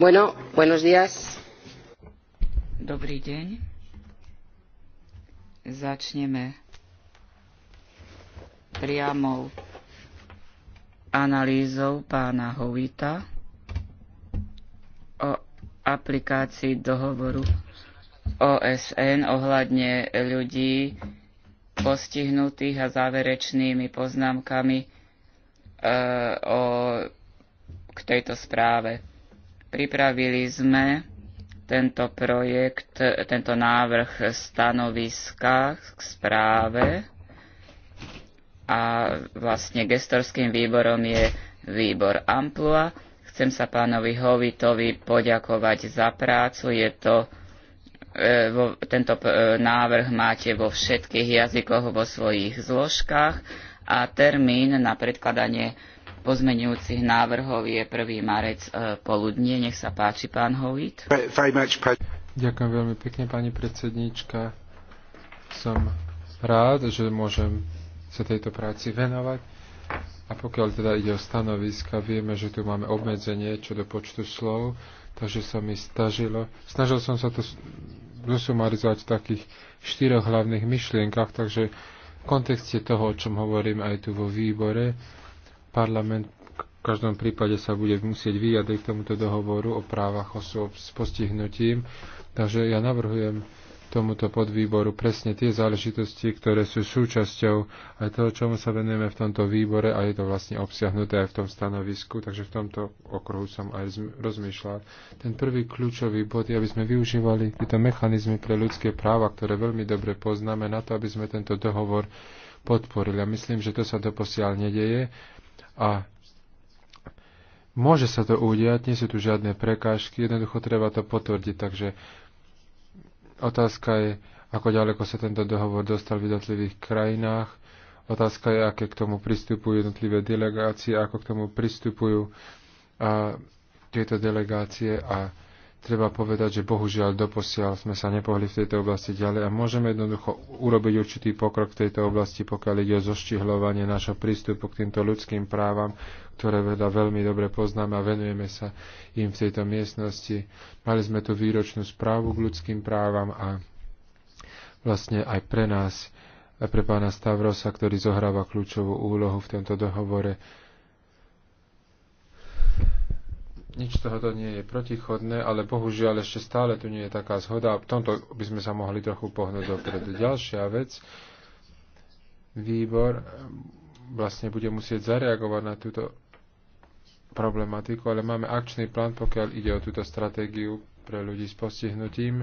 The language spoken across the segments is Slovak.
Bueno, buenos días. Dobrý deň. Začneme priamou analýzou pána Hovita o aplikácii dohovoru OSN ohľadne ľudí postihnutých a záverečnými poznámkami e, o, k tejto správe. Pripravili sme tento projekt, tento návrh stanoviska k správe a vlastne gestorským výborom je výbor Amplua. Chcem sa pánovi Hovitovi poďakovať za prácu. Je to, e, vo, tento e, návrh máte vo všetkých jazykoch vo svojich zložkách a termín na predkladanie pozmeňujúcich návrhov je 1. marec e, poludnie. Nech sa páči, pán Hovit. Ďakujem veľmi pekne, pani predsedníčka. Som rád, že môžem sa tejto práci venovať. A pokiaľ teda ide o stanoviska, vieme, že tu máme obmedzenie čo do počtu slov, takže sa mi stažilo. Snažil som sa to zosumarizovať v takých štyroch hlavných myšlienkach, takže v kontexte toho, o čom hovorím aj tu vo výbore, Parlament v každom prípade sa bude musieť vyjadriť k tomuto dohovoru o právach osôb s postihnutím. Takže ja navrhujem tomuto podvýboru presne tie záležitosti, ktoré sú súčasťou aj toho, čomu sa venujeme v tomto výbore a je to vlastne obsiahnuté aj v tom stanovisku, takže v tomto okruhu som aj rozmýšľal. Ten prvý kľúčový bod je, aby sme využívali tieto mechanizmy pre ľudské práva, ktoré veľmi dobre poznáme, na to, aby sme tento dohovor podporili. A myslím, že to sa doposiaľ nedeje a môže sa to udiať, nie sú tu žiadne prekážky, jednoducho treba to potvrdiť. Takže otázka je, ako ďaleko sa tento dohovor dostal v jednotlivých krajinách. Otázka je, aké k tomu pristupujú jednotlivé delegácie, ako k tomu pristupujú a tieto delegácie a treba povedať, že bohužiaľ doposiaľ sme sa nepohli v tejto oblasti ďalej a môžeme jednoducho urobiť určitý pokrok v tejto oblasti, pokiaľ ide o zoštihľovanie našho prístupu k týmto ľudským právam, ktoré veda veľmi dobre poznáme a venujeme sa im v tejto miestnosti. Mali sme tu výročnú správu k ľudským právam a vlastne aj pre nás, aj pre pána Stavrosa, ktorý zohráva kľúčovú úlohu v tomto dohovore, nič z tohoto nie je protichodné, ale bohužiaľ ešte stále tu nie je taká zhoda. V tomto by sme sa mohli trochu pohnúť dopredu. Ďalšia vec, výbor eh, vlastne bude musieť zareagovať na túto problematiku, ale máme akčný plán, pokiaľ ide o túto stratégiu pre ľudí s postihnutím.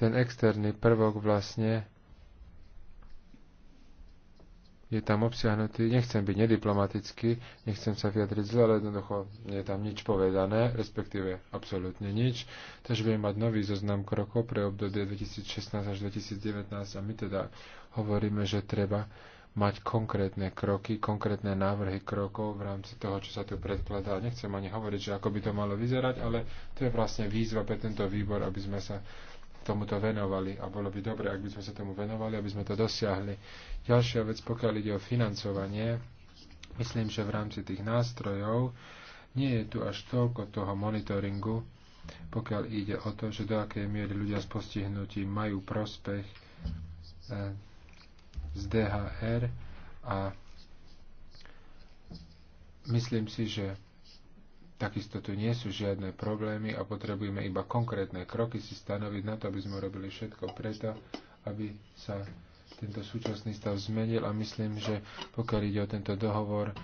Ten externý prvok vlastne je tam obsiahnutý, nechcem byť nediplomatický, nechcem sa vyjadriť zle, ale jednoducho je tam nič povedané, respektíve absolútne nič, takže budeme mať nový zoznam krokov pre obdobie 2016 až 2019 a my teda hovoríme, že treba mať konkrétne kroky, konkrétne návrhy krokov v rámci toho, čo sa tu predkladá. Nechcem ani hovoriť, že ako by to malo vyzerať, ale to je vlastne výzva pre tento výbor, aby sme sa tomuto venovali a bolo by dobre, ak by sme sa tomu venovali, aby sme to dosiahli. Ďalšia vec, pokiaľ ide o financovanie, myslím, že v rámci tých nástrojov nie je tu až toľko toho monitoringu, pokiaľ ide o to, že do akej miery ľudia s postihnutím majú prospech eh, z DHR a myslím si, že Takisto tu nie sú žiadne problémy a potrebujeme iba konkrétne kroky si stanoviť na to, aby sme robili všetko preto, aby sa tento súčasný stav zmenil a myslím, že pokiaľ ide o tento dohovor, e,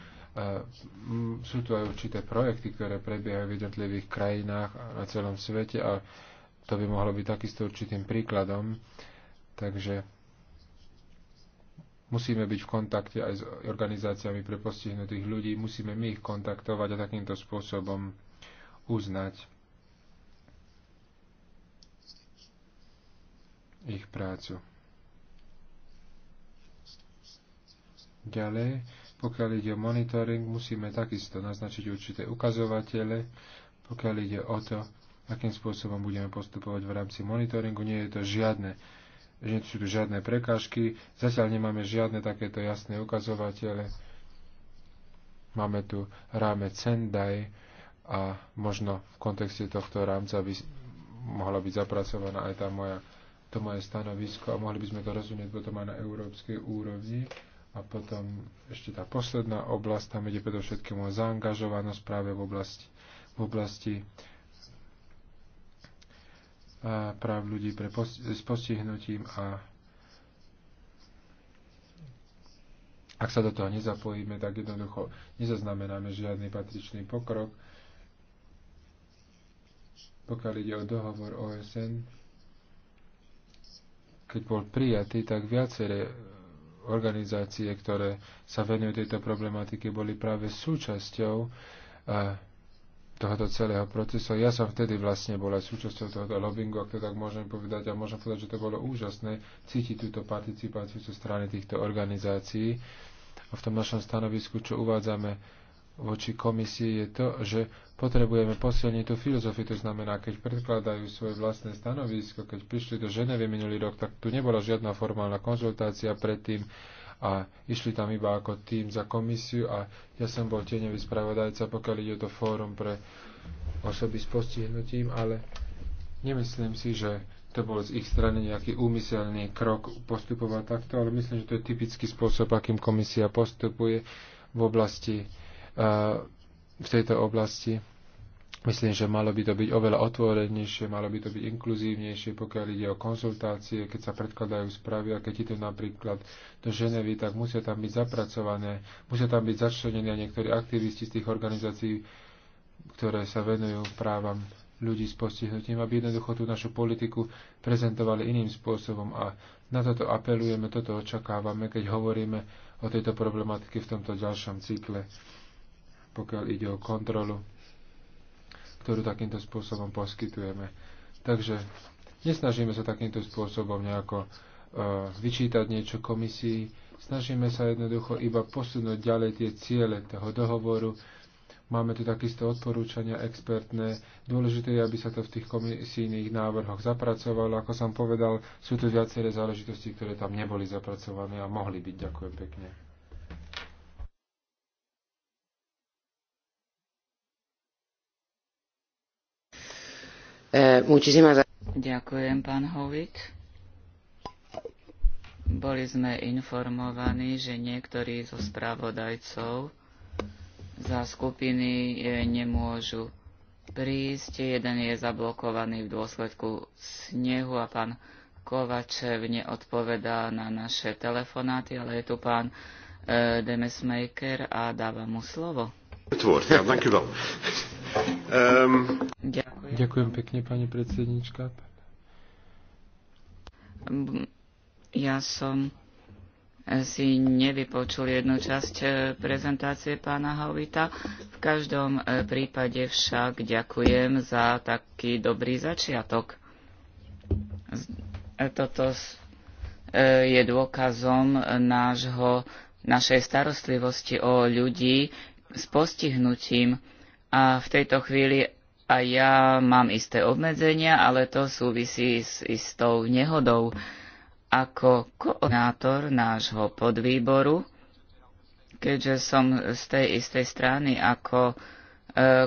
sú tu aj určité projekty, ktoré prebiehajú v jednotlivých krajinách a na celom svete a to by mohlo byť takisto určitým príkladom. Takže Musíme byť v kontakte aj s organizáciami pre postihnutých ľudí, musíme my ich kontaktovať a takýmto spôsobom uznať ich prácu. Ďalej, pokiaľ ide o monitoring, musíme takisto naznačiť určité ukazovatele, pokiaľ ide o to, akým spôsobom budeme postupovať v rámci monitoringu. Nie je to žiadne že sú tu žiadne prekážky. Zatiaľ nemáme žiadne takéto jasné ukazovatele. Máme tu ráme Sendai a možno v kontexte tohto rámca by mohla byť zapracovaná aj tá moja, to moje stanovisko a mohli by sme to rozumieť potom aj na európskej úrovni. A potom ešte tá posledná oblasť, tam ide predovšetkým o zaangažovanosť práve v oblasti, v oblasti práv ľudí pre posti- s postihnutím a ak sa do toho nezapojíme, tak jednoducho nezaznamenáme žiadny patričný pokrok. Pokiaľ ide o dohovor OSN, keď bol prijatý, tak viaceré organizácie, ktoré sa venujú tejto problematike, boli práve súčasťou tohoto celého procesu. Ja som vtedy vlastne bola súčasťou tohoto lobbingu, ak to tak môžem povedať, a môžem povedať, že to bolo úžasné cítiť túto participáciu zo strany týchto organizácií. A v tom našom stanovisku, čo uvádzame voči komisii, je to, že potrebujeme posilniť tú filozofiu. To znamená, keď predkladajú svoje vlastné stanovisko, keď prišli do Ženevy minulý rok, tak tu nebola žiadna formálna konzultácia predtým, a išli tam iba ako tým za komisiu a ja som bol tieňový spravodajca, pokiaľ ide to fórum pre osoby s postihnutím, ale nemyslím si, že to bol z ich strany nejaký úmyselný krok postupovať takto, ale myslím, že to je typický spôsob, akým komisia postupuje v oblasti, eh, v tejto oblasti Myslím, že malo by to byť oveľa otvorenejšie, malo by to byť inkluzívnejšie, pokiaľ ide o konzultácie, keď sa predkladajú správy a keď ide napríklad do Ženevy, tak musia tam byť zapracované, musia tam byť začlenení aj niektorí aktivisti z tých organizácií, ktoré sa venujú právam ľudí s postihnutím, aby jednoducho tú našu politiku prezentovali iným spôsobom a na toto apelujeme, toto očakávame, keď hovoríme o tejto problematike v tomto ďalšom cykle, pokiaľ ide o kontrolu ktorú takýmto spôsobom poskytujeme. Takže nesnažíme sa takýmto spôsobom nejako e, vyčítať niečo komisii, snažíme sa jednoducho iba posunúť ďalej tie ciele toho dohovoru. Máme tu takisto odporúčania expertné. Dôležité je, aby sa to v tých komisijných návrhoch zapracovalo. Ako som povedal, sú tu viaceré záležitosti, ktoré tam neboli zapracované a mohli byť. Ďakujem pekne. Eh, Ďakujem, pán Hovit. Boli sme informovaní, že niektorí zo spravodajcov za skupiny eh, nemôžu prísť. Jeden je zablokovaný v dôsledku snehu a pán Kovačev neodpovedá na naše telefonáty, ale je tu pán e, Demesmaker a dávam mu slovo. Um... Ďakujem. Ďakujem pekne, pani predsednička. Ja som si nevypočul jednu časť eh, prezentácie pána Hovita. V každom eh, prípade však ďakujem za taký dobrý začiatok. Eh, toto je dôkazom nášho, našej starostlivosti o ľudí s postihnutím. A v tejto chvíli a ja mám isté obmedzenia, ale to súvisí s istou nehodou. Ako koordinátor nášho podvýboru, keďže som z tej istej strany ako e,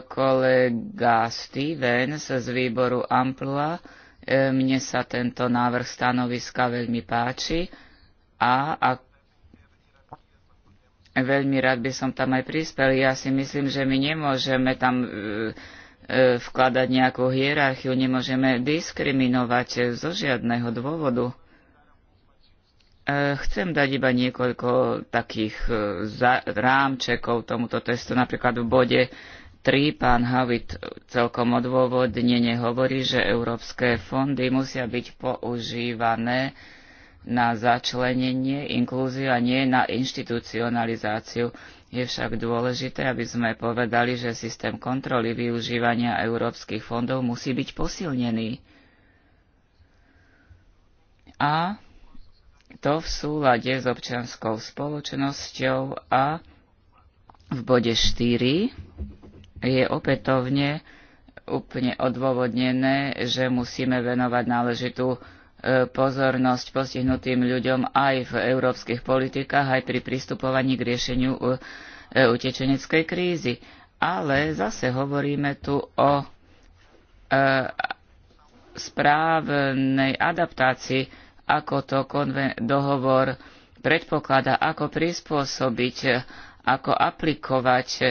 kolega Stevens z výboru Amplua, e, mne sa tento návrh stanoviska veľmi páči a, a veľmi rád by som tam aj prispel. Ja si myslím, že my nemôžeme tam uh, E, vkladať nejakú hierarchiu, nemôžeme diskriminovať zo žiadneho dôvodu. E, chcem dať iba niekoľko takých e, rámčekov tomuto testu. Napríklad v bode 3 pán Havit celkom odôvodnene hovorí, že európske fondy musia byť používané na začlenenie, inklúziu a nie na inštitucionalizáciu. Je však dôležité, aby sme povedali, že systém kontroly využívania európskych fondov musí byť posilnený. A to v súlade s občianskou spoločnosťou a v bode 4 je opätovne úplne odôvodnené, že musíme venovať náležitú E, pozornosť postihnutým ľuďom aj v európskych politikách, aj pri pristupovaní k riešeniu e, e, utečeneckej krízy. Ale zase hovoríme tu o správnej adaptácii, ako to dohovor predpokladá, ako prispôsobiť, ako aplikovať e,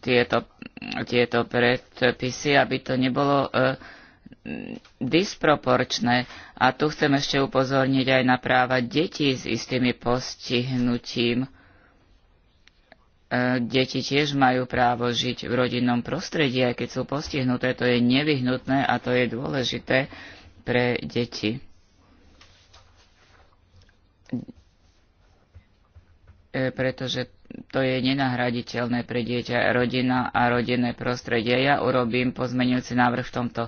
tieto, tieto predpisy, aby to nebolo e, disproporčné. A tu chcem ešte upozorniť aj na práva detí s istými postihnutím. E, deti tiež majú právo žiť v rodinnom prostredí, aj keď sú postihnuté. To je nevyhnutné a to je dôležité pre deti. E, pretože to je nenahraditeľné pre dieťa, rodina a rodinné prostredie. Ja urobím pozmenujúci návrh v tomto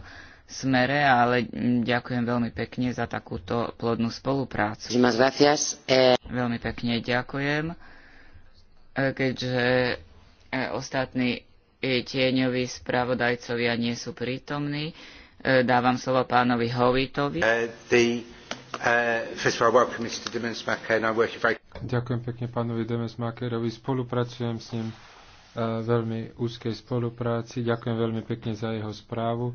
smere, ale ďakujem veľmi pekne za takúto plodnú spoluprácu. Eh, veľmi pekne ďakujem, eh, keďže eh, ostatní tieňoví spravodajcovia nie sú prítomní. Dávam slovo pánovi Hovitovi. Ďakujem pekne pánovi Demesmakerovi. Spolupracujem s ním veľmi úzkej spolupráci. Ďakujem veľmi pekne za jeho správu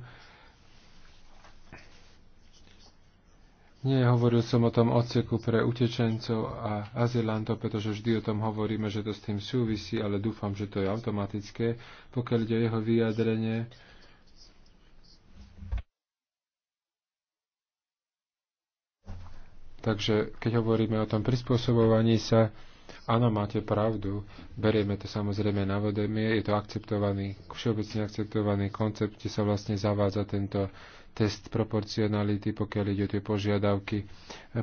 Nie hovoril som o tom odseku pre utečencov a azylantov, pretože vždy o tom hovoríme, že to s tým súvisí, ale dúfam, že to je automatické, pokiaľ ide o jeho vyjadrenie. Takže keď hovoríme o tom prispôsobovaní sa, áno, máte pravdu, berieme to samozrejme na vodemie, je to akceptovaný, všeobecne akceptovaný koncept, kde sa vlastne zavádza tento uh, test proporcionality, pokiaľ ide o tie požiadavky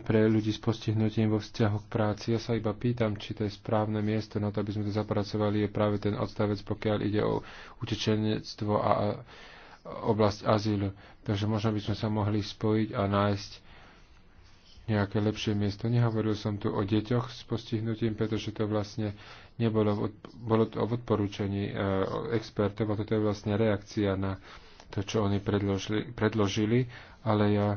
pre ľudí s postihnutím vo vzťahu k práci. Ja sa iba pýtam, či to je správne miesto na to, aby sme to zapracovali, je práve ten odstavec, pokiaľ ide o utečenectvo a oblasť azylu. Takže možno by sme sa mohli spojiť a nájsť nejaké lepšie miesto. Nehovoril som tu o deťoch s postihnutím, pretože to vlastne nebolo v, bolo to v odporúčaní e, expertov a toto je vlastne reakcia na to, čo oni predložili, predložili ale ja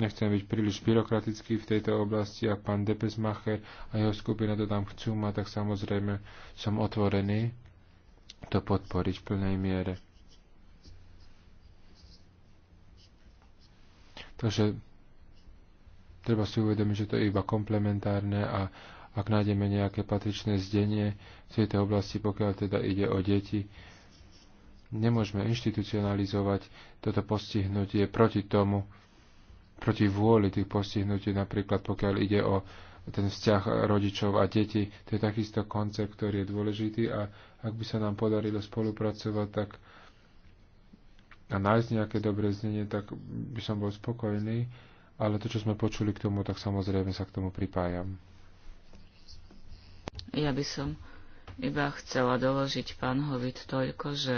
nechcem byť príliš byrokratický v tejto oblasti a pán Depesmacher a jeho skupina to tam chcú mať, tak samozrejme som otvorený to podporiť v plnej miere. Takže treba si uvedomiť, že to je iba komplementárne a ak nájdeme nejaké patričné zdenie v tejto oblasti, pokiaľ teda ide o deti, Nemôžeme inštitucionalizovať toto postihnutie proti tomu, proti vôli tých postihnutí, napríklad pokiaľ ide o ten vzťah rodičov a detí. To je takisto koncept, ktorý je dôležitý a ak by sa nám podarilo spolupracovať, tak a nájsť nejaké dobré znenie, tak by som bol spokojný, ale to, čo sme počuli k tomu, tak samozrejme sa k tomu pripájam. Ja by som iba chcela doložiť pán Hovit toľko, že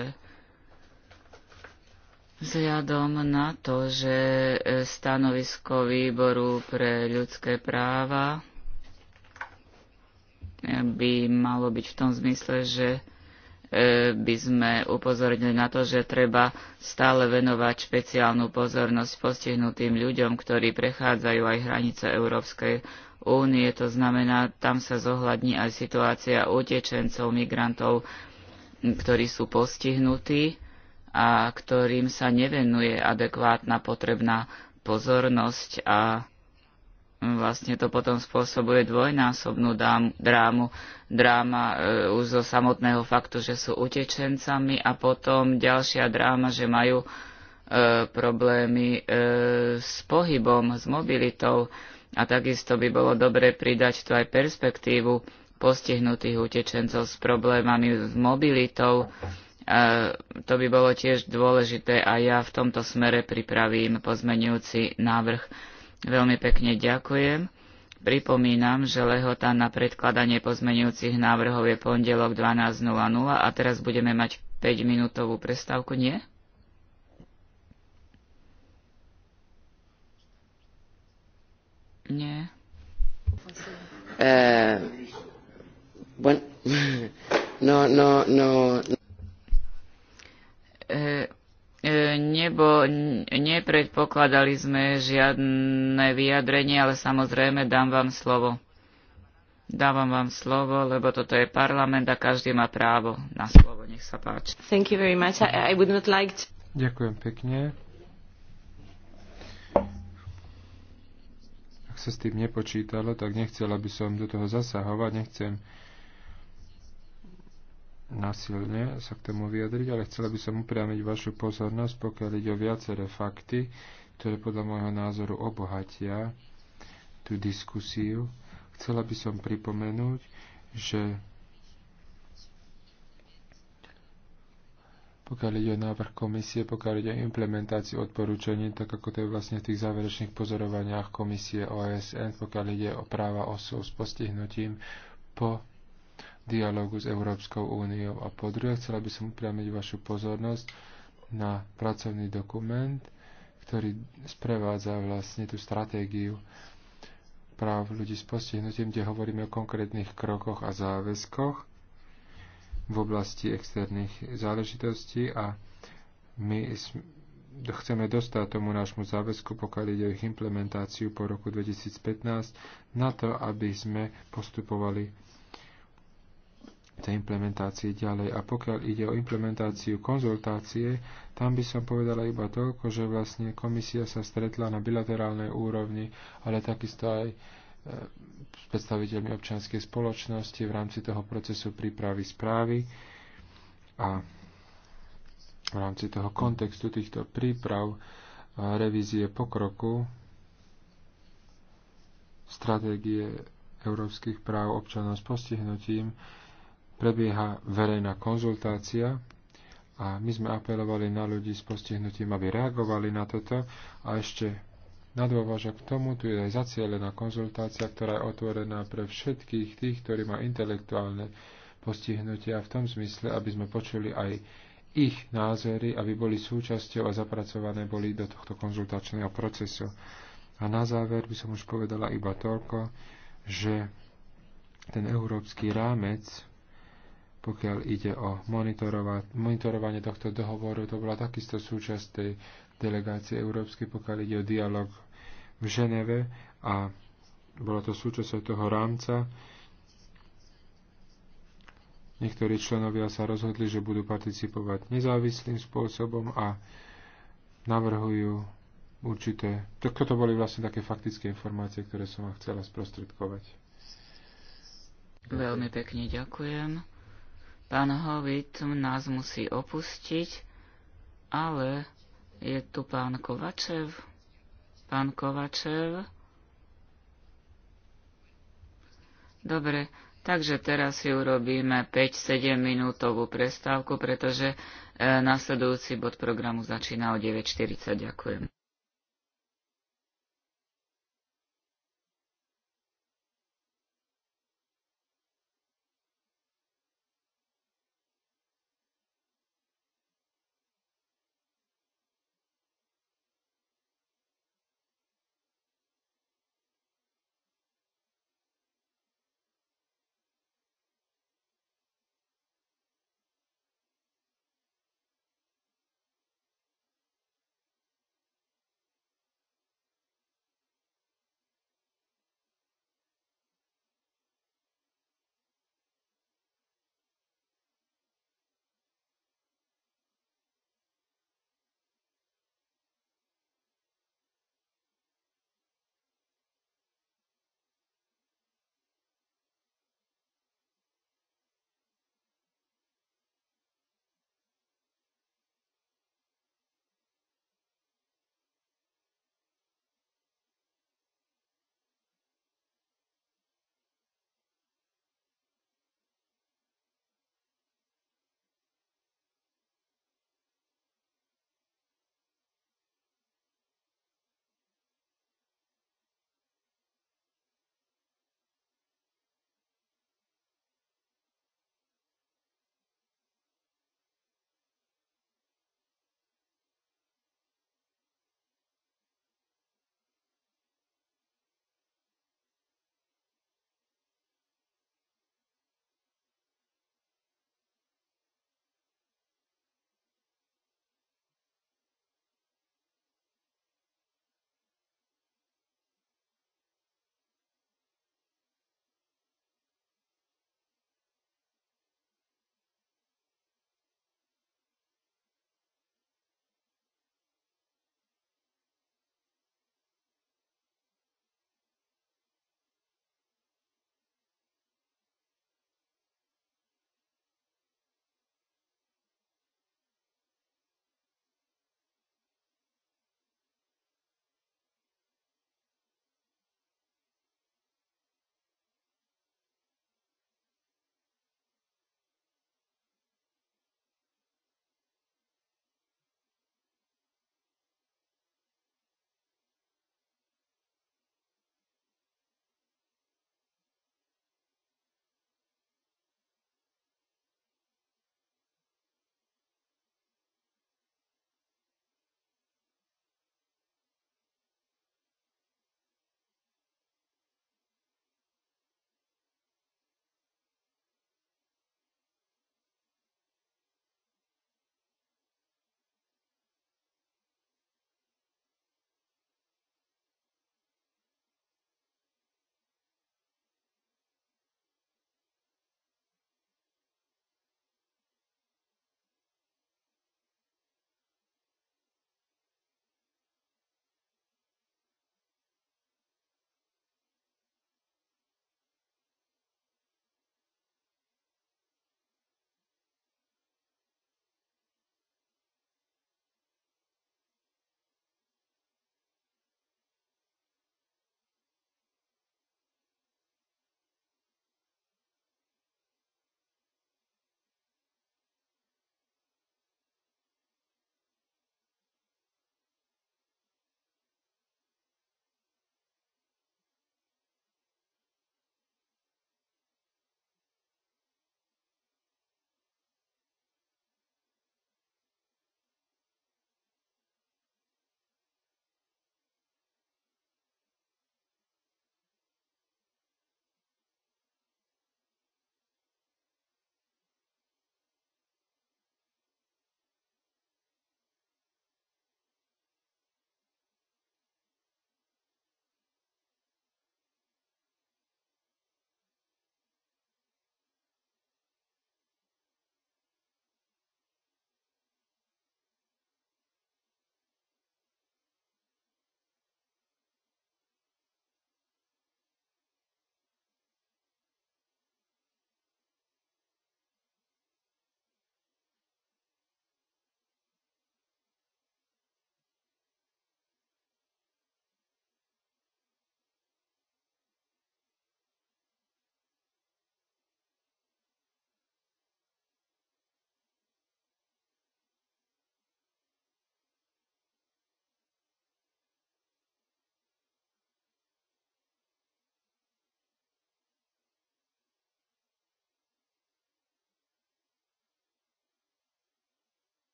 Vzhľadom na to, že e, stanovisko výboru pre ľudské práva e, by malo byť v tom zmysle, že e, by sme upozornili na to, že treba stále venovať špeciálnu pozornosť postihnutým ľuďom, ktorí prechádzajú aj hranice Európskej únie. To znamená, tam sa zohľadní aj situácia utečencov, migrantov, ktorí sú postihnutí a ktorým sa nevenuje adekvátna potrebná pozornosť a vlastne to potom spôsobuje dvojnásobnú drámu. Dráma e, už zo samotného faktu, že sú utečencami a potom ďalšia dráma, že majú e, problémy e, s pohybom, s mobilitou a takisto by bolo dobre pridať tu aj perspektívu postihnutých utečencov s problémami s mobilitou to by bolo tiež dôležité a ja v tomto smere pripravím pozmenujúci návrh. Veľmi pekne ďakujem. Pripomínam, že lehota na predkladanie pozmenujúcich návrhov je pondelok 12.00 a teraz budeme mať 5-minútovú prestávku, nie? Nie. Uh, bueno, no, no, no. E, e, nebo, nepredpokladali sme žiadne vyjadrenie, ale samozrejme dám vám slovo. Dávam vám slovo, lebo toto je parlament a každý má právo na slovo. Nech sa páči. Thank you very much. I, I would not like to... Ďakujem pekne. Ak sa s tým nepočítalo, tak nechcela by som do toho zasahovať, nechcem nasilne sa k tomu vyjadriť, ale chcela by som upriamiť vašu pozornosť, pokiaľ ide o viaceré fakty, ktoré podľa môjho názoru obohatia tú diskusiu. Chcela by som pripomenúť, že pokiaľ ide o návrh komisie, pokiaľ ide o implementáciu odporúčaní, tak ako to je vlastne v tých záverečných pozorovaniach komisie OSN, pokiaľ ide o práva osôb s postihnutím po dialogu s Európskou úniou. A po druhé, chcela by som upriamiť vašu pozornosť na pracovný dokument, ktorý sprevádza vlastne tú stratégiu práv ľudí s postihnutím, kde hovoríme o konkrétnych krokoch a záväzkoch v oblasti externých záležitostí a my chceme dostať tomu nášmu záväzku, pokiaľ ide o ich implementáciu po roku 2015, na to, aby sme postupovali tej implementácie ďalej. A pokiaľ ide o implementáciu konzultácie, tam by som povedala iba toľko, že vlastne komisia sa stretla na bilaterálnej úrovni, ale takisto aj e, s predstaviteľmi občianskej spoločnosti v rámci toho procesu prípravy správy a v rámci toho kontextu týchto príprav revízie pokroku stratégie európskych práv občanov s postihnutím prebieha verejná konzultácia a my sme apelovali na ľudí s postihnutím, aby reagovali na toto a ešte na k tomu tu je aj zacielená konzultácia, ktorá je otvorená pre všetkých tých, ktorí má intelektuálne postihnutia v tom zmysle, aby sme počuli aj ich názory, aby boli súčasťou a zapracované boli do tohto konzultačného procesu. A na záver by som už povedala iba toľko, že ten európsky rámec pokiaľ ide o monitorovanie tohto dohovoru. To bola takisto súčasť tej delegácie európskej, pokiaľ ide o dialog v Ženeve a bola to súčasť toho rámca. Niektorí členovia sa rozhodli, že budú participovať nezávislým spôsobom a navrhujú určité... Toto boli vlastne také faktické informácie, ktoré som vám chcela sprostredkovať. Veľmi pekne ďakujem. Pán Hovit nás musí opustiť, ale je tu pán Kovačev. Pán Kovačev. Dobre, takže teraz si urobíme 5-7 minútovú prestávku, pretože e, nasledujúci bod programu začína o 9.40. Ďakujem.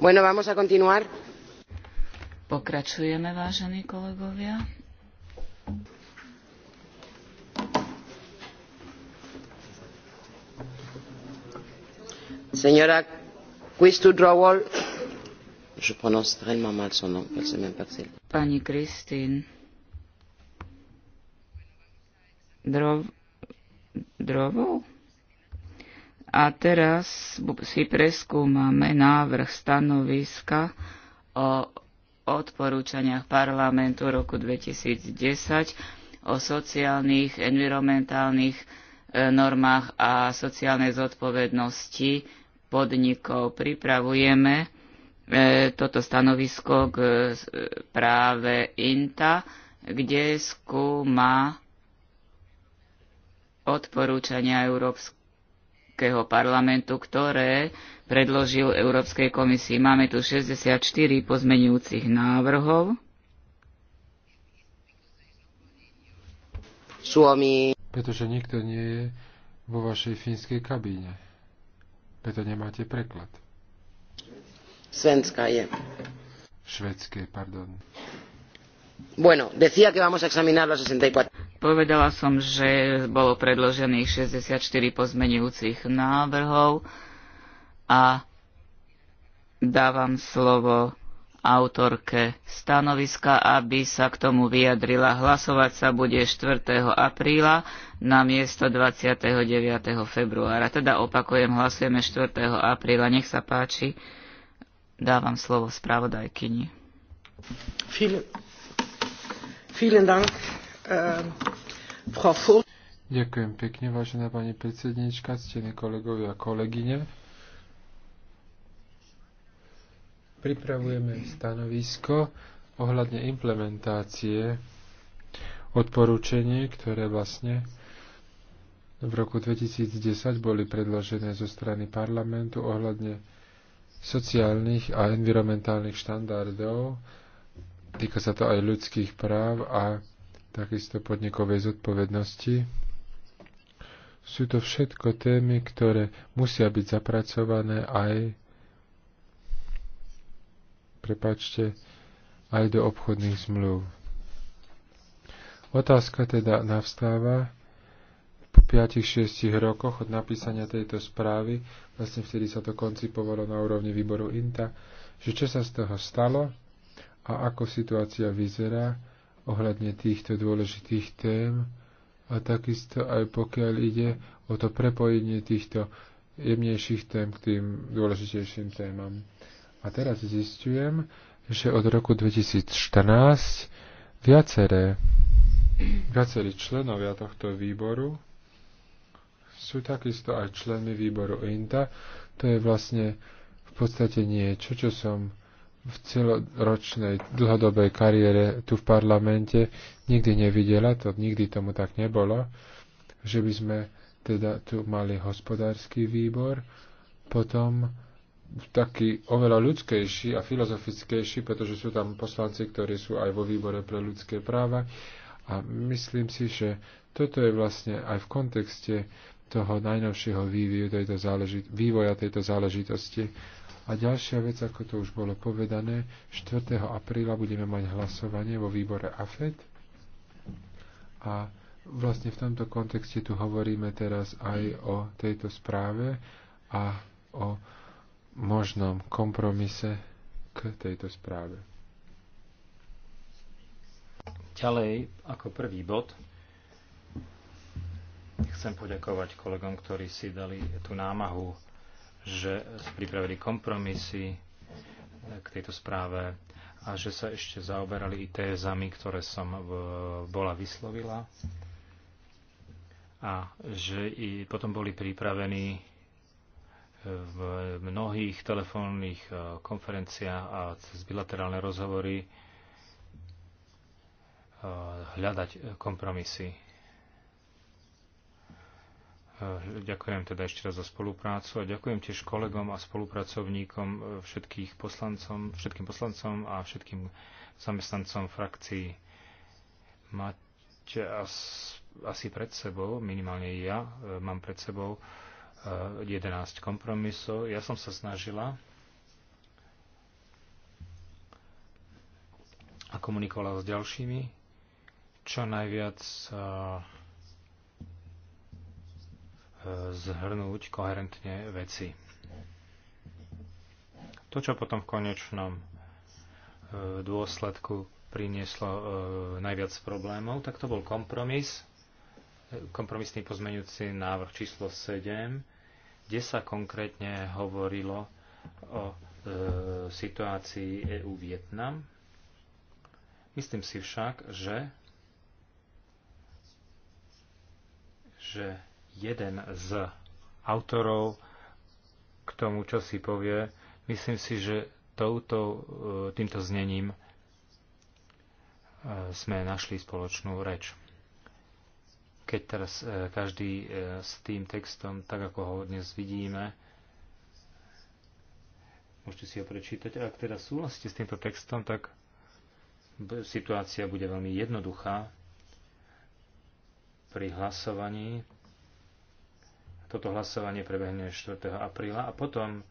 Bueno, vamos a continuar. Pokračujeme, vážení kolegovia. Señora Quistu Drowall, je prononce tellement mal son nom, je ne sais même pas que Pani Christine. Drov... Drovol? A teraz si preskúmame návrh stanoviska o odporúčaniach parlamentu roku 2010 o sociálnych, environmentálnych e, normách a sociálnej zodpovednosti podnikov. Pripravujeme e, toto stanovisko k e, práve INTA, kde skúma odporúčania Európskej Európskeho parlamentu, ktoré predložil Európskej komisii. Máme tu 64 pozmenujúcich návrhov. Suomi. Pretože nikto nie je vo vašej fínskej kabíne. Preto nemáte preklad. Svenska je. Švedské, pardon. Povedala som, že bolo predložených 64 pozmeňujúcich návrhov a dávam slovo autorke stanoviska, aby sa k tomu vyjadrila. Hlasovať sa bude 4. apríla na miesto 29. februára. Teda opakujem, hlasujeme 4. apríla. Nech sa páči. Dávam slovo spravodajkyni. Ähm, Ďakujem pekne, vážená pani predsednička, ctení kolegovia a kolegyne. Pripravujeme stanovisko ohľadne implementácie odporúčení, ktoré vlastne v roku 2010 boli predložené zo strany parlamentu ohľadne sociálnych a environmentálnych štandardov Týka sa to aj ľudských práv a takisto podnikovej zodpovednosti. Sú to všetko témy, ktoré musia byť zapracované aj prepačte, aj do obchodných zmluv. Otázka teda navstáva po 5-6 rokoch od napísania tejto správy, vlastne vtedy sa to koncipovalo na úrovni výboru INTA, že čo sa z toho stalo, a ako situácia vyzerá ohľadne týchto dôležitých tém a takisto aj pokiaľ ide o to prepojenie týchto jemnejších tém k tým dôležitejším témam. A teraz zistujem, že od roku 2014 viaceré, viacerí členovia tohto výboru sú takisto aj členmi výboru INTA. To je vlastne v podstate niečo, čo som v celoročnej dlhodobej kariére tu v parlamente nikdy nevidela, to nikdy tomu tak nebolo, že by sme teda tu mali hospodársky výbor, potom taký oveľa ľudskejší a filozofickejší, pretože sú tam poslanci, ktorí sú aj vo výbore pre ľudské práva a myslím si, že toto je vlastne aj v kontexte toho najnovšieho vývoja tejto, vývoja tejto záležitosti a ďalšia vec, ako to už bolo povedané, 4. apríla budeme mať hlasovanie vo výbore AFED a vlastne v tomto kontexte tu hovoríme teraz aj o tejto správe a o možnom kompromise k tejto správe. Ďalej, ako prvý bod, chcem poďakovať kolegom, ktorí si dali tú námahu že pripravili kompromisy e, k tejto správe a že sa ešte zaoberali i tézami, ktoré som e, bola vyslovila a že i potom boli pripravení e, v mnohých telefónnych konferenciách a cez bilaterálne rozhovory hľadať kompromisy Eh, ďakujem teda ešte raz za spoluprácu a ďakujem tiež kolegom a spolupracovníkom, eh, všetkých poslancom, všetkým poslancom a všetkým zamestnancom frakcií. Máte asi pred sebou, minimálne ja eh, mám pred sebou 11 kompromisov. Ja som sa snažila a komunikovala s ďalšími čo najviac zhrnúť koherentne veci. To, čo potom v konečnom e, dôsledku prinieslo e, najviac problémov, tak to bol kompromis, e, kompromisný pozmeňujúci návrh číslo 7, kde sa konkrétne hovorilo o e, situácii EU-Vietnam. Myslím si však, že, že jeden z autorov k tomu, čo si povie. Myslím si, že touto, e, týmto znením e, sme našli spoločnú reč. Keď teraz e, každý s tým textom, tak ako ho dnes vidíme, môžete si ho prečítať. ak teda súhlasíte s týmto textom, tak situácia bude veľmi jednoduchá pri hlasovaní, toto hlasovanie prebehne 4. apríla a potom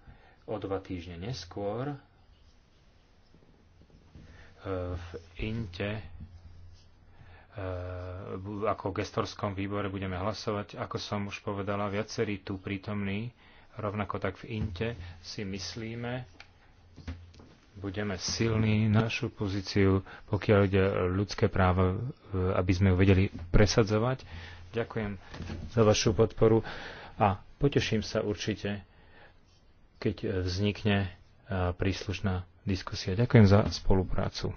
o dva týždne neskôr e, v Inte e, ako v gestorskom výbore budeme hlasovať. Ako som už povedala, viacerí tu prítomní, rovnako tak v Inte, si myslíme, budeme silní našu pozíciu, pokiaľ ide ľudské práva, e, aby sme ju vedeli presadzovať. Ďakujem za vašu podporu. A poteším sa určite, keď e, vznikne e, príslušná diskusia. Ďakujem za spoluprácu.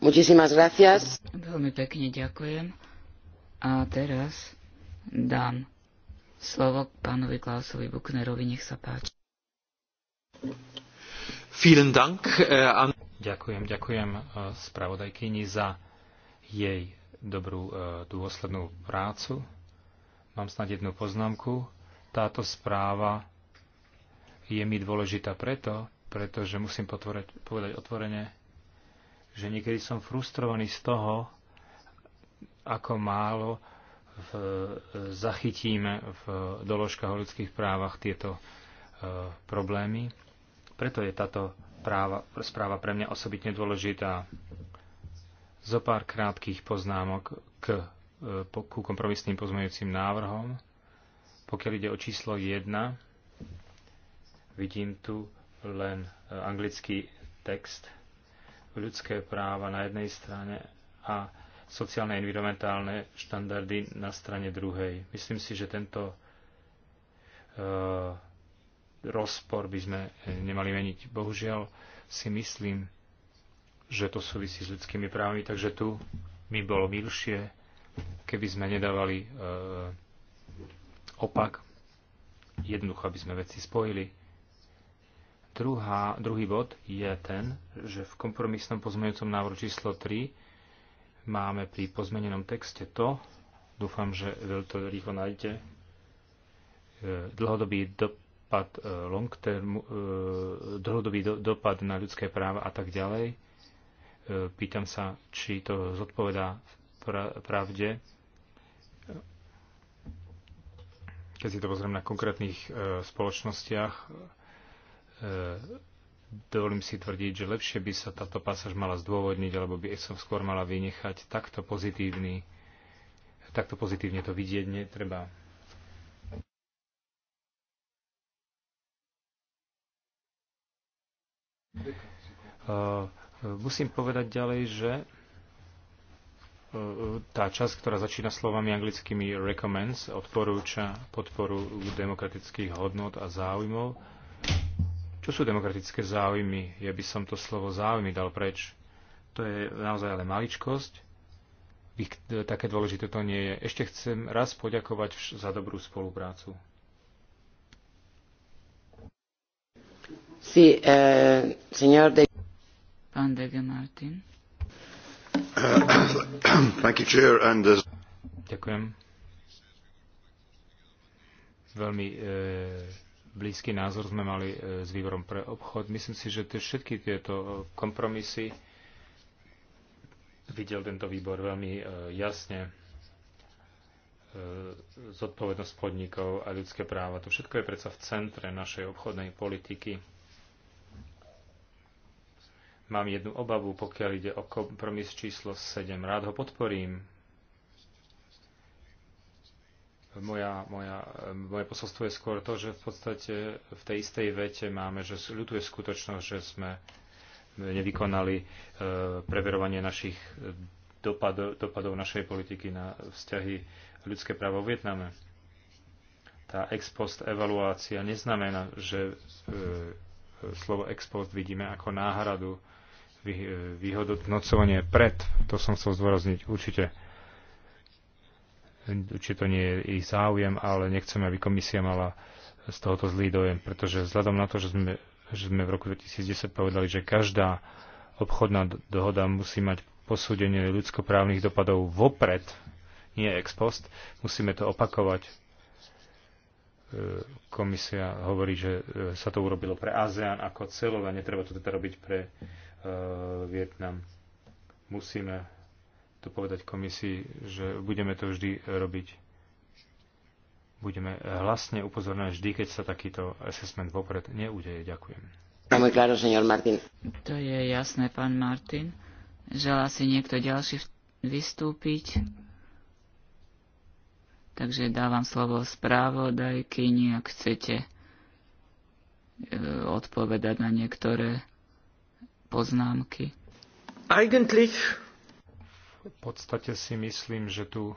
Muchísimas gracias. Veľmi pekne ďakujem. A teraz dám slovo k pánovi Klausovi Buknerovi. Nech sa páči. Vielen Dank. E, ďakujem, ďakujem spravodajkyni za jej dobrú e, dôslednú prácu. Mám snad jednu poznámku. Táto správa je mi dôležitá preto, pretože musím potvoreť, povedať otvorene, že niekedy som frustrovaný z toho, ako málo v, e, zachytíme v doložkách o ľudských právach tieto e, problémy. Preto je táto práva, správa pre mňa osobitne dôležitá. Zo pár krátkých poznámok k, e, ku kompromisným pozmeňujúcim návrhom. Pokiaľ ide o číslo 1, vidím tu len e, anglický text ľudské práva na jednej strane a sociálne environmentálne štandardy na strane druhej. Myslím si, že tento e, rozpor by sme nemali meniť. Bohužiaľ si myslím, že to súvisí s ľudskými právami, takže tu mi bolo milšie, keby sme nedávali e, opak, jednoducho, aby sme veci spojili. Druhá, druhý bod je ten, že v kompromisnom pozmeňujúcom návrhu číslo 3 máme pri pozmenenom texte to, dúfam, že to rýchlo nájdete, e, dlhodobý dopad e, long term, e, dlhodobý do, dopad na ľudské práva a tak ďalej, Pýtam sa, či to zodpovedá pravde. Keď si to pozriem na konkrétnych e, spoločnostiach, e, dovolím si tvrdiť, že lepšie by sa táto pasáž mala zdôvodniť, alebo by som skôr mala vynechať takto pozitívny, takto pozitívne to vidieť netreba. Uh, Musím povedať ďalej, že e, e, tá časť, ktorá začína slovami anglickými recommends, odporúča podporu demokratických hodnot a záujmov. Čo sú demokratické záujmy? Ja by som to slovo záujmy dal preč. To je naozaj ale maličkosť. E, také dôležité to nie je. Ešte chcem raz poďakovať za dobrú spoluprácu. Sí, eh, señor de... Pán Martin. Uh, Ďakujem. Veľmi e, blízky názor sme mali e, s výborom pre obchod. Myslím si, že tie, všetky tieto e, kompromisy videl tento výbor veľmi e, jasne. E, zodpovednosť podnikov a ľudské práva. To všetko je predsa v centre našej obchodnej politiky Mám jednu obavu, pokiaľ ide o kompromis číslo 7. Rád ho podporím. Moja, moja, moje posolstvo je skôr to, že v podstate v tej istej vete máme, že ľutuje skutočnosť, že sme nevykonali e, preverovanie našich e, dopadov, dopadov našej politiky na vzťahy ľudské právo v Vietname. Tá ex post evaluácia neznamená, že e, slovo ex post vidíme ako náhradu vyhodnocovanie pred, to som chcel zdôrazniť určite. Určite to nie je ich záujem, ale nechceme, aby komisia mala z tohoto zlý dojem, pretože vzhľadom na to, že sme, že sme v roku 2010 povedali, že každá obchodná dohoda musí mať posúdenie ľudskoprávnych dopadov vopred, nie ex post, musíme to opakovať. E, komisia hovorí, že e, sa to urobilo pre ASEAN ako celok a netreba to teda robiť pre Eh, Vietnam. Musíme to povedať komisii, že budeme to vždy robiť. Budeme hlasne upozorňovať vždy, keď sa takýto assessment vopred neudeje. Ďakujem. To je jasné, pán Martin. Želá si niekto ďalší vystúpiť? Takže dávam slovo správodajkyni, ak chcete eh, odpovedať na niektoré poznámky. Eigentlich. V podstate si myslím, že tu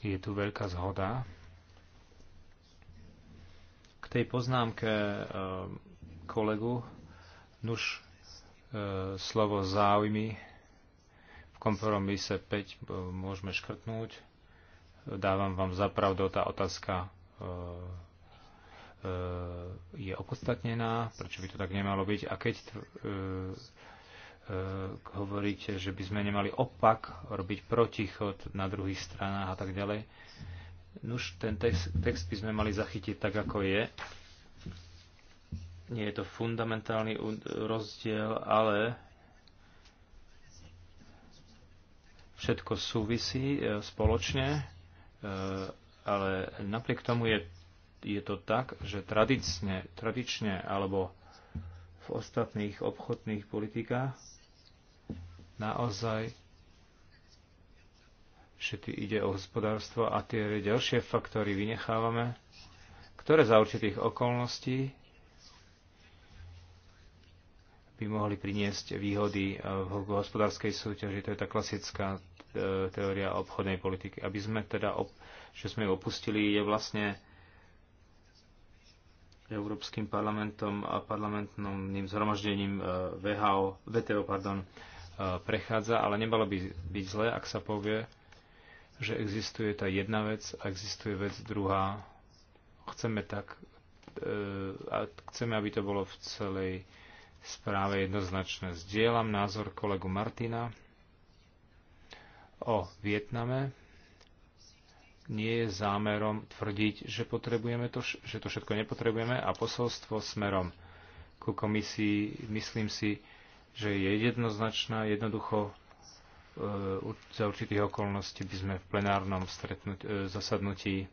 je tu veľká zhoda. K tej poznámke e, kolegu, nuž e, slovo záujmy v kompromise 5 e, môžeme škrtnúť. Dávam vám zapravdu tá otázka E, je opodstatnená, prečo by to tak nemalo byť. A keď e, e, hovoríte, že by sme nemali opak, robiť protichod na druhých stranách a tak ďalej. Nuž, ten text, text by sme mali zachytiť tak, ako je. Nie je to fundamentálny rozdiel, ale všetko súvisí spoločne, ale napriek tomu je je to tak, že tradične, tradične alebo v ostatných obchodných politikách naozaj že ide o hospodárstvo a tie ďalšie faktory vynechávame, ktoré za určitých okolností by mohli priniesť výhody v hospodárskej súťaži. To je tá klasická e, teória obchodnej politiky. Aby sme teda, že sme ju opustili, je vlastne Európskym parlamentom a parlamentným zhromaždením e, VHO, VTO pardon, e, prechádza, ale nebalo by byť zle, ak sa povie, že existuje tá jedna vec a existuje vec druhá. Chceme tak, e, a chceme, aby to bolo v celej správe jednoznačné. Zdieľam názor kolegu Martina o Vietname nie je zámerom tvrdiť, že, potrebujeme to, že to všetko nepotrebujeme a posolstvo smerom ku komisii, myslím si, že je jednoznačná, jednoducho e, za určitých okolností by sme v plenárnom stretnut- e, zasadnutí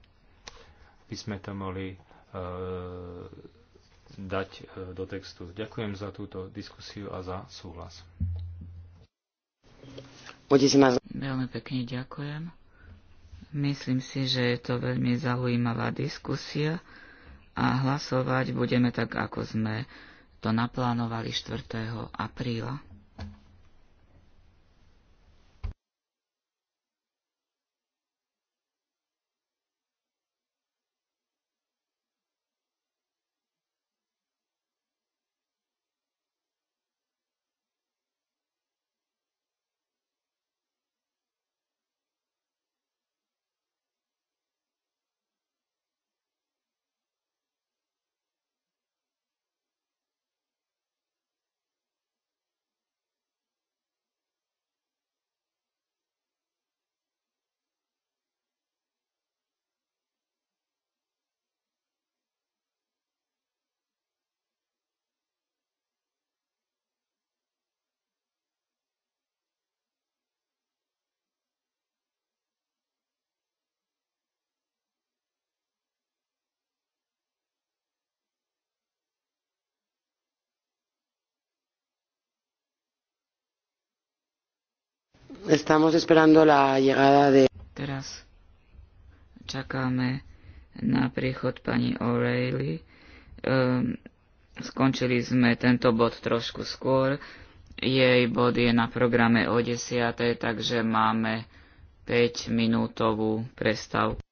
by sme to mohli e, dať do textu. Ďakujem za túto diskusiu a za súhlas. Veľmi pekne ďakujem. Myslím si, že je to veľmi zaujímavá diskusia a hlasovať budeme tak, ako sme to naplánovali 4. apríla. Estamos esperando la llegada de... Teraz čakáme na príchod pani O'Reilly. Um, skončili sme tento bod trošku skôr. Jej bod je na programe o 10, takže máme 5-minútovú prestavku.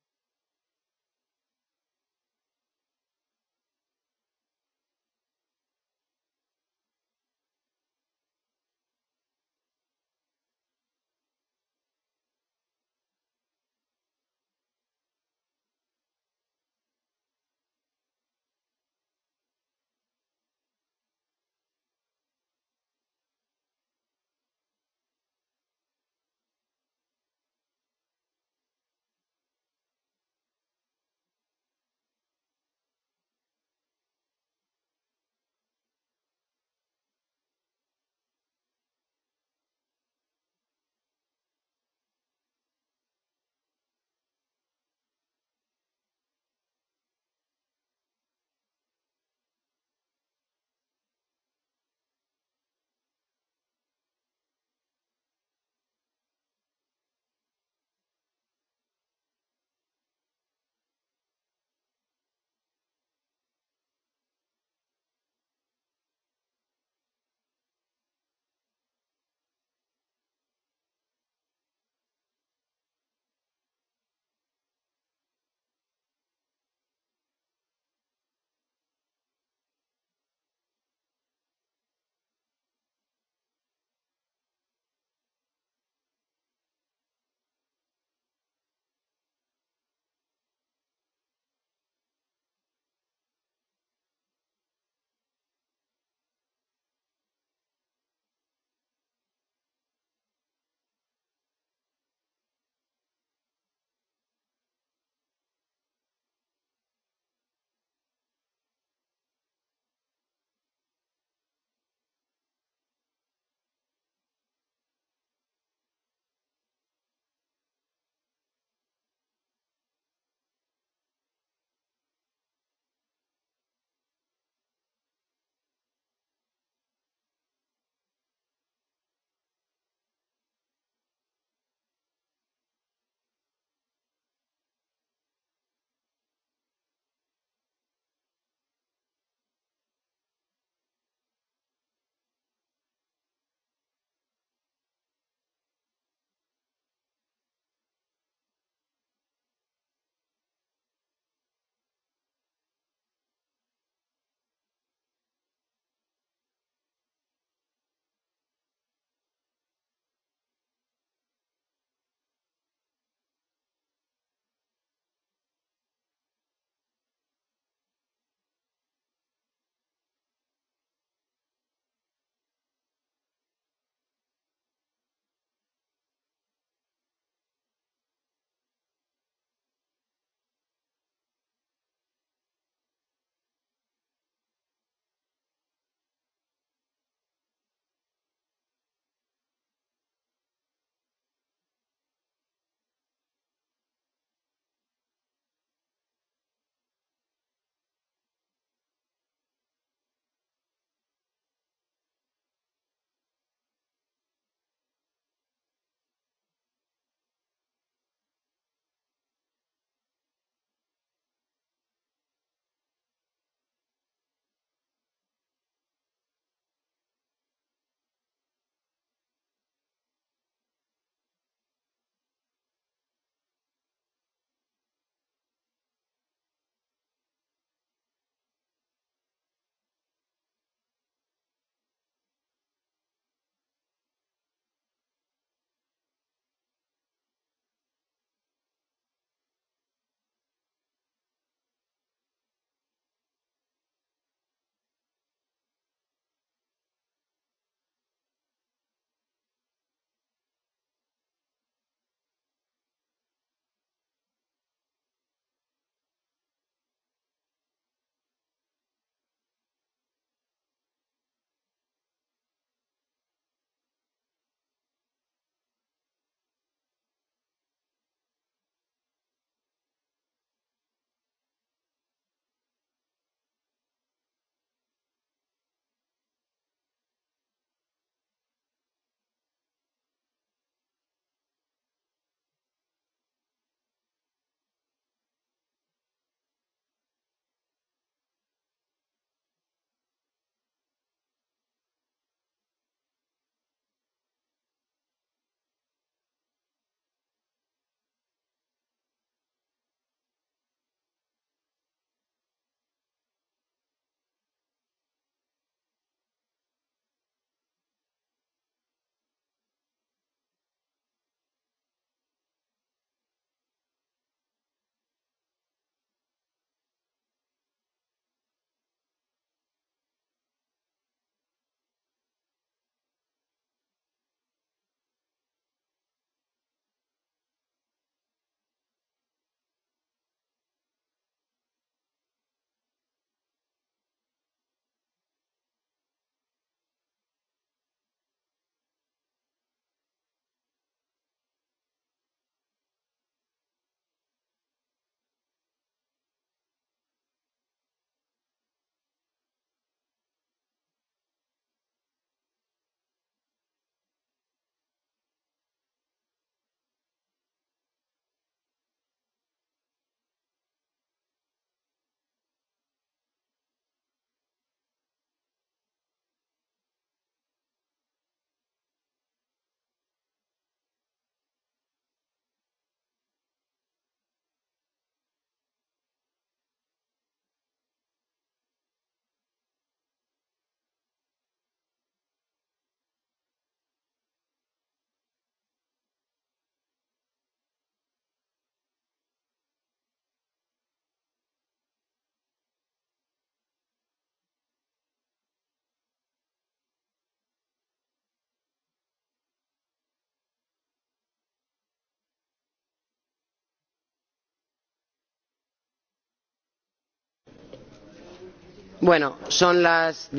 Bueno, son las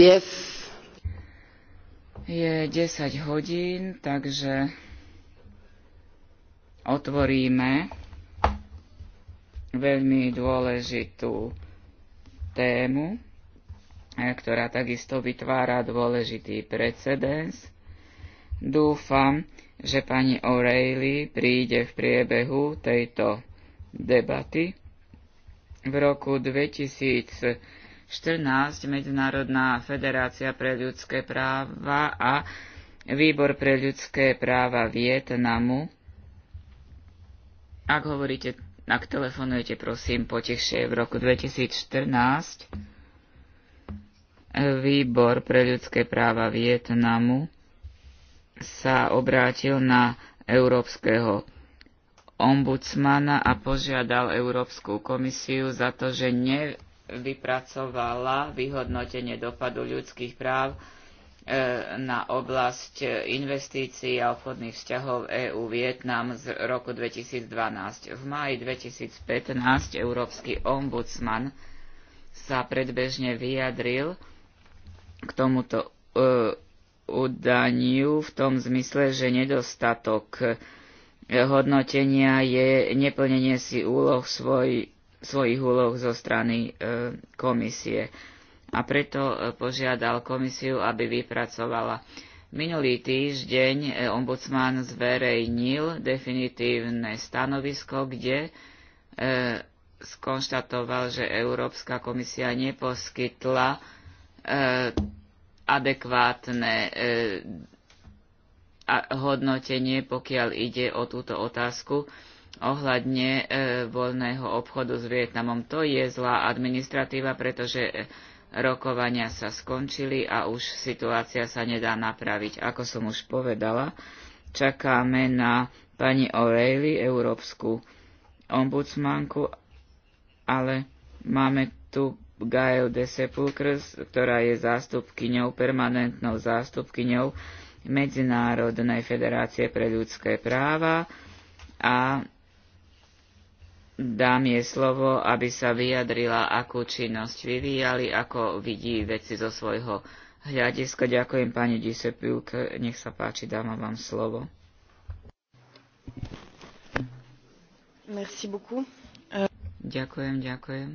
Je 10 hodín, takže otvoríme veľmi dôležitú tému, e, ktorá takisto vytvára dôležitý precedens. Dúfam, že pani O'Reilly príde v priebehu tejto debaty. V roku 2000 14 Medzinárodná federácia pre ľudské práva a Výbor pre ľudské práva Vietnamu. Ak hovoríte, ak telefonujete, prosím, potešie v roku 2014 Výbor pre ľudské práva Vietnamu sa obrátil na európskeho ombudsmana a požiadal Európsku komisiu za to, že ne vypracovala vyhodnotenie dopadu ľudských práv e, na oblasť investícií a obchodných vzťahov EÚ-Vietnam z roku 2012. V máji 2015 Európsky ombudsman sa predbežne vyjadril k tomuto e, udaniu v tom zmysle, že nedostatok hodnotenia je neplnenie si úloh svoj, svojich úloh zo strany e, komisie. A preto e, požiadal komisiu, aby vypracovala. Minulý týždeň e, ombudsman zverejnil definitívne stanovisko, kde skonštatoval, že Európska komisia neposkytla adekvátne hodnotenie, pokiaľ ide o túto otázku ohľadne e, voľného obchodu s Vietnamom. To je zlá administratíva, pretože e, rokovania sa skončili a už situácia sa nedá napraviť. Ako som už povedala, čakáme na pani O'Reilly, európsku ombudsmanku, ale máme tu Gael de Sepulcres, ktorá je zástupkyňou, permanentnou zástupkyňou Medzinárodnej federácie pre ľudské práva a dám jej slovo, aby sa vyjadrila, akú činnosť vyvíjali, ako vidí veci zo svojho hľadiska. Ďakujem pani Disepilke, nech sa páči, dám vám slovo. Merci beaucoup. Ďakujem, ďakujem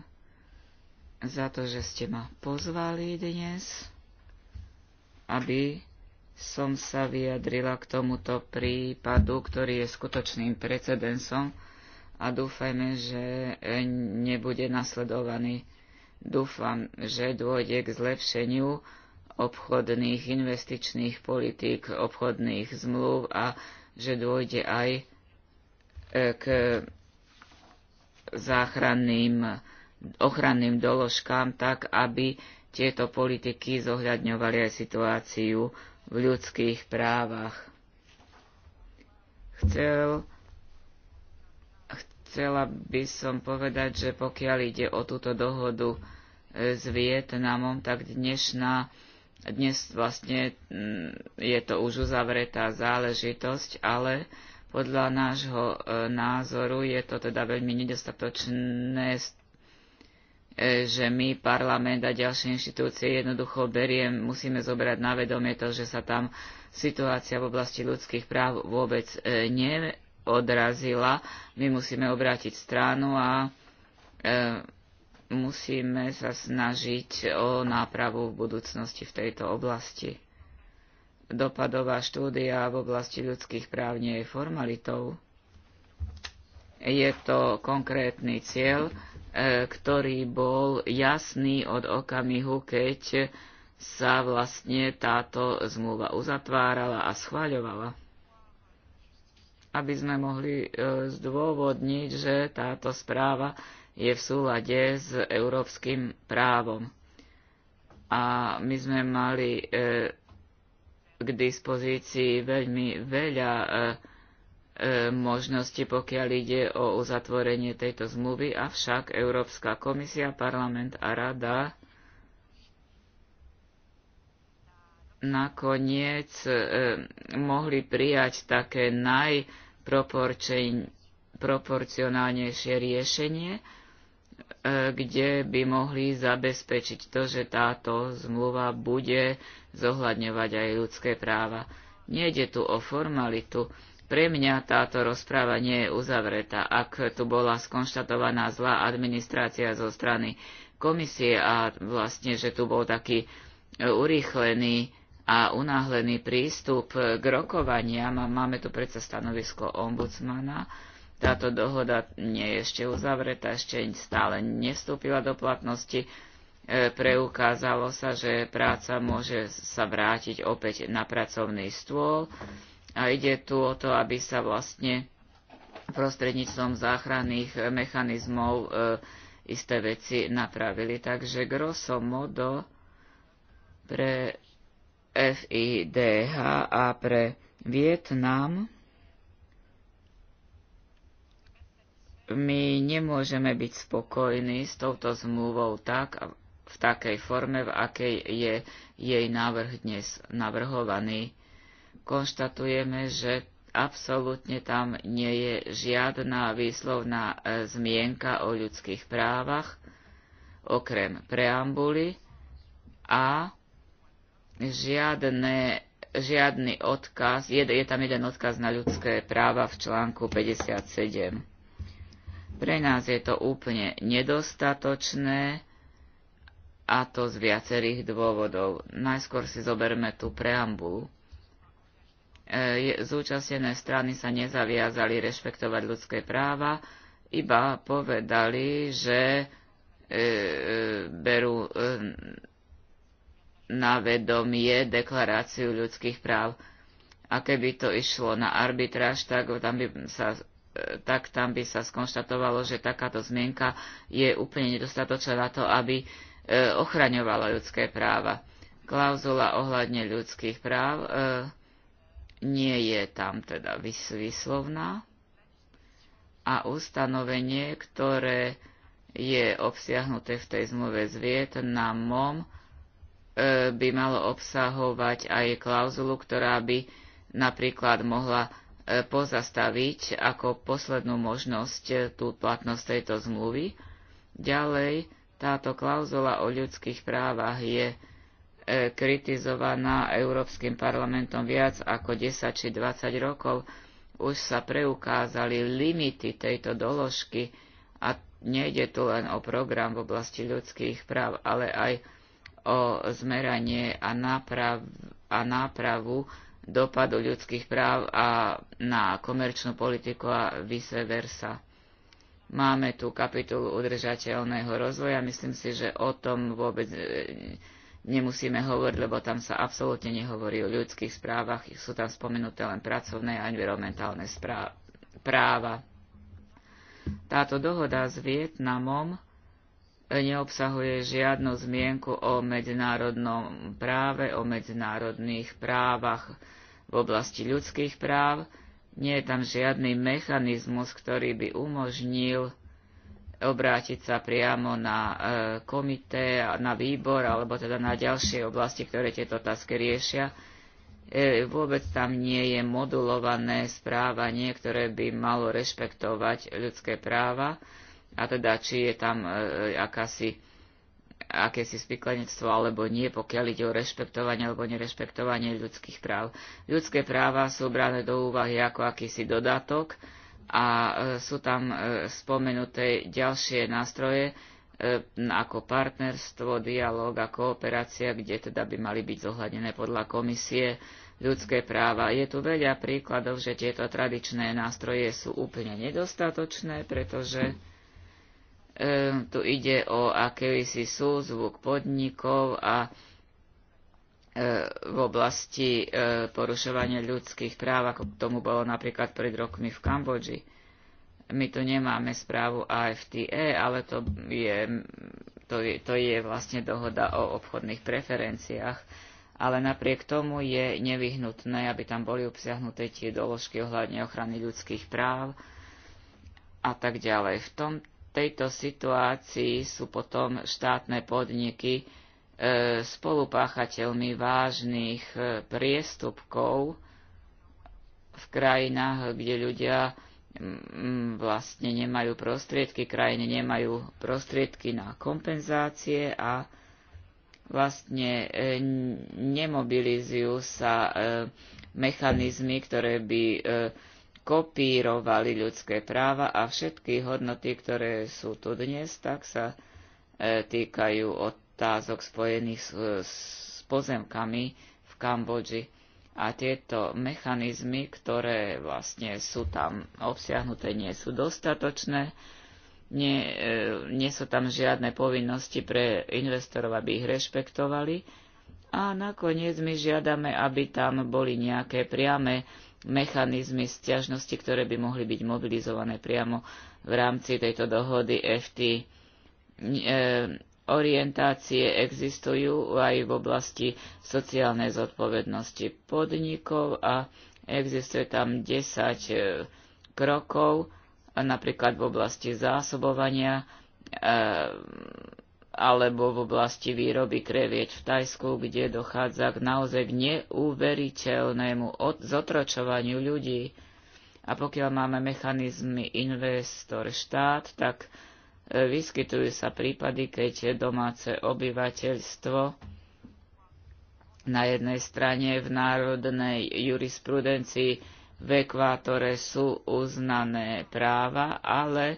za to, že ste ma pozvali dnes, aby som sa vyjadrila k tomuto prípadu, ktorý je skutočným precedensom a dúfajme, že e, nebude nasledovaný. Dúfam, že dôjde k zlepšeniu obchodných investičných politík, obchodných zmluv a že dôjde aj e, k záchranným ochranným doložkám tak, aby tieto politiky zohľadňovali aj situáciu v ľudských právach. Chcel Chcela by som povedať, že pokiaľ ide o túto dohodu e, s Vietnamom, tak dnešná, dnes vlastne mm, je to už uzavretá záležitosť, ale podľa nášho e, názoru je to teda veľmi nedostatočné, e, že my, parlament a ďalšie inštitúcie jednoducho beriem, musíme zobrať na vedomie to, že sa tam situácia v oblasti ľudských práv vôbec odrazila. My musíme obrátiť stranu a e, musíme sa snažiť o nápravu v budúcnosti v tejto oblasti. Dopadová štúdia v oblasti ľudských práv nie je formalitou. Je to konkrétny cieľ, e, ktorý bol jasný od okamihu, keď sa vlastne táto zmluva uzatvárala a schváľovala aby sme mohli e, zdôvodniť, že táto správa je v súlade s európskym právom. A my sme mali e, k dispozícii veľmi veľa e, možnosti, pokiaľ ide o uzatvorenie tejto zmluvy, avšak Európska komisia, parlament a rada nakoniec e, mohli prijať také najproporcionálnejšie riešenie, e, kde by mohli zabezpečiť to, že táto zmluva bude zohľadňovať aj ľudské práva. Nejde tu o formalitu. Pre mňa táto rozpráva nie je uzavretá. Ak tu bola skonštatovaná zlá administrácia zo strany komisie a vlastne, že tu bol taký e, urýchlený a unáhlený prístup k rokovaniam, a máme tu predsa stanovisko ombudsmana, táto dohoda nie je ešte uzavretá, ešte stále nestúpila do platnosti. E, preukázalo sa, že práca môže sa vrátiť opäť na pracovný stôl a ide tu o to, aby sa vlastne prostredníctvom záchranných mechanizmov e, isté veci napravili. Takže grosso modo pre FIDH a pre Vietnam my nemôžeme byť spokojní s touto zmluvou tak, v takej forme, v akej je jej návrh dnes navrhovaný. Konštatujeme, že absolútne tam nie je žiadna výslovná e, zmienka o ľudských právach, okrem preambuly a žiadne, žiadny odkaz, je, je tam jeden odkaz na ľudské práva v článku 57. Pre nás je to úplne nedostatočné a to z viacerých dôvodov. Najskôr si zoberme tú preambulu. E, zúčastnené strany sa nezaviazali rešpektovať ľudské práva, iba povedali, že e, e berú e, na vedomie deklaráciu ľudských práv. A keby to išlo na arbitráž, tak tam by sa e, tak tam by sa skonštatovalo, že takáto zmienka je úplne nedostatočná na to, aby e, ochraňovala ľudské práva. Klauzula ohľadne ľudských práv e, nie je tam teda vyslovná a ustanovenie, ktoré je obsiahnuté v tej zmluve s Vietnamom, E, by malo obsahovať aj klauzulu, ktorá by napríklad mohla e, pozastaviť ako poslednú možnosť e, tú platnosť tejto zmluvy. Ďalej, táto klauzula o ľudských právach je kritizovaná Európskym parlamentom viac ako 10 či 20 rokov. Už sa preukázali limity tejto doložky a nejde tu len o program v oblasti ľudských práv, ale aj o zmeranie a, náprav, a nápravu dopadu ľudských práv a na komerčnú politiku a vice versa. Máme tu kapitolu udržateľného rozvoja. Myslím si, že o tom vôbec e, nemusíme hovoriť, lebo tam sa absolútne nehovorí o ľudských správach. Sú tam spomenuté len pracovné a environmentálne správ, práva. Táto dohoda s Vietnamom neobsahuje žiadnu zmienku o medzinárodnom práve, o medzinárodných právach v oblasti ľudských práv. Nie je tam žiadny mechanizmus, ktorý by umožnil obrátiť sa priamo na e, komité, na výbor alebo teda na ďalšie oblasti, ktoré tieto otázky riešia. E, vôbec tam nie je modulované správanie, ktoré by malo rešpektovať ľudské práva a teda či je tam e, e, akási, akési spiklenectvo alebo nie, pokiaľ ide o rešpektovanie alebo nerešpektovanie ľudských práv. Ľudské práva sú brané do úvahy ako akýsi dodatok a e, sú tam e, spomenuté ďalšie nástroje, e, ako partnerstvo, dialóg a kooperácia, kde teda by mali byť zohľadené podľa komisie ľudské práva. Je tu veľa príkladov, že tieto tradičné nástroje sú úplne nedostatočné, pretože tu ide o akýsi súzvuk podnikov a e, v oblasti e, porušovania ľudských práv, ako k tomu bolo napríklad pred rokmi v Kambodži. My tu nemáme správu AFTE, ale to je, to, je, to je vlastne dohoda o obchodných preferenciách. Ale napriek tomu je nevyhnutné, aby tam boli obsiahnuté tie doložky ohľadne ochrany ľudských práv a tak ďalej. V tom, tejto situácii sú potom štátne podniky e, spolupáchateľmi vážnych e, priestupkov v krajinách, kde ľudia vlastne nemajú prostriedky, krajiny nemajú prostriedky na kompenzácie a vlastne e, nemobilizujú sa mechanizmy, ktoré by kopírovali ľudské práva a všetky hodnoty, ktoré sú tu dnes, tak sa e, týkajú otázok spojených s, s pozemkami v Kambodži. A tieto mechanizmy, ktoré vlastne sú tam obsiahnuté, nie sú dostatočné. Nie, e, nie sú tam žiadne povinnosti pre investorov, aby ich rešpektovali. A nakoniec my žiadame, aby tam boli nejaké priame mechanizmy stiažnosti, ktoré by mohli byť mobilizované priamo v rámci tejto dohody FT. E, orientácie existujú aj v oblasti sociálnej zodpovednosti podnikov a existuje tam 10 e, krokov, napríklad v oblasti zásobovania, e, alebo v oblasti výroby kreviet v Tajsku, kde dochádza k naozaj k neuveriteľnému zotročovaniu ľudí. A pokiaľ máme mechanizmy investor štát, tak e, vyskytujú sa prípady, keď domáce obyvateľstvo na jednej strane v národnej jurisprudencii v ekvátore sú uznané práva, ale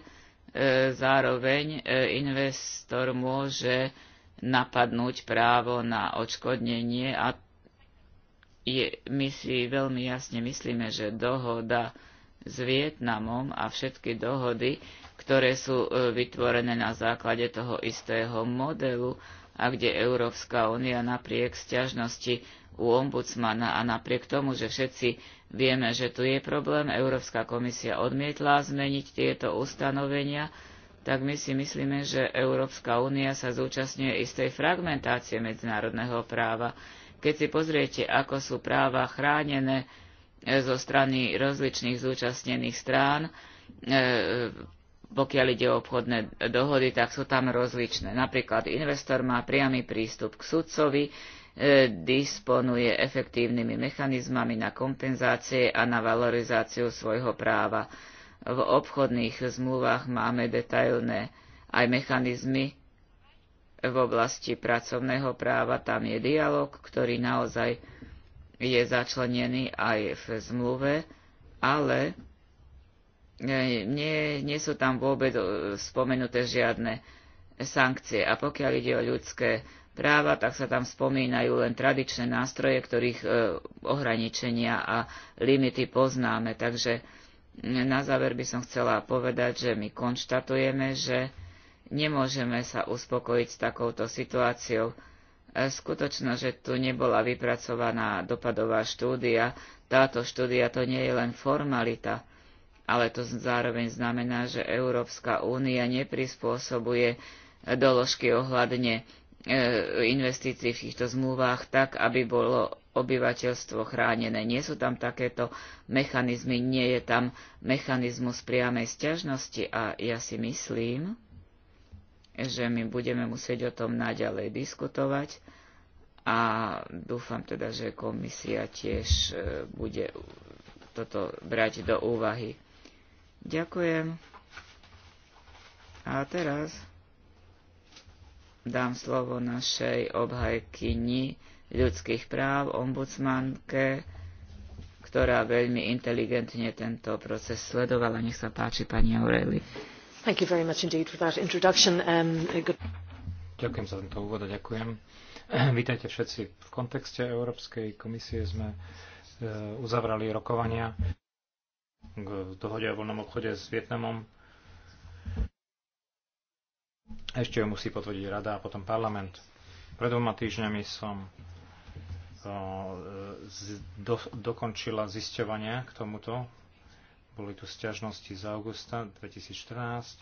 E, zároveň e, investor môže napadnúť právo na odškodnenie a je, my si veľmi jasne myslíme, že dohoda s Vietnamom a všetky dohody, ktoré sú e, vytvorené na základe toho istého modelu a kde Európska únia napriek sťažnosti u ombudsmana a napriek tomu, že všetci Vieme, že tu je problém, Európska komisia odmietla zmeniť tieto ustanovenia, tak my si myslíme, že Európska únia sa zúčastňuje istej fragmentácie medzinárodného práva. Keď si pozriete, ako sú práva chránené e, zo strany rozličných zúčastnených strán, e, pokiaľ ide o obchodné dohody, tak sú tam rozličné. Napríklad investor má priamy prístup k sudcovi, E, disponuje efektívnymi mechanizmami na kompenzácie a na valorizáciu svojho práva. V obchodných zmluvách máme detailné aj mechanizmy v oblasti pracovného práva. Tam je dialog, ktorý naozaj je začlenený aj v zmluve, ale e, nie, nie sú tam vôbec e, spomenuté žiadne sankcie. A pokiaľ ide o ľudské práva, tak sa tam spomínajú len tradičné nástroje, ktorých e, ohraničenia a limity poznáme. Takže na záver by som chcela povedať, že my konštatujeme, že nemôžeme sa uspokojiť s takouto situáciou. E, skutočno, že tu nebola vypracovaná dopadová štúdia, táto štúdia to nie je len formalita, ale to zároveň znamená, že Európska únia neprispôsobuje doložky ohľadne E, investícií v týchto zmluvách tak, aby bolo obyvateľstvo chránené. Nie sú tam takéto mechanizmy, nie je tam mechanizmus priamej stiažnosti a ja si myslím, že my budeme musieť o tom naďalej diskutovať a dúfam teda, že komisia tiež e, bude toto brať do úvahy. Ďakujem. A teraz dám slovo našej obhajkyni ľudských práv, ombudsmanke, ktorá veľmi inteligentne tento proces sledovala. Nech sa páči, pani Aureli. Thank you very much indeed for that introduction. Um, good... Ďakujem za tento úvod a ďakujem. Vítajte všetci. V kontexte Európskej komisie sme e, uzavrali rokovania k dohode o voľnom obchode s Vietnamom ešte ju musí potvrdiť rada a potom parlament. Pred dvoma týždňami som do, dokončila zisťovania k tomuto. Boli tu sťažnosti z augusta 2014.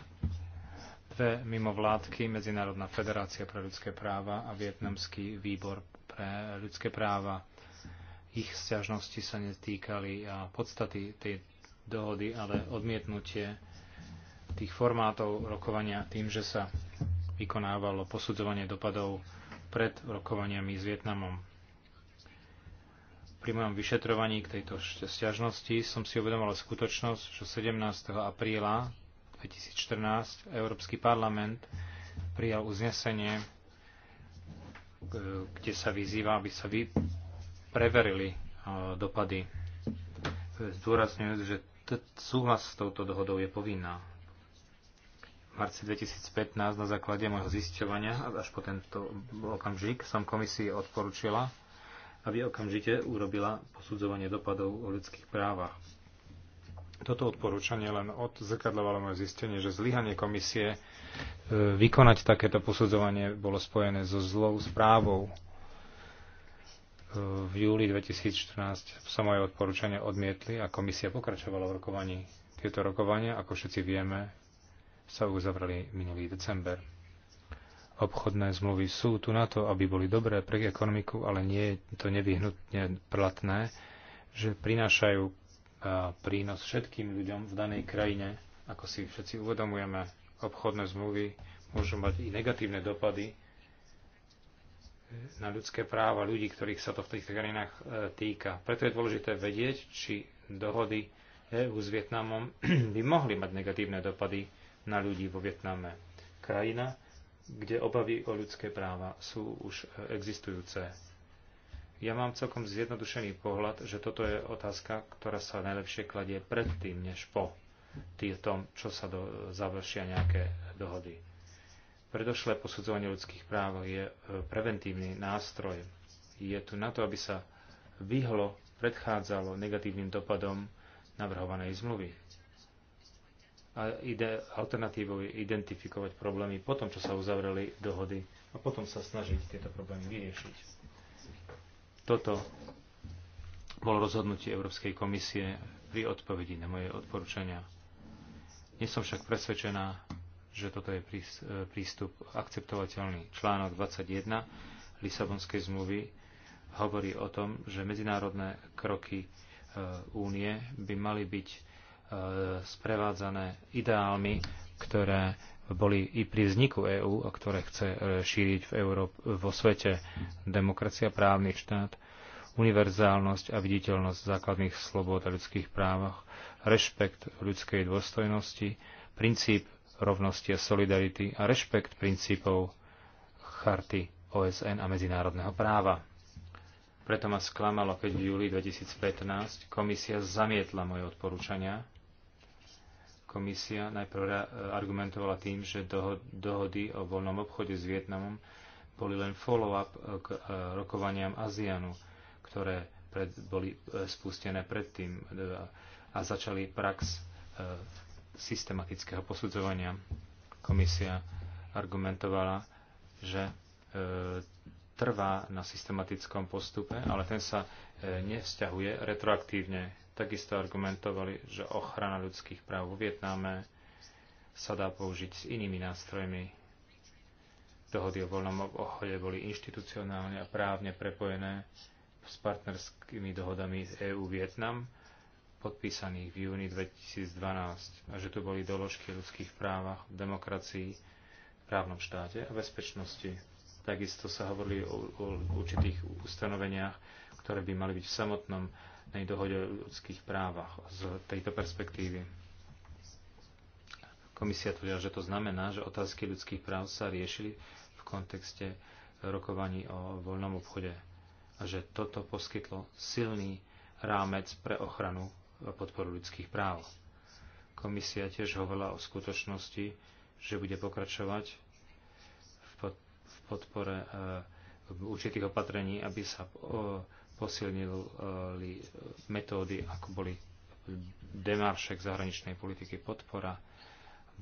Dve mimovládky, Medzinárodná federácia pre ľudské práva a Vietnamský výbor pre ľudské práva. Ich sťažnosti sa netýkali a podstaty tej dohody, ale odmietnutie tých formátov rokovania tým, že sa vykonávalo posudzovanie dopadov pred rokovaniami s Vietnamom. Pri mojom vyšetrovaní k tejto stiažnosti som si uvedomoval skutočnosť, že 17. apríla 2014 Európsky parlament prijal uznesenie, e, kde sa vyzýva, aby sa vy preverili e, dopady. Zdôrazňujú, že súhlas s touto dohodou je povinná marci 2015 na základe môjho zisťovania až po tento okamžik som komisii odporúčila, aby okamžite urobila posudzovanie dopadov o ľudských právach. Toto odporúčanie len odzrkadlovalo moje zistenie, že zlyhanie komisie e, vykonať takéto posudzovanie bolo spojené so zlou správou. E, v júli 2014 sa moje odporúčania odmietli a komisia pokračovala v rokovaní. Tieto rokovania, ako všetci vieme, sa uzavrali minulý december. Obchodné zmluvy sú tu na to, aby boli dobré pre ekonomiku, ale nie je to nevyhnutne platné, že prinášajú prínos všetkým ľuďom v danej krajine. Ako si všetci uvedomujeme, obchodné zmluvy môžu mať i negatívne dopady na ľudské práva ľudí, ktorých sa to v tých krajinách e, týka. Preto je dôležité vedieť, či dohody EU s Vietnamom by mohli mať negatívne dopady na ľudí vo Vietname. Krajina, kde obavy o ľudské práva sú už e, existujúce. Ja mám celkom zjednodušený pohľad, že toto je otázka, ktorá sa najlepšie kladie predtým, než po tým, čo sa do, završia nejaké dohody. Predošlé posudzovanie ľudských práv je e, preventívny nástroj. Je tu na to, aby sa vyhlo, predchádzalo negatívnym dopadom navrhovanej zmluvy a ide, alternatívou je identifikovať problémy potom, čo sa uzavreli dohody a potom sa snažiť tieto problémy vyriešiť. Toto bolo rozhodnutie Európskej komisie pri odpovedi na moje odporúčania. Nie som však presvedčená, že toto je e, prístup akceptovateľný. Článok 21 Lisabonskej zmluvy hovorí o tom, že medzinárodné kroky e, únie by mali byť E, sprevádzané ideálmi, ktoré boli i pri vzniku EÚ a ktoré chce e, šíriť v Európ- vo svete demokracia, právny štát, univerzálnosť a viditeľnosť základných slobod a ľudských právach, rešpekt ľudskej dôstojnosti, princíp rovnosti a solidarity a rešpekt princípov charty OSN a medzinárodného práva. Preto ma sklamalo, keď v júli 2015 komisia zamietla moje odporúčania Komisia najprv argumentovala tým, že dohody o voľnom obchode s Vietnamom boli len follow-up eh, k eh, rokovaniam ASEANu, ktoré pred, boli eh, spustené predtým a začali prax systematického posudzovania. Komisia argumentovala, že trvá na systematickom postupe, ale ten sa nevzťahuje retroaktívne takisto argumentovali, že ochrana ľudských práv vo Vietname sa dá použiť s inými nástrojmi. Dohody o voľnom obchode boli inštitucionálne a právne prepojené s partnerskými dohodami z EU-Vietnam, podpísaných v júni 2012, a že tu boli doložky o ľudských právach, demokracii, právnom štáte a bezpečnosti. Takisto sa hovorili o, o určitých ustanoveniach, ktoré by mali byť v samotnom dohode o ľudských právach z tejto perspektívy. Komisia tvrdila, že to znamená, že otázky ľudských práv sa riešili v kontexte rokovaní o voľnom obchode a že toto poskytlo silný rámec pre ochranu a podporu ľudských práv. Komisia tiež hovorila o skutočnosti, že bude pokračovať v, podpore e, určitých opatrení, aby sa posilnili eh, metódy, ako boli demaršek zahraničnej politiky podpora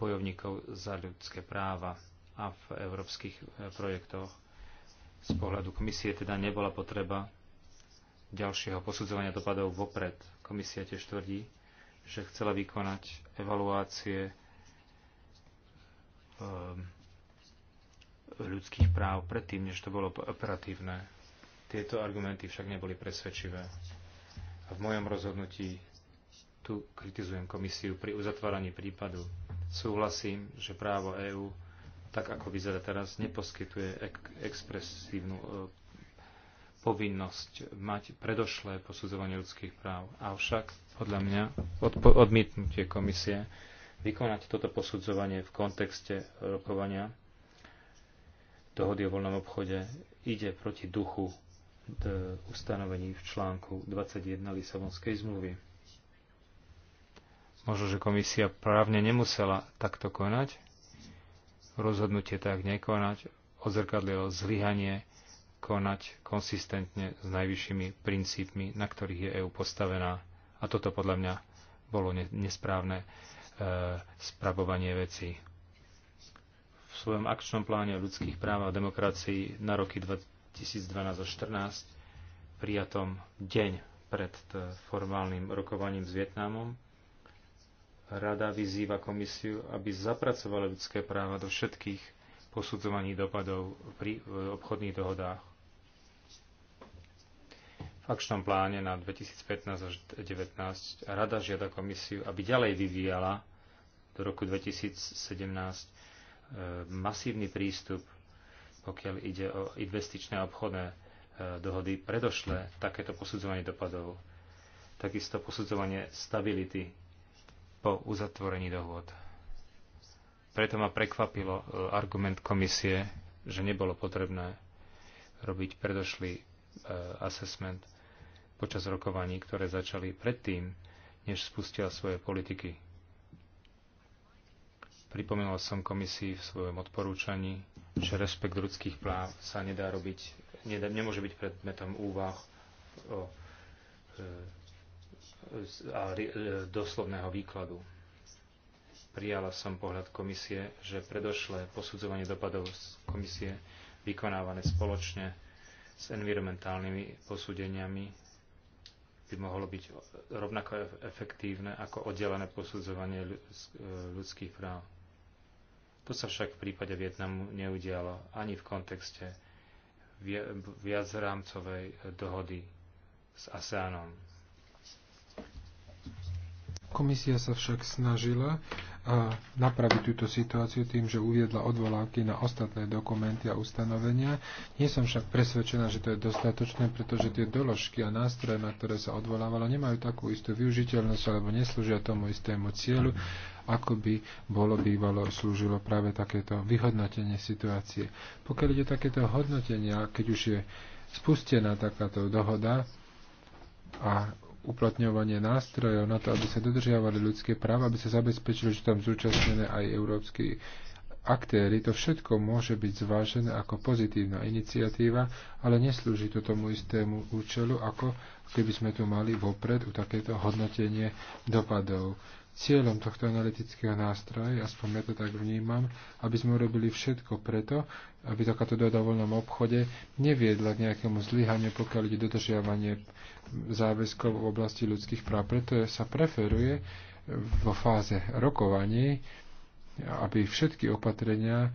bojovníkov za ľudské práva a v európskych eh, projektoch z pohľadu komisie teda nebola potreba ďalšieho posudzovania dopadov vopred. Komisia tiež tvrdí, že chcela vykonať evaluácie eh, ľudských práv predtým, než to bolo operatívne tieto argumenty však neboli presvedčivé. A v mojom rozhodnutí tu kritizujem komisiu pri uzatváraní prípadu. Súhlasím, že právo EÚ, tak ako vyzerá teraz, neposkytuje ek- expresívnu e, povinnosť mať predošlé posudzovanie ľudských práv. Avšak, podľa mňa, odpo- odmietnutie komisie vykonať toto posudzovanie v kontexte rokovania dohody o voľnom obchode ide proti duchu ustanovení v článku 21 Lisabonskej zmluvy. Možno, že komisia právne nemusela takto konať, rozhodnutie tak nekonať, odzrkadlilo zlyhanie konať konsistentne s najvyššími princípmi, na ktorých je EÚ postavená. A toto podľa mňa bolo nesprávne e, spravovanie vecí. V svojom akčnom pláne o ľudských práv a demokracii na roky 20 2012 až 14 prijatom deň pred formálnym rokovaním s Vietnamom. Rada vyzýva komisiu, aby zapracovala ľudské práva do všetkých posudzovaní dopadov pri e, obchodných dohodách. V akčnom pláne na 2015 až 2019 Rada žiada komisiu, aby ďalej vyvíjala do roku 2017 e, masívny prístup pokiaľ ide o investičné a obchodné e, dohody, predošle takéto posudzovanie dopadov, takisto posudzovanie stability po uzatvorení dohôd. Preto ma prekvapilo e, argument komisie, že nebolo potrebné robiť predošlý e, assessment počas rokovaní, ktoré začali predtým, než spustila svoje politiky. Pripomínal som komisii v svojom odporúčaní že rešpekt ľudských práv sa nedá robiť, nedá, nemôže byť predmetom úvah o, e, a e, doslovného výkladu. Prijala som pohľad komisie, že predošlé posudzovanie dopadov z komisie vykonávané spoločne s environmentálnymi posúdeniami by mohlo byť rovnako efektívne ako oddelené posudzovanie e, ľudských práv to sa však v prípade Vietnamu neudialo ani v kontexte viacrámcovej dohody s ASEANom. Komisia sa však snažila napraviť túto situáciu tým, že uviedla odvolávky na ostatné dokumenty a ustanovenia. Nie som však presvedčená, že to je dostatočné, pretože tie doložky a nástroje, na ktoré sa odvolávalo, nemajú takú istú využiteľnosť alebo neslúžia tomu istému cieľu, ako by bolo bývalo slúžilo práve takéto vyhodnotenie situácie. Pokiaľ ide takéto hodnotenia, keď už je spustená takáto dohoda a uplatňovanie nástrojov na to, aby sa dodržiavali ľudské práva, aby sa zabezpečilo, že tam zúčastnené aj európsky aktéry, to všetko môže byť zvážené ako pozitívna iniciatíva, ale neslúži to tomu istému účelu, ako keby sme tu mali vopred u takéto hodnotenie dopadov. Cieľom tohto analytického nástroja, aspoň ja to tak vnímam, aby sme urobili všetko preto, aby takáto dohoda o voľnom obchode neviedla k nejakému zlyhaniu, pokiaľ ide dodržiavanie záväzkov v oblasti ľudských práv. Preto sa preferuje vo fáze rokovaní, aby všetky opatrenia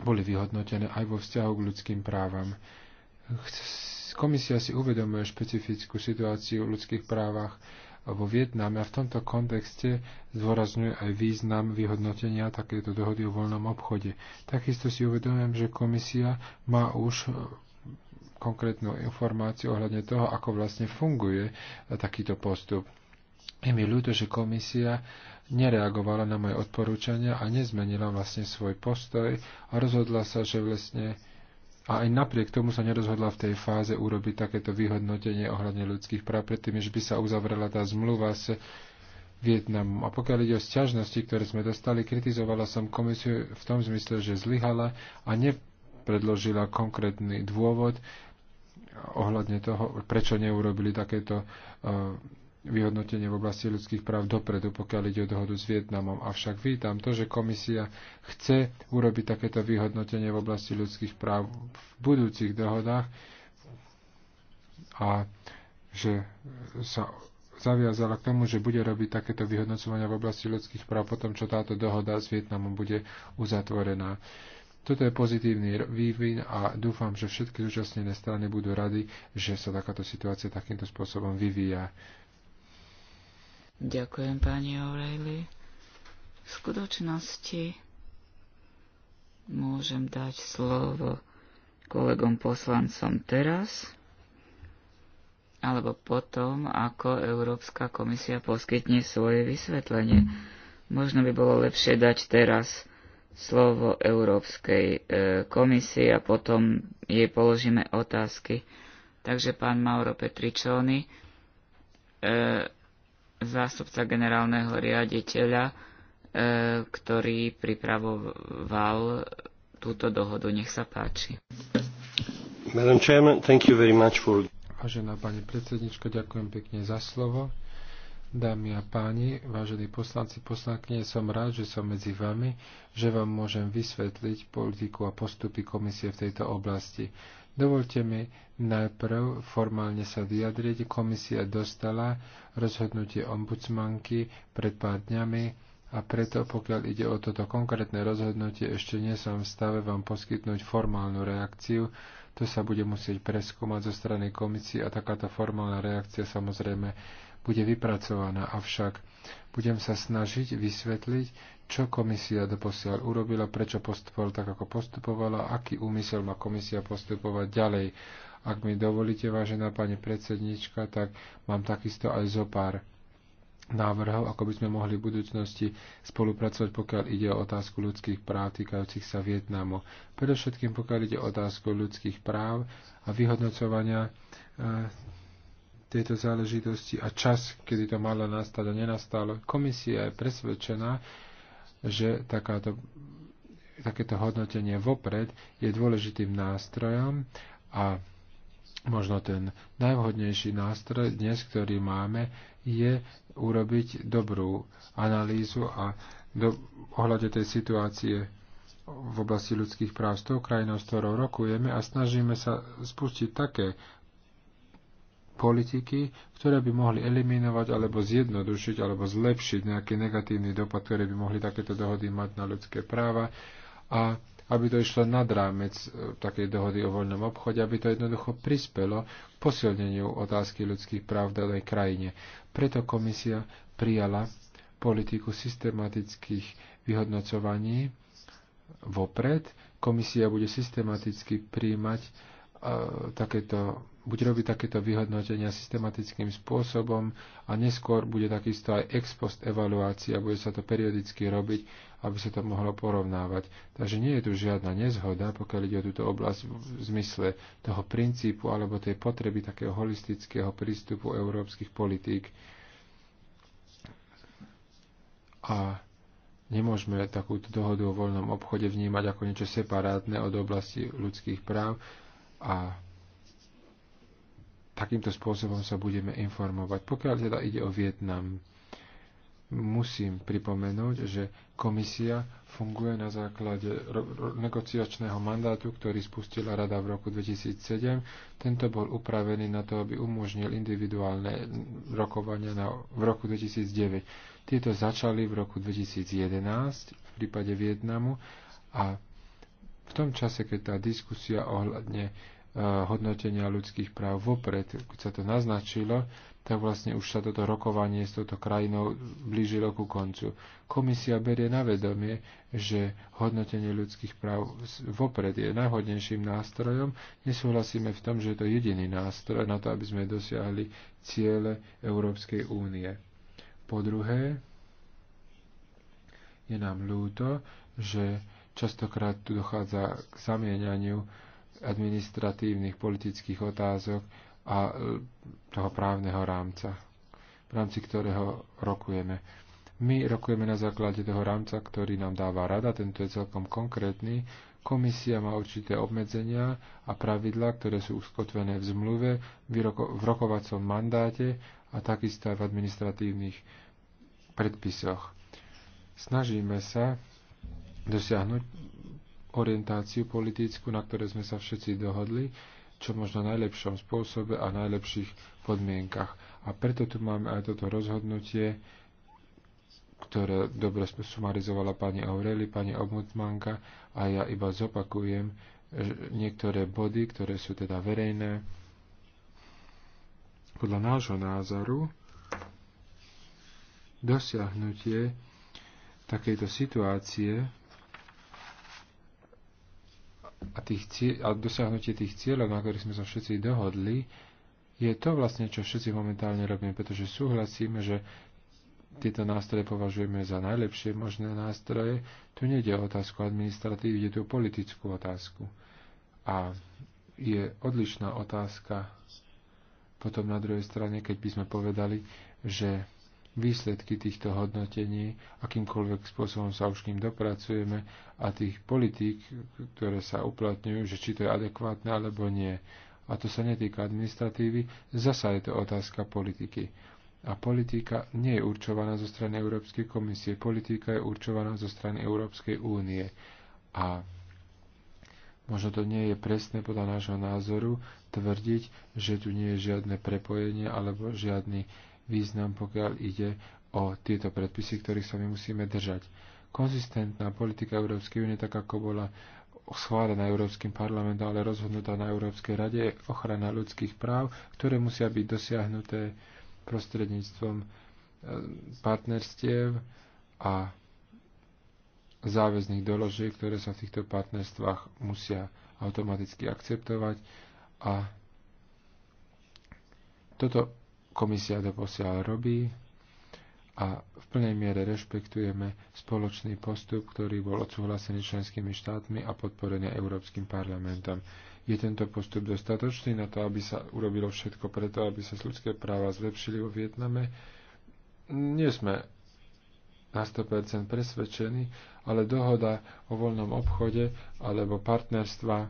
boli vyhodnotené aj vo vzťahu k ľudským právam. Komisia si uvedomuje špecifickú situáciu v ľudských právach vo Vietname a v tomto kontexte zdôrazňuje aj význam vyhodnotenia takéto dohody o voľnom obchode. Takisto si uvedomujem, že komisia má už e, konkrétnu informáciu ohľadne toho, ako vlastne funguje e, takýto postup. Je mi ľúto, že komisia nereagovala na moje odporúčania a nezmenila vlastne svoj postoj a rozhodla sa, že vlastne a aj napriek tomu sa nerozhodla v tej fáze urobiť takéto vyhodnotenie ohľadne ľudských práv, predtým, že by sa uzavrela tá zmluva s Vietnamu. A pokiaľ ide o sťažnosti, ktoré sme dostali, kritizovala som komisiu v tom zmysle, že zlyhala a nepredložila konkrétny dôvod ohľadne toho, prečo neurobili takéto uh, vyhodnotenie v oblasti ľudských práv dopredu, pokiaľ ide o dohodu s Vietnamom. Avšak vítam to, že komisia chce urobiť takéto vyhodnotenie v oblasti ľudských práv v budúcich dohodách a že sa zaviazala k tomu, že bude robiť takéto vyhodnocovania v oblasti ľudských práv potom, čo táto dohoda s Vietnamom bude uzatvorená. Toto je pozitívny vývin a dúfam, že všetky zúčastnené strany budú rady, že sa takáto situácia takýmto spôsobom vyvíja. Ďakujem, pani O'Reilly. V skutočnosti môžem dať slovo kolegom poslancom teraz, alebo potom, ako Európska komisia poskytne svoje vysvetlenie. Možno by bolo lepšie dať teraz slovo Európskej e, komisii a potom jej položíme otázky. Takže pán Mauro Petričóny, e, zástupca generálneho riaditeľa, e, ktorý pripravoval túto dohodu. Nech sa páči. Madam Chairman, thank you very much for... Vážená pani predsednička, ďakujem pekne za slovo. Dámy a páni, vážení poslanci, poslankyne, som rád, že som medzi vami, že vám môžem vysvetliť politiku a postupy komisie v tejto oblasti. Dovolte mi najprv formálne sa vyjadriť. Komisia dostala rozhodnutie ombudsmanky pred pár dňami a preto, pokiaľ ide o toto konkrétne rozhodnutie, ešte nie som v stave vám poskytnúť formálnu reakciu. To sa bude musieť preskúmať zo strany komisie a takáto formálna reakcia samozrejme bude vypracovaná, avšak budem sa snažiť vysvetliť, čo komisia doposiaľ urobila, prečo postupovala tak, ako postupovala, aký úmysel má komisia postupovať ďalej. Ak mi dovolíte, vážená pani predsednička, tak mám takisto aj zo pár návrhov, ako by sme mohli v budúcnosti spolupracovať, pokiaľ ide o otázku ľudských práv týkajúcich sa Vietnamu. Predovšetkým, pokiaľ ide o otázku ľudských práv a vyhodnocovania e, tejto záležitosti a čas, kedy to malo nastať a nenastalo. Komisia je presvedčená, že takáto, takéto hodnotenie vopred je dôležitým nástrojom a možno ten najvhodnejší nástroj dnes, ktorý máme, je urobiť dobrú analýzu a do, ohľade tej situácie v oblasti ľudských práv s tou krajinou, s ktorou rokujeme a snažíme sa spustiť také politiky, ktoré by mohli eliminovať alebo zjednodušiť alebo zlepšiť nejaký negatívny dopad, ktoré by mohli takéto dohody mať na ľudské práva a aby to išlo nad rámec e, takej dohody o voľnom obchode, aby to jednoducho prispelo k posilneniu otázky ľudských práv v danej krajine. Preto komisia prijala politiku systematických vyhodnocovaní vopred. Komisia bude systematicky príjmať uh, e, takéto buď robiť takéto vyhodnotenia systematickým spôsobom a neskôr bude takisto aj ex post evaluácia, bude sa to periodicky robiť, aby sa to mohlo porovnávať. Takže nie je tu žiadna nezhoda, pokiaľ ide o túto oblasť v zmysle toho princípu alebo tej potreby takého holistického prístupu európskych politík. A nemôžeme takúto dohodu o voľnom obchode vnímať ako niečo separátne od oblasti ľudských práv a takýmto spôsobom sa budeme informovať. Pokiaľ teda ide o Vietnam, musím pripomenúť, že komisia funguje na základe negociačného mandátu, ktorý spustila rada v roku 2007. Tento bol upravený na to, aby umožnil individuálne rokovania na, v roku 2009. Tieto začali v roku 2011 v prípade Vietnamu a v tom čase, keď tá diskusia ohľadne hodnotenia ľudských práv vopred, keď sa to naznačilo, tak vlastne už sa toto rokovanie s touto krajinou blížilo ku koncu. Komisia berie na vedomie, že hodnotenie ľudských práv vopred je najhodnejším nástrojom. Nesúhlasíme v tom, že je to jediný nástroj na to, aby sme dosiahli ciele Európskej únie. Po druhé, je nám ľúto, že častokrát tu dochádza k zamieňaniu administratívnych, politických otázok a e, toho právneho rámca, v rámci ktorého rokujeme. My rokujeme na základe toho rámca, ktorý nám dáva rada, tento je celkom konkrétny. Komisia má určité obmedzenia a pravidlá, ktoré sú uskotvené v zmluve, v rokovacom mandáte a takisto aj v administratívnych predpisoch. Snažíme sa dosiahnuť orientáciu politickú, na ktoré sme sa všetci dohodli, čo možno najlepšom spôsobe a najlepších podmienkach. A preto tu máme aj toto rozhodnutie, ktoré dobre sumarizovala pani Aureli, pani Obmutmanka a ja iba zopakujem e, niektoré body, ktoré sú teda verejné. Podľa nášho názoru dosiahnutie takejto situácie a, tých cieľ, a dosiahnutie tých cieľov, na ktorých sme sa všetci dohodli, je to vlastne, čo všetci momentálne robíme, pretože súhlasíme, že tieto nástroje považujeme za najlepšie možné nástroje. Tu nejde o otázku administratívy, ide tu o politickú otázku. A je odlišná otázka potom na druhej strane, keď by sme povedali, že výsledky týchto hodnotení, akýmkoľvek spôsobom sa už k ním dopracujeme a tých politík, ktoré sa uplatňujú, že či to je adekvátne alebo nie. A to sa netýka administratívy, zasa je to otázka politiky. A politika nie je určovaná zo strany Európskej komisie, politika je určovaná zo strany Európskej únie. A Možno to nie je presné podľa nášho názoru tvrdiť, že tu nie je žiadne prepojenie alebo žiadny význam, pokiaľ ide o tieto predpisy, ktorých sa my musíme držať. Konzistentná politika Európskej únie, tak ako bola schválená Európskym parlamentom, ale rozhodnutá na Európskej rade, je ochrana ľudských práv, ktoré musia byť dosiahnuté prostredníctvom e, partnerstiev a záväzných doložiek, ktoré sa v týchto partnerstvách musia automaticky akceptovať a toto komisia to posiaľ robí a v plnej miere rešpektujeme spoločný postup, ktorý bol odsúhlasený členskými štátmi a podporený Európskym parlamentom. Je tento postup dostatočný na to, aby sa urobilo všetko preto, aby sa ľudské práva zlepšili vo Vietname? Nie sme na 100% presvedčení, ale dohoda o voľnom obchode alebo partnerstva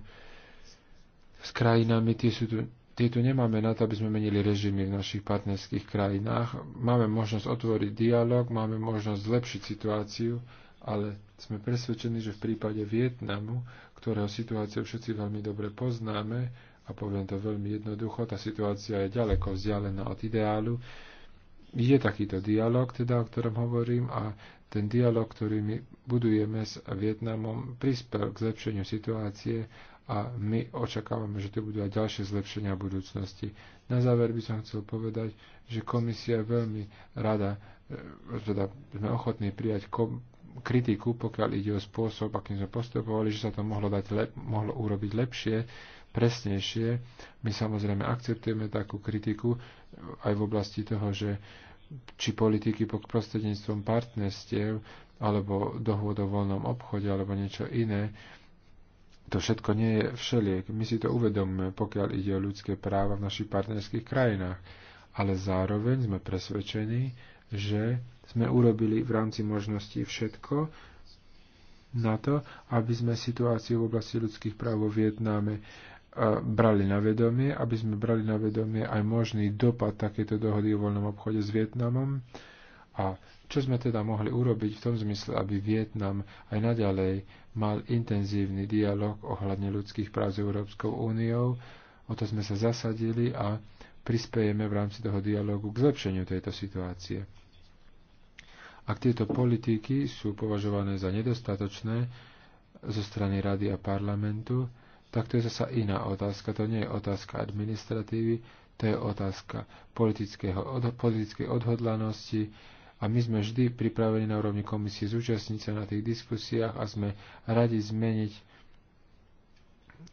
s krajinami, tie sú tu tieto nemáme na to, aby sme menili režimy v našich partnerských krajinách. Máme možnosť otvoriť dialog, máme možnosť zlepšiť situáciu, ale sme presvedčení, že v prípade Vietnamu, ktorého situáciu všetci veľmi dobre poznáme, a poviem to veľmi jednoducho, tá situácia je ďaleko vzdialená od ideálu, je takýto dialog, teda, o ktorom hovorím, a ten dialog, ktorý my budujeme s Vietnamom, prispel k zlepšeniu situácie a my očakávame, že tu budú aj ďalšie zlepšenia v budúcnosti. Na záver by som chcel povedať, že komisia je veľmi rada, e, teda sme ochotní prijať kritiku, pokiaľ ide o spôsob, akým sme postupovali, že sa to mohlo, dať lep, mohlo urobiť lepšie, presnejšie. My samozrejme akceptujeme takú kritiku e, aj v oblasti toho, že či politiky pod prostredníctvom partnerstiev alebo dohôd o voľnom obchode alebo niečo iné, to všetko nie je všeliek. My si to uvedomme, pokiaľ ide o ľudské práva v našich partnerských krajinách. Ale zároveň sme presvedčení, že sme urobili v rámci možností všetko na to, aby sme situáciu v oblasti ľudských práv vo Vietname e, brali na vedomie, aby sme brali na vedomie aj možný dopad takéto dohody o voľnom obchode s Vietnamom a čo sme teda mohli urobiť v tom zmysle, aby Vietnam aj naďalej mal intenzívny dialog ohľadne ľudských práv s Európskou úniou, o to sme sa zasadili a prispiejeme v rámci toho dialogu k zlepšeniu tejto situácie. Ak tieto politiky sú považované za nedostatočné zo strany rady a parlamentu, tak to je zasa iná otázka. To nie je otázka administratívy, to je otázka politickej odhodlanosti, a my sme vždy pripravení na úrovni komisie zúčastniť sa na tých diskusiách a sme radi zmeniť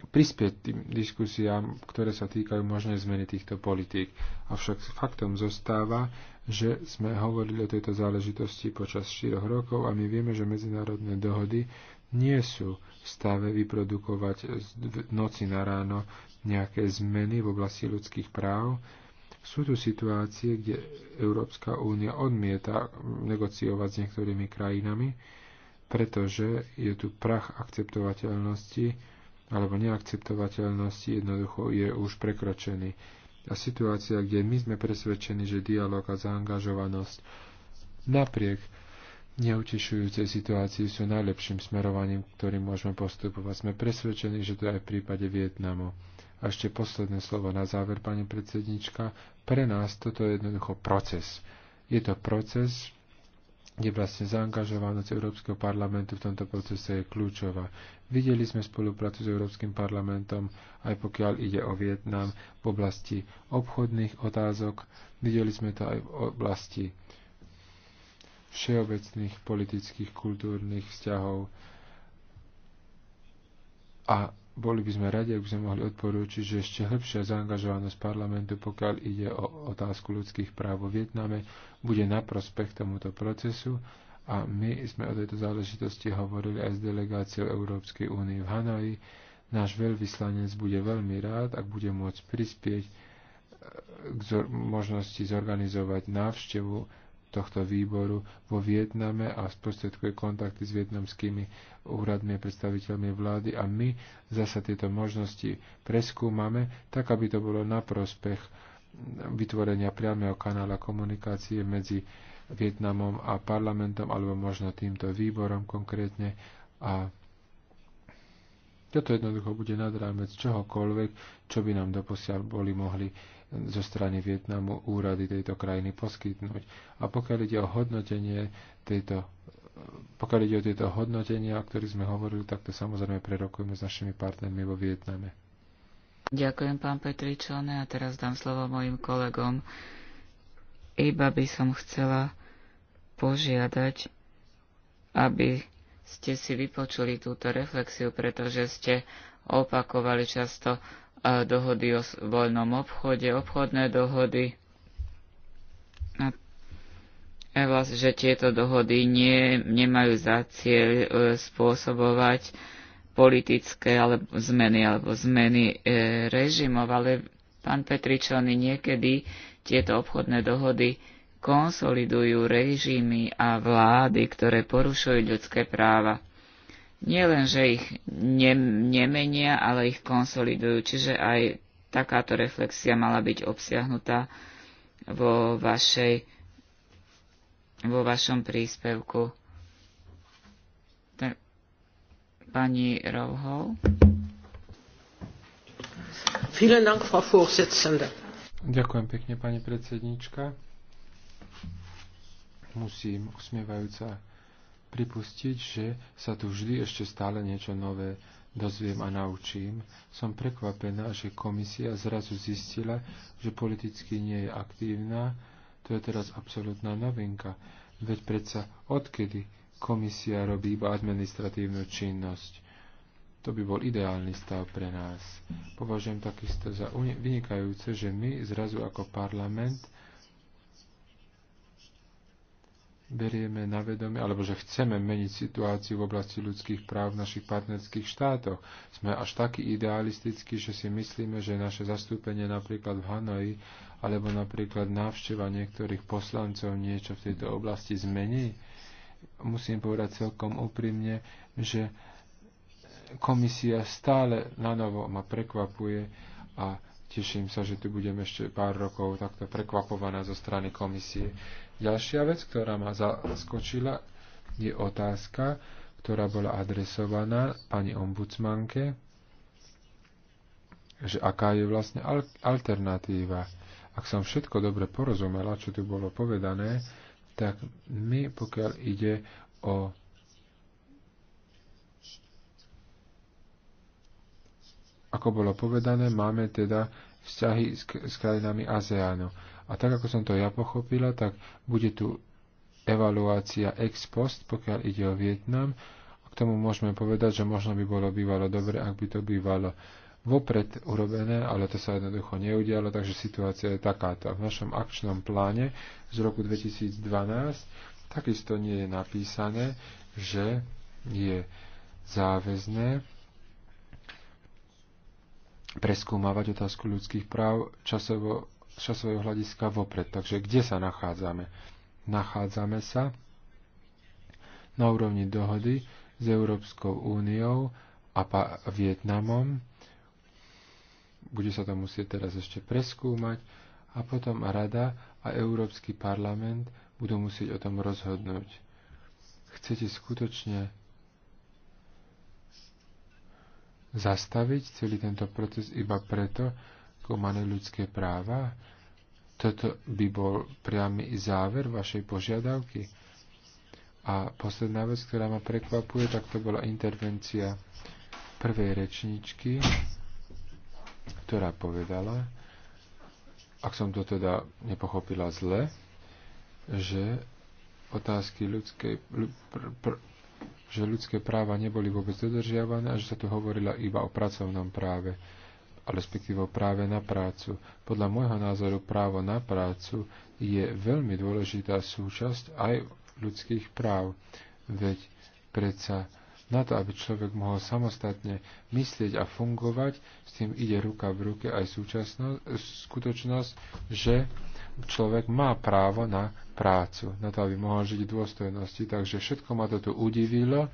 prispieť tým diskusiám, ktoré sa týkajú možnej zmeny týchto politík. Avšak faktom zostáva, že sme hovorili o tejto záležitosti počas 4 rokov a my vieme, že medzinárodné dohody nie sú v stave vyprodukovať z noci na ráno nejaké zmeny v oblasti ľudských práv, sú tu situácie, kde Európska únia odmieta negociovať s niektorými krajinami, pretože je tu prach akceptovateľnosti alebo neakceptovateľnosti jednoducho je už prekročený. A situácia, kde my sme presvedčení, že dialog a zaangažovanosť napriek neutešujúcej situácii sú najlepším smerovaním, ktorým môžeme postupovať. Sme presvedčení, že to aj v prípade Vietnamu. A ešte posledné slovo na záver, pani predsednička. Pre nás toto je jednoducho proces. Je to proces, kde vlastne zaangažovanosť Európskeho parlamentu v tomto procese je kľúčová. Videli sme spoluprácu s Európskym parlamentom, aj pokiaľ ide o Vietnam, v oblasti obchodných otázok, videli sme to aj v oblasti všeobecných politických, kultúrnych vzťahov a boli by sme radi, ak by sme mohli odporúčiť, že ešte hĺbšia zaangažovanosť parlamentu, pokiaľ ide o otázku ľudských práv vo Vietname, bude na prospech tomuto procesu a my sme o tejto záležitosti hovorili aj s delegáciou Európskej únie v Hanoji. Náš veľvyslanec bude veľmi rád, ak bude môcť prispieť k možnosti zorganizovať návštevu tohto výboru vo Vietname a sprostredkuje kontakty s vietnamskými úradmi a predstaviteľmi vlády a my zasa tieto možnosti preskúmame, tak aby to bolo na prospech vytvorenia priameho kanála komunikácie medzi Vietnamom a parlamentom alebo možno týmto výborom konkrétne a toto jednoducho bude nad rámec čohokoľvek, čo by nám doposiaľ boli mohli zo strany Vietnamu úrady tejto krajiny poskytnúť. A pokiaľ ide o hodnotenie tejto pokiaľ ide o tieto hodnotenia, o ktorých sme hovorili, tak to samozrejme prerokujeme s našimi partnermi vo Vietname. Ďakujem, pán Petričone, a teraz dám slovo mojim kolegom. Iba by som chcela požiadať, aby ste si vypočuli túto reflexiu, pretože ste opakovali často a dohody o voľnom obchode, obchodné dohody, a vlast, že tieto dohody nie, nemajú za cieľ e, spôsobovať politické alebo zmeny alebo zmeny e, režimov, ale pán Petričony niekedy tieto obchodné dohody konsolidujú režimy a vlády, ktoré porušujú ľudské práva len že ich ne, nemenia, ale ich konsolidujú. Čiže aj takáto reflexia mala byť obsiahnutá vo, vašej, vo vašom príspevku. Tak, pani Rovhov. Ďakujem pekne, pani predsednička. Musím usmievajúca pripustiť, že sa tu vždy ešte stále niečo nové dozviem a naučím. Som prekvapená, že komisia zrazu zistila, že politicky nie je aktívna. To je teraz absolútna novinka. Veď predsa odkedy komisia robí iba administratívnu činnosť? To by bol ideálny stav pre nás. Považujem takisto za vynikajúce, že my zrazu ako parlament berieme na vedomie, alebo že chceme meniť situáciu v oblasti ľudských práv v našich partnerských štátoch. Sme až takí idealistickí, že si myslíme, že naše zastúpenie napríklad v Hanoji alebo napríklad návšteva niektorých poslancov niečo v tejto oblasti zmení. Musím povedať celkom úprimne, že komisia stále na novo ma prekvapuje a Teším sa, že tu budem ešte pár rokov takto prekvapovaná zo strany komisie. Ďalšia vec, ktorá ma zaskočila, je otázka, ktorá bola adresovaná pani ombudsmanke, že aká je vlastne alternatíva. Ak som všetko dobre porozumela, čo tu bolo povedané, tak my, pokiaľ ide o Ako bolo povedané, máme teda vzťahy s, s krajinami ASEANu. A tak, ako som to ja pochopila, tak bude tu evaluácia ex post, pokiaľ ide o Vietnam. K tomu môžeme povedať, že možno by bolo bývalo dobre, ak by to bývalo vopred urobené, ale to sa jednoducho neudialo, takže situácia je takáto. V našom akčnom pláne z roku 2012 takisto nie je napísané, že je záväzné preskúmavať otázku ľudských práv časovo, časového hľadiska vopred. Takže kde sa nachádzame? Nachádzame sa na úrovni dohody s Európskou úniou a Vietnamom. Bude sa to musieť teraz ešte preskúmať a potom Rada a Európsky parlament budú musieť o tom rozhodnúť. Chcete skutočne zastaviť celý tento proces iba preto, ako máme ľudské práva? Toto by bol priamy záver vašej požiadavky. A posledná vec, ktorá ma prekvapuje, tak to bola intervencia prvej rečničky, ktorá povedala, ak som to teda nepochopila zle, že otázky ľudskej, pr, pr, že ľudské práva neboli vôbec dodržiavané a že sa tu hovorila iba o pracovnom práve, a respektíve o práve na prácu. Podľa môjho názoru právo na prácu je veľmi dôležitá súčasť aj ľudských práv. Veď predsa na to, aby človek mohol samostatne myslieť a fungovať, s tým ide ruka v ruke aj súčasnosť, skutočnosť, že človek má právo na prácu, na to, aby mohol žiť v dôstojnosti. Takže všetko ma to tu udivilo.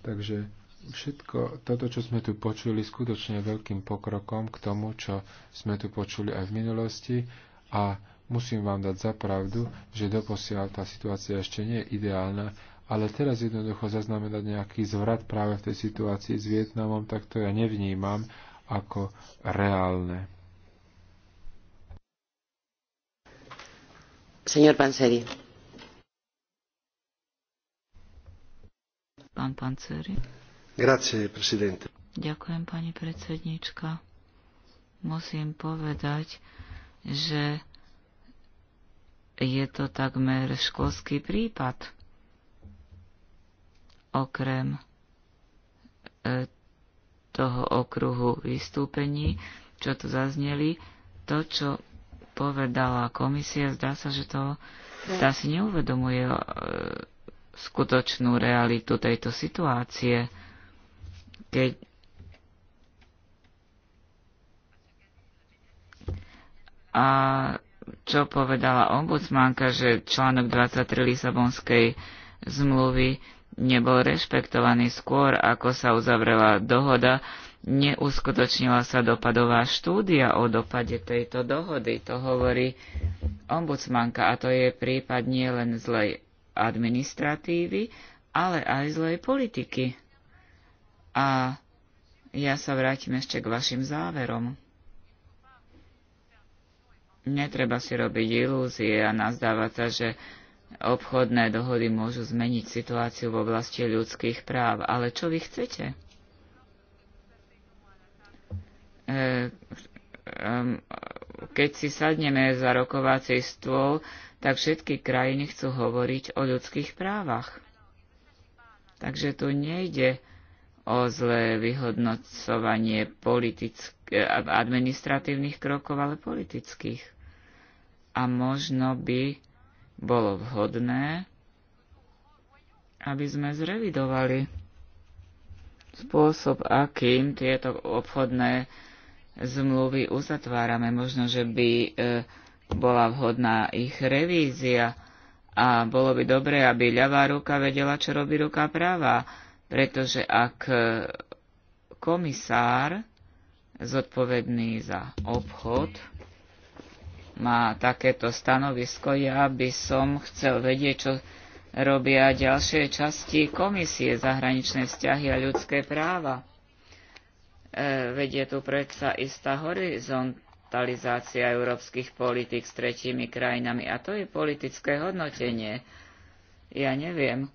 Takže všetko toto, čo sme tu počuli, skutočne je veľkým pokrokom k tomu, čo sme tu počuli aj v minulosti a musím vám dať za pravdu, že doposiaľ tá situácia ešte nie je ideálna, ale teraz jednoducho zaznamenať nejaký zvrat práve v tej situácii s Vietnamom, tak to ja nevnímam ako reálne. Señor Panseri. Pán Panseri. Grazie, presidente. Ďakujem, pani predsednička. Musím povedať, že je to takmer školský prípad. Okrem e, toho okruhu vystúpení, čo tu zazneli, to, čo povedala komisia, zdá sa, že to tá si neuvedomuje e, skutočnú realitu tejto situácie, keď a čo povedala ombudsmanka, že článok 23 Lisabonskej zmluvy nebol rešpektovaný skôr, ako sa uzavrela dohoda, neuskutočnila sa dopadová štúdia o dopade tejto dohody. To hovorí ombudsmanka a to je prípad nielen zlej administratívy, ale aj zlej politiky. A ja sa vrátim ešte k vašim záverom. Netreba si robiť ilúzie a nazdávať sa, že Obchodné dohody môžu zmeniť situáciu v oblasti ľudských práv, ale čo vy chcete? E, e, e, keď si sadneme za rokovací stôl, tak všetky krajiny chcú hovoriť o ľudských právach. Takže tu nejde o zlé vyhodnocovanie administratívnych krokov, ale politických. A možno by bolo vhodné, aby sme zrevidovali spôsob, akým tieto obchodné zmluvy uzatvárame. Možno, že by e, bola vhodná ich revízia a bolo by dobré, aby ľavá ruka vedela, čo robí ruka práva, pretože ak e, komisár zodpovedný za obchod má takéto stanovisko. Ja by som chcel vedieť, čo robia ďalšie časti Komisie zahraničné vzťahy a ľudské práva. E, vedie tu predsa istá horizontalizácia európskych politik s tretími krajinami a to je politické hodnotenie. Ja neviem,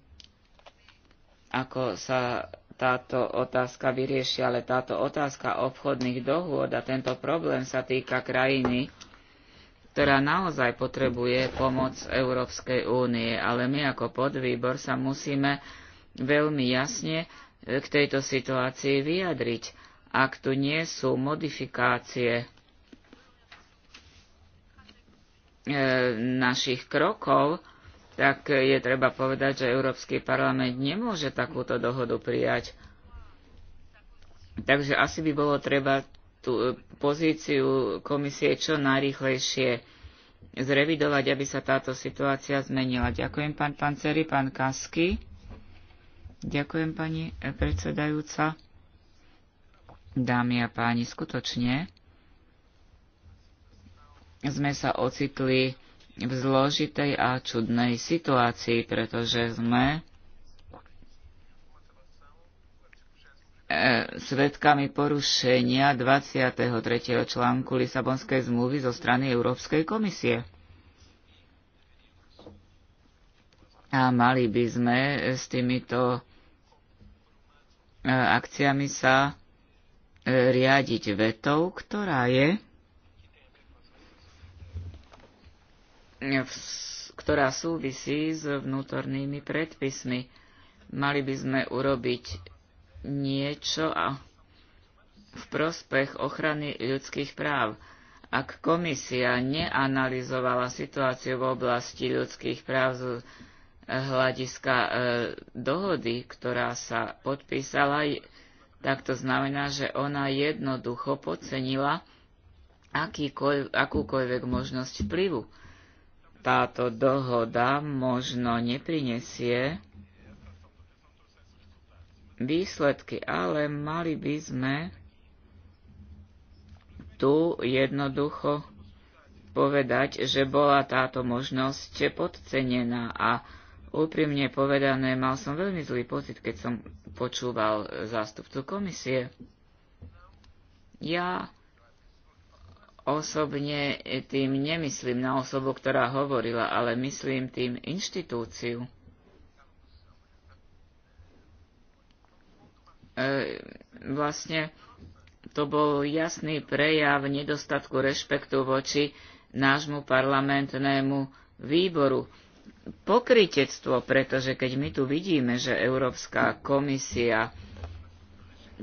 ako sa táto otázka vyrieši, ale táto otázka obchodných dohôd a tento problém sa týka krajiny, ktorá naozaj potrebuje pomoc Európskej únie, ale my ako podvýbor sa musíme veľmi jasne e, k tejto situácii vyjadriť, ak tu nie sú modifikácie e, našich krokov, tak je treba povedať, že Európsky parlament nemôže takúto dohodu prijať. Takže asi by bolo treba tú e, pozíciu komisie čo najrýchlejšie zrevidovať, aby sa táto situácia zmenila. Ďakujem pán Panceri, pán Kasky. Ďakujem pani e, predsedajúca. Dámy a páni, skutočne sme sa ocitli v zložitej a čudnej situácii, pretože sme E, svedkami porušenia 23. článku Lisabonskej zmluvy zo strany Európskej komisie. A mali by sme s týmito e, akciami sa e, riadiť vetou, ktorá je ktorá súvisí s vnútornými predpismi. Mali by sme urobiť niečo a v prospech ochrany ľudských práv. Ak komisia neanalizovala situáciu v oblasti ľudských práv z hľadiska e, dohody, ktorá sa podpísala, tak to znamená, že ona jednoducho podcenila akúkoľvek možnosť vplyvu. Táto dohoda možno neprinesie výsledky, ale mali by sme tu jednoducho povedať, že bola táto možnosť podcenená a úprimne povedané, mal som veľmi zlý pocit, keď som počúval zástupcu komisie. Ja osobne tým nemyslím na osobu, ktorá hovorila, ale myslím tým inštitúciu. E, vlastne to bol jasný prejav nedostatku rešpektu voči nášmu parlamentnému výboru. Pokritectvo, pretože keď my tu vidíme, že Európska komisia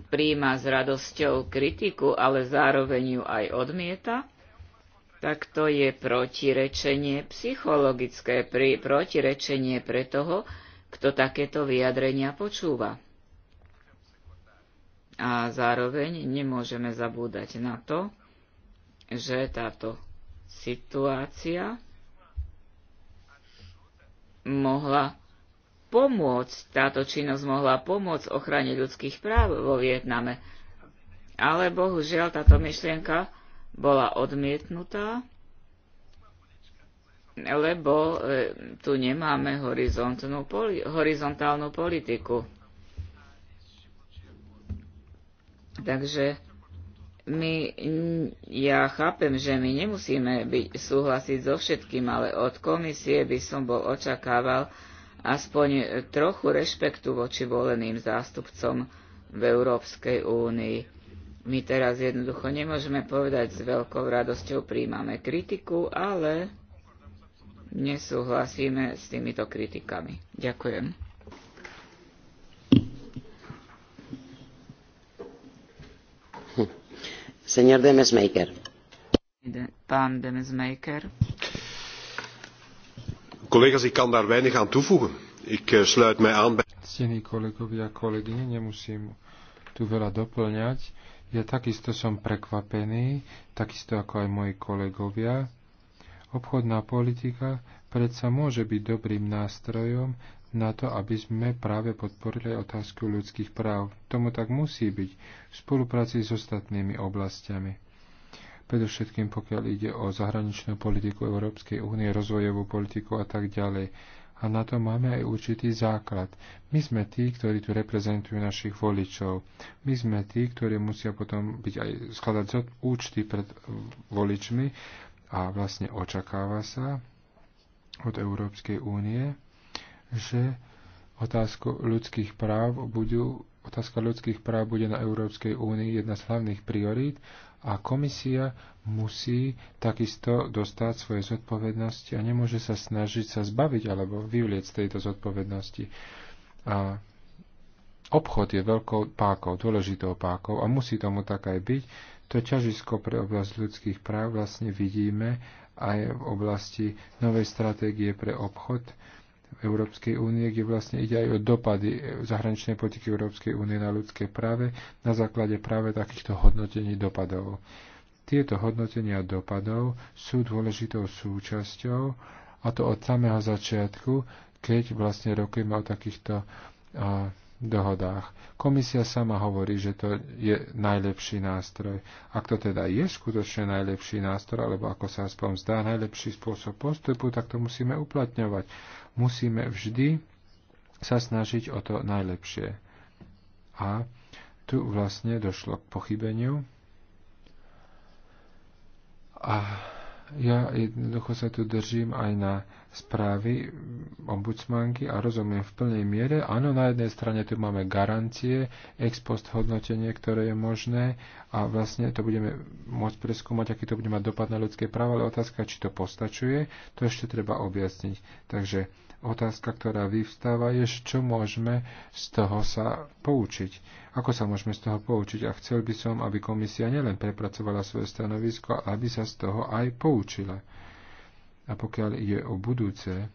príjma s radosťou kritiku, ale zároveň ju aj odmieta, tak to je protirečenie, psychologické protirečenie pre toho, kto takéto vyjadrenia počúva. A zároveň nemôžeme zabúdať na to, že táto situácia mohla pomôcť, táto činnosť mohla pomôcť ochrane ľudských práv vo Vietname. Ale bohužiaľ táto myšlienka bola odmietnutá, lebo e, tu nemáme horizontálnu politiku. Takže my, ja chápem, že my nemusíme byť, súhlasiť so všetkým, ale od komisie by som bol očakával aspoň trochu rešpektu voči voleným zástupcom v Európskej únii. My teraz jednoducho nemôžeme povedať, s veľkou radosťou príjmame kritiku, ale nesúhlasíme s týmito kritikami. Ďakujem. Señor Demesmaker. Pán Demesmaker. Collega's, ik kan daar weinig aan toevoegen. Ik eh, sluit mij aan bij... Ctení kolegovia a kolegyne, nemusím tu veľa doplňať. Ja takisto som prekvapený, takisto ako aj moji kolegovia. Obchodná politika predsa môže byť dobrým nástrojom na to, aby sme práve podporili otázku ľudských práv. Tomu tak musí byť v spolupráci s ostatnými oblastiami. Predovšetkým pokiaľ ide o zahraničnú politiku Európskej únie, rozvojovú politiku a tak ďalej. A na to máme aj určitý základ. My sme tí, ktorí tu reprezentujú našich voličov. My sme tí, ktorí musia potom byť aj skladať účty pred voličmi a vlastne očakáva sa od Európskej únie, že otázka ľudských práv budú, otázka ľudských práv bude na Európskej únii jedna z hlavných priorít a komisia musí takisto dostať svoje zodpovednosti a nemôže sa snažiť sa zbaviť alebo vyvlieť z tejto zodpovednosti. A obchod je veľkou pákou, dôležitou pákou a musí tomu tak aj byť. To ťažisko pre oblasť ľudských práv vlastne vidíme aj v oblasti novej stratégie pre obchod, Európskej únie, kde vlastne ide aj o dopady zahraničnej politiky Európskej únie na ľudské práve na základe práve takýchto hodnotení dopadov. Tieto hodnotenia dopadov sú dôležitou súčasťou a to od samého začiatku, keď vlastne rokujeme o takýchto a, dohodách. Komisia sama hovorí, že to je najlepší nástroj. Ak to teda je skutočne najlepší nástroj, alebo ako sa aspoň zdá, najlepší spôsob postupu, tak to musíme uplatňovať musíme vždy sa snažiť o to najlepšie. A tu vlastne došlo k pochybeniu a ja jednoducho sa tu držím aj na správy ombudsmanky a rozumiem v plnej miere. Áno, na jednej strane tu máme garancie, ex post hodnotenie, ktoré je možné a vlastne to budeme môcť preskúmať, aký to bude mať dopad na ľudské práva, ale otázka, či to postačuje, to ešte treba objasniť. Takže otázka, ktorá vyvstáva, je, čo môžeme z toho sa poučiť. Ako sa môžeme z toho poučiť? A chcel by som, aby komisia nielen prepracovala svoje stanovisko, aby sa z toho aj poučila. A pokiaľ ide o budúce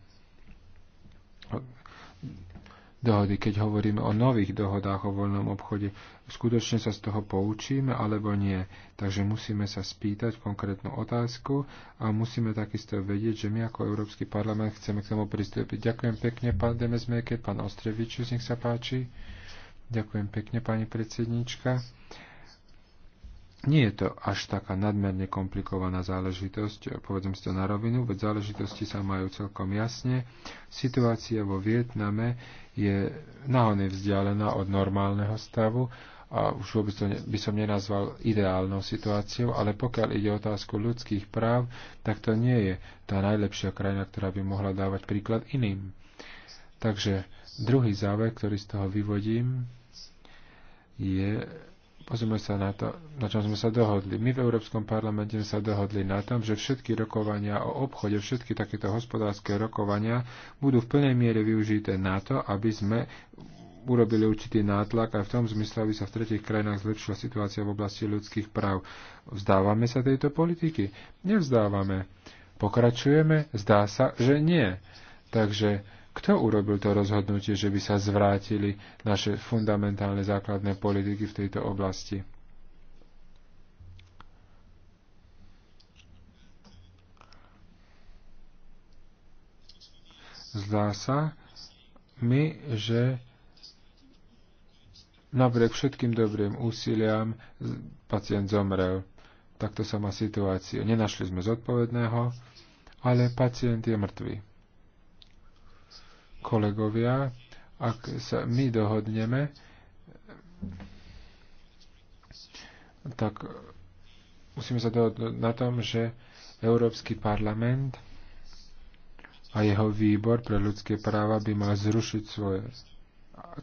dohody, keď hovoríme o nových dohodách o voľnom obchode. Skutočne sa z toho poučíme alebo nie. Takže musíme sa spýtať konkrétnu otázku a musíme takisto vedieť, že my ako Európsky parlament chceme k tomu pristúpiť. Ďakujem pekne, pán Demesmaker, pán Ostrevičius, nech sa páči. Ďakujem pekne, pani predsednička. Nie je to až taká nadmerne komplikovaná záležitosť, povedzme si to na rovinu, veď záležitosti sa majú celkom jasne. Situácia vo Vietname je nahone vzdialená od normálneho stavu a už vôbec to ne, by som nenazval ideálnou situáciou, ale pokiaľ ide o otázku ľudských práv, tak to nie je tá najlepšia krajina, ktorá by mohla dávať príklad iným. Takže druhý záver, ktorý z toho vyvodím, je, pozrieme sa na to, na čom sme sa dohodli. My v Európskom parlamente sme sa dohodli na tom, že všetky rokovania o obchode, všetky takéto hospodárske rokovania budú v plnej miere využité na to, aby sme urobili určitý nátlak aj v tom zmysle, aby sa v tretich krajinách zlepšila situácia v oblasti ľudských práv. Vzdávame sa tejto politiky? Nevzdávame. Pokračujeme? Zdá sa, že nie. Takže kto urobil to rozhodnutie, že by sa zvrátili naše fundamentálne základné politiky v tejto oblasti? Zdá sa mi, že napriek všetkým dobrým úsiliam pacient zomrel. Takto sa má situácia. Nenašli sme zodpovedného, ale pacient je mŕtvý kolegovia, ak sa my dohodneme, tak musíme sa dohodnúť na tom, že Európsky parlament a jeho výbor pre ľudské práva by mal zrušiť svoje,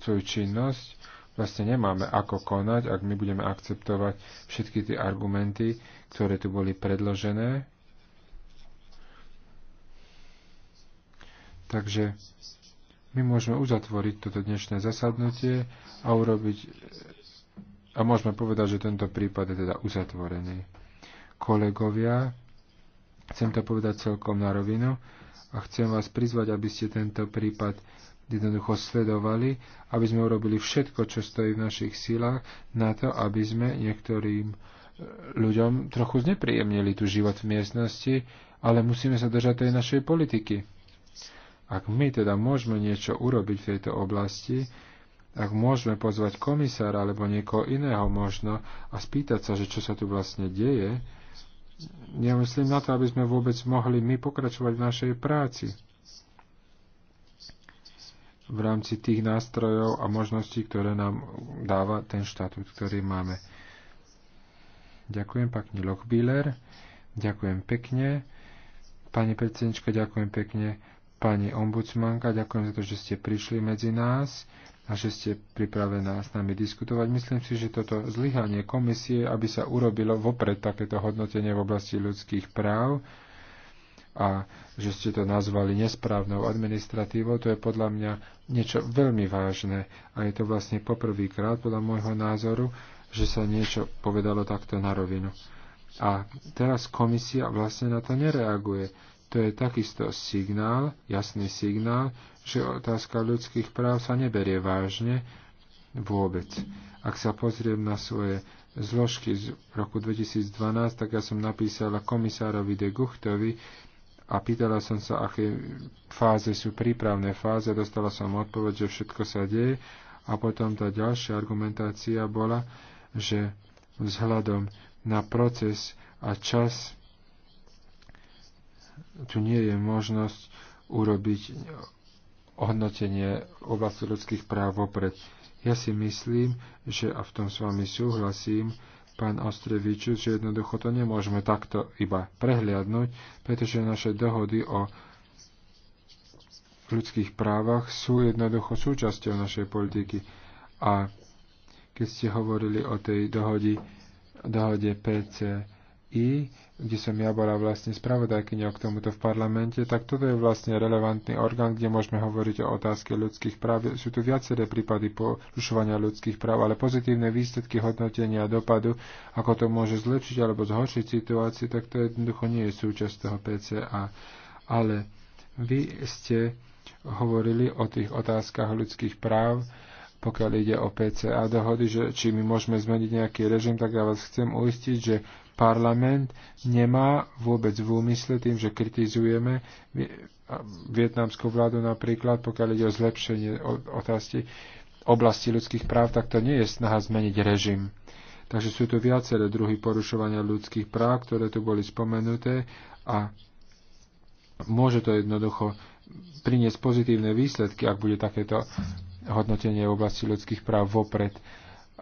svoju činnosť. Vlastne nemáme ako konať, ak my budeme akceptovať všetky tie argumenty, ktoré tu boli predložené. Takže my môžeme uzatvoriť toto dnešné zasadnutie a urobiť a môžeme povedať, že tento prípad je teda uzatvorený. Kolegovia, chcem to povedať celkom na rovinu a chcem vás prizvať, aby ste tento prípad jednoducho sledovali, aby sme urobili všetko, čo stojí v našich silách, na to, aby sme niektorým e, ľuďom trochu znepríjemnili tu život v miestnosti, ale musíme sa držať tej našej politiky. Ak my teda môžeme niečo urobiť v tejto oblasti, ak môžeme pozvať komisára alebo niekoho iného možno a spýtať sa, že čo sa tu vlastne deje, ja myslím na to, aby sme vôbec mohli my pokračovať v našej práci v rámci tých nástrojov a možností, ktoré nám dáva ten štatút, ktorý máme. Ďakujem pekne, Lochbíler. Ďakujem pekne. Pani predsednička, ďakujem pekne Pani ombudsmanka, ďakujem za to, že ste prišli medzi nás a že ste pripravená s nami diskutovať. Myslím si, že toto zlyhanie komisie, aby sa urobilo vopred takéto hodnotenie v oblasti ľudských práv, a že ste to nazvali nesprávnou administratívou, to je podľa mňa niečo veľmi vážne a je to vlastne poprvýkrát, podľa môjho názoru, že sa niečo povedalo takto na rovinu. A teraz komisia vlastne na to nereaguje to je takisto signál, jasný signál, že otázka ľudských práv sa neberie vážne vôbec. Ak sa pozriem na svoje zložky z roku 2012, tak ja som napísala komisárovi de Guchtovi, a pýtala som sa, aké fáze sú prípravné fáze, dostala som odpoveď, že všetko sa deje a potom tá ďalšia argumentácia bola, že vzhľadom na proces a čas tu nie je možnosť urobiť hodnotenie oblasti ľudských práv vopred. Ja si myslím, že a v tom s vami súhlasím, pán Ostrevičus, že jednoducho to nemôžeme takto iba prehliadnúť, pretože naše dohody o ľudských právach sú jednoducho súčasťou našej politiky. A keď ste hovorili o tej dohodi, dohode PC, i, kde som ja bola vlastne spravodajkyňou k tomuto v parlamente, tak toto je vlastne relevantný orgán, kde môžeme hovoriť o otázke ľudských práv. Sú tu viaceré prípady porušovania ľudských práv, ale pozitívne výsledky hodnotenia a dopadu, ako to môže zlepšiť alebo zhoršiť situáciu, tak to jednoducho nie je súčasť toho PCA. Ale vy ste hovorili o tých otázkach ľudských práv, pokiaľ ide o PCA dohody, že či my môžeme zmeniť nejaký režim, tak ja vás chcem uistiť, že parlament nemá vôbec v úmysle tým, že kritizujeme vietnamskú vládu napríklad, pokiaľ ide o zlepšenie otázky oblasti ľudských práv, tak to nie je snaha zmeniť režim. Takže sú tu viaceré druhy porušovania ľudských práv, ktoré tu boli spomenuté a môže to jednoducho priniesť pozitívne výsledky, ak bude takéto hodnotenie v oblasti ľudských práv vopred.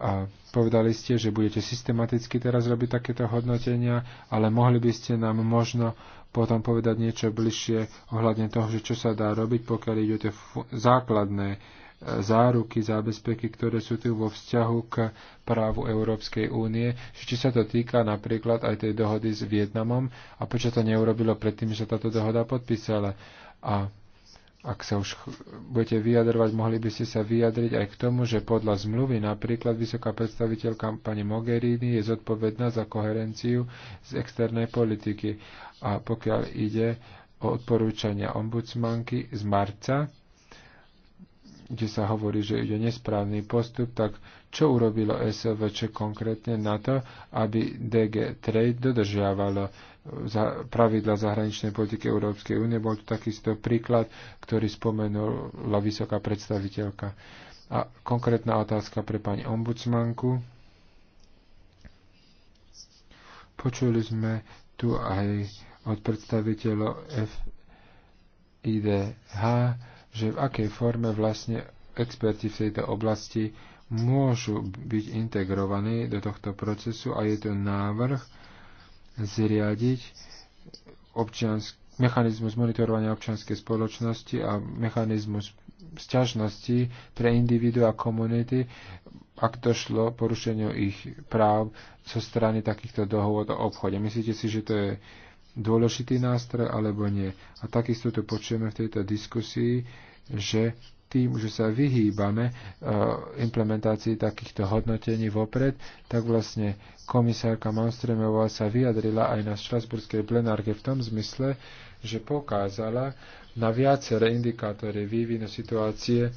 A povedali ste, že budete systematicky teraz robiť takéto hodnotenia, ale mohli by ste nám možno potom povedať niečo bližšie ohľadne toho, že čo sa dá robiť, pokiaľ ide o tie základné e, záruky, zábezpeky, ktoré sú tu vo vzťahu k právu Európskej únie, či sa to týka napríklad aj tej dohody s Vietnamom a prečo to neurobilo predtým, že sa táto dohoda podpísala. A ak sa už budete vyjadrovať, mohli by ste sa vyjadriť aj k tomu, že podľa zmluvy napríklad vysoká predstaviteľka pani Mogherini je zodpovedná za koherenciu z externej politiky. A pokiaľ ide o odporúčania ombudsmanky z marca, kde sa hovorí, že ide nesprávny postup, tak čo urobilo SOVČ konkrétne na to, aby DG Trade dodržiavalo za pravidla zahraničnej politiky Európskej únie. Bol to takisto príklad, ktorý spomenula vysoká predstaviteľka. A konkrétna otázka pre pani ombudsmanku. Počuli sme tu aj od predstaviteľov FIDH, že v akej forme vlastne experti v tejto oblasti môžu byť integrovaní do tohto procesu a je to návrh, zriadiť občiansk- mechanizmus monitorovania občianskej spoločnosti a mechanizmus sťažnosti pre individu a komunity, ak došlo porušeniu ich práv zo so strany takýchto dohovod o obchode. Myslíte si, že to je dôležitý nástroj alebo nie? A takisto tu počujeme v tejto diskusii, že tým, že sa vyhýbame e, implementácii takýchto hodnotení vopred, tak vlastne komisárka Malmströmová sa vyjadrila aj na štrasburskej plenárke v tom zmysle, že pokázala na viaceré indikátory vývinu situácie,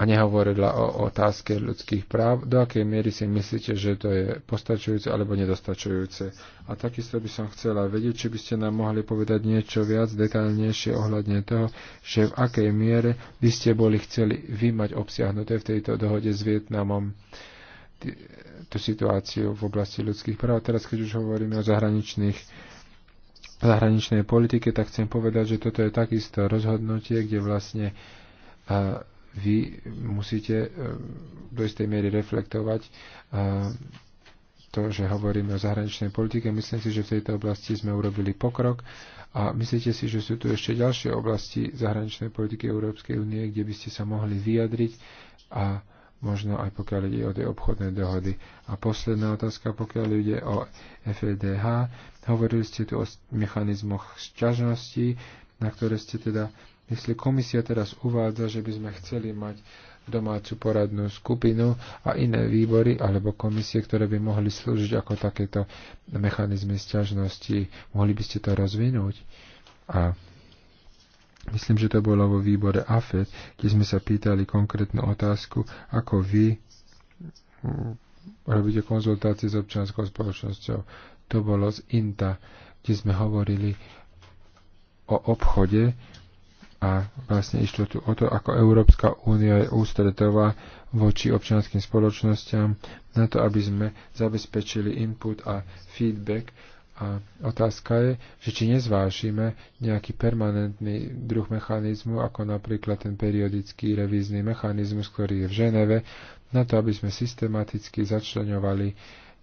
a nehovorila o otázke ľudských práv, do akej miery si myslíte, že to je postačujúce alebo nedostačujúce. A takisto by som chcela vedieť, či by ste nám mohli povedať niečo viac detailnejšie ohľadne toho, že v akej miere by ste boli chceli vymať obsiahnuté v tejto dohode s Vietnamom tú situáciu v oblasti ľudských práv. A teraz, keď už hovoríme o zahraničných zahraničnej politike, tak chcem povedať, že toto je takisto rozhodnutie, kde vlastne vy musíte e, do istej miery reflektovať e, to, že hovoríme o zahraničnej politike. Myslím si, že v tejto oblasti sme urobili pokrok a myslíte si, že sú tu ešte ďalšie oblasti zahraničnej politiky Európskej únie, kde by ste sa mohli vyjadriť a možno aj pokiaľ ide o tie obchodné dohody. A posledná otázka, pokiaľ ide o FEDH, hovorili ste tu o mechanizmoch sťažnosti, na ktoré ste teda Jestli komisia teraz uvádza, že by sme chceli mať domácu poradnú skupinu a iné výbory alebo komisie, ktoré by mohli slúžiť ako takéto mechanizmy sťažnosti. Mohli by ste to rozvinúť? A myslím, že to bolo vo výbore AFED, kde sme sa pýtali konkrétnu otázku, ako vy robíte konzultácie s občianskou spoločnosťou. To bolo z INTA, kde sme hovorili o obchode, a vlastne išlo tu o to, ako Európska únia je ústretová voči občianským spoločnosťam na to, aby sme zabezpečili input a feedback. A otázka je, že či nezvážime nejaký permanentný druh mechanizmu, ako napríklad ten periodický revízny mechanizmus, ktorý je v Ženeve, na to, aby sme systematicky začlenovali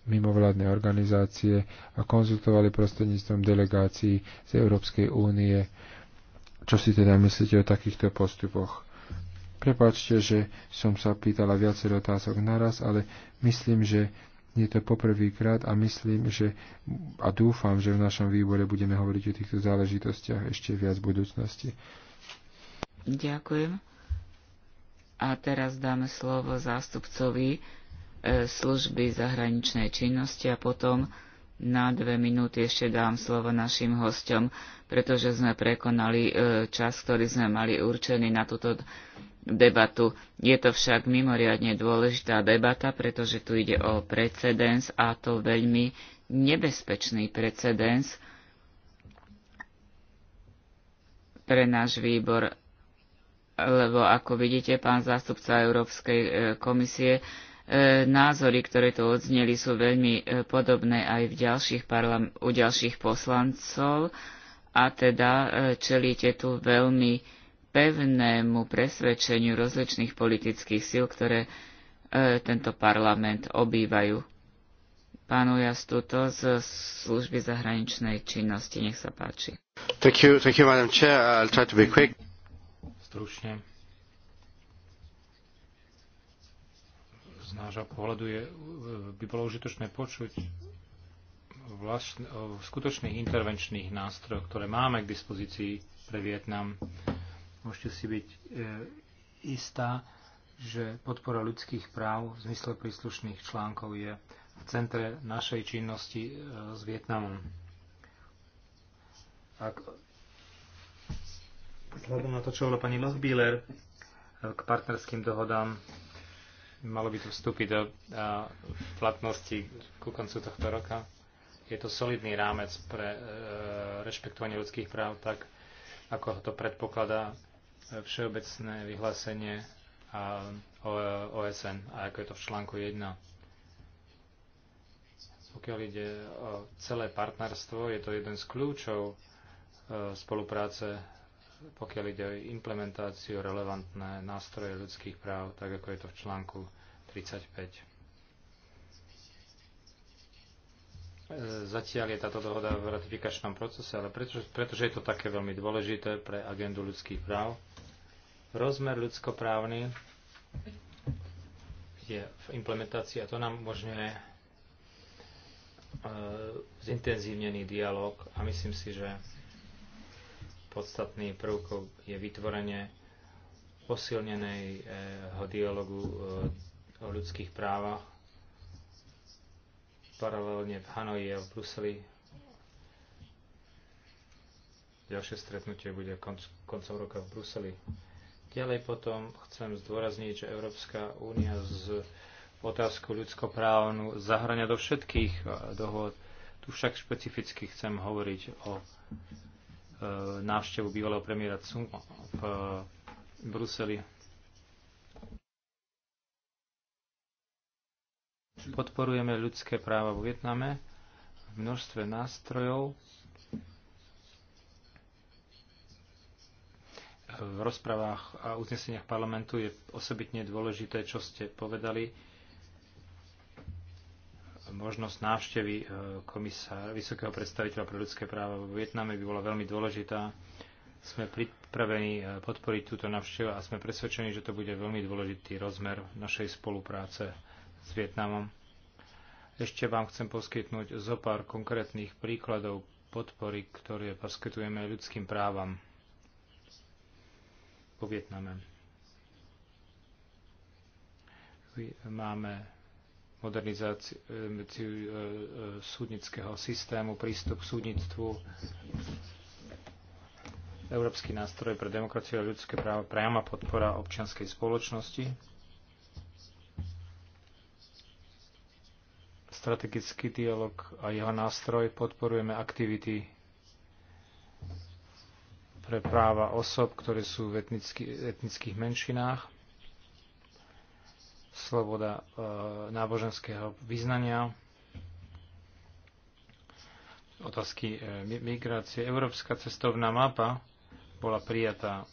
mimovládne organizácie a konzultovali prostredníctvom delegácií z Európskej únie čo si teda myslíte o takýchto postupoch? Prepačte, že som sa pýtala viacero otázok naraz, ale myslím, že je to poprvýkrát a myslím, že a dúfam, že v našom výbore budeme hovoriť o týchto záležitostiach ešte viac v budúcnosti. Ďakujem. A teraz dáme slovo zástupcovi e, služby zahraničnej činnosti a potom na dve minúty ešte dám slovo našim hostom, pretože sme prekonali e, čas, ktorý sme mali určený na túto debatu. Je to však mimoriadne dôležitá debata, pretože tu ide o precedens a to veľmi nebezpečný precedens pre náš výbor, lebo ako vidíte, pán zástupca Európskej e, komisie E, názory, ktoré tu odzneli, sú veľmi e, podobné aj v ďalších parlam- u ďalších poslancov a teda e, čelíte tu veľmi pevnému presvedčeniu rozličných politických síl, ktoré tento parlament obývajú. Pánu Jastuto z služby zahraničnej činnosti, nech sa páči. Thank you, thank you, Madam Chair. I'll try to be quick. Stručne nášho pohľadu je, e, by bolo užitočné počuť vlastne, o skutočných intervenčných nástrojoch, ktoré máme k dispozícii pre Vietnam. Môžete si byť e, istá, že podpora ľudských práv v zmysle príslušných článkov je v centre našej činnosti e, s Vietnamom. Ak, vzhľadom na to, čo hovorila pani Lochbíler, e, k partnerským dohodám Malo by to vstúpiť do platnosti ku koncu tohto roka. Je to solidný rámec pre e, rešpektovanie ľudských práv, tak ako to predpokladá e, všeobecné vyhlásenie OSN, a ako je to v článku 1 pokiaľ ide o celé partnerstvo, je to jeden z kľúčov e, spolupráce pokiaľ ide o implementáciu relevantné nástroje ľudských práv, tak ako je to v článku 35. E, zatiaľ je táto dohoda v ratifikačnom procese, ale pretože, pretože je to také veľmi dôležité pre agendu ľudských práv, rozmer ľudskoprávny je v implementácii a to nám umožňuje e, zintenzívnený dialog a myslím si, že Podstatný prvkov je vytvorenie posilneného eh, dialogu eh, o ľudských právach. Paralelne v Hanoji a v Bruseli ďalšie stretnutie bude konc, koncom roka v Bruseli. Ďalej potom chcem zdôrazniť, že Európska únia z otázku ľudskoprávnu zahrania do všetkých eh, dohod. Tu však špecificky chcem hovoriť o Eh, návštevu bývalého premiéra Cung eh, v Bruseli. Podporujeme ľudské práva vo Vietname v množstve nástrojov. Eh, v rozprávach a uzneseniach parlamentu je osobitne dôležité, čo ste povedali, možnosť návštevy e, komisára, vysokého predstaviteľa pre ľudské práva vo Vietname by bola veľmi dôležitá. Sme pripravení e, podporiť túto návštevu a sme presvedčení, že to bude veľmi dôležitý rozmer našej spolupráce s Vietnamom. Ešte vám chcem poskytnúť zo pár konkrétnych príkladov podpory, ktoré poskytujeme ľudským právam po Vietname. Máme modernizáciu eh, eh, súdnického systému, prístup k súdnictvu, Európsky nástroj pre demokraciu a ľudské práva, priama podpora občianskej spoločnosti, strategický dialog a jeho nástroj podporujeme aktivity pre práva osob, ktoré sú v etnických menšinách, sloboda e, náboženského vyznania, otázky e, migrácie. Európska cestovná mapa bola prijatá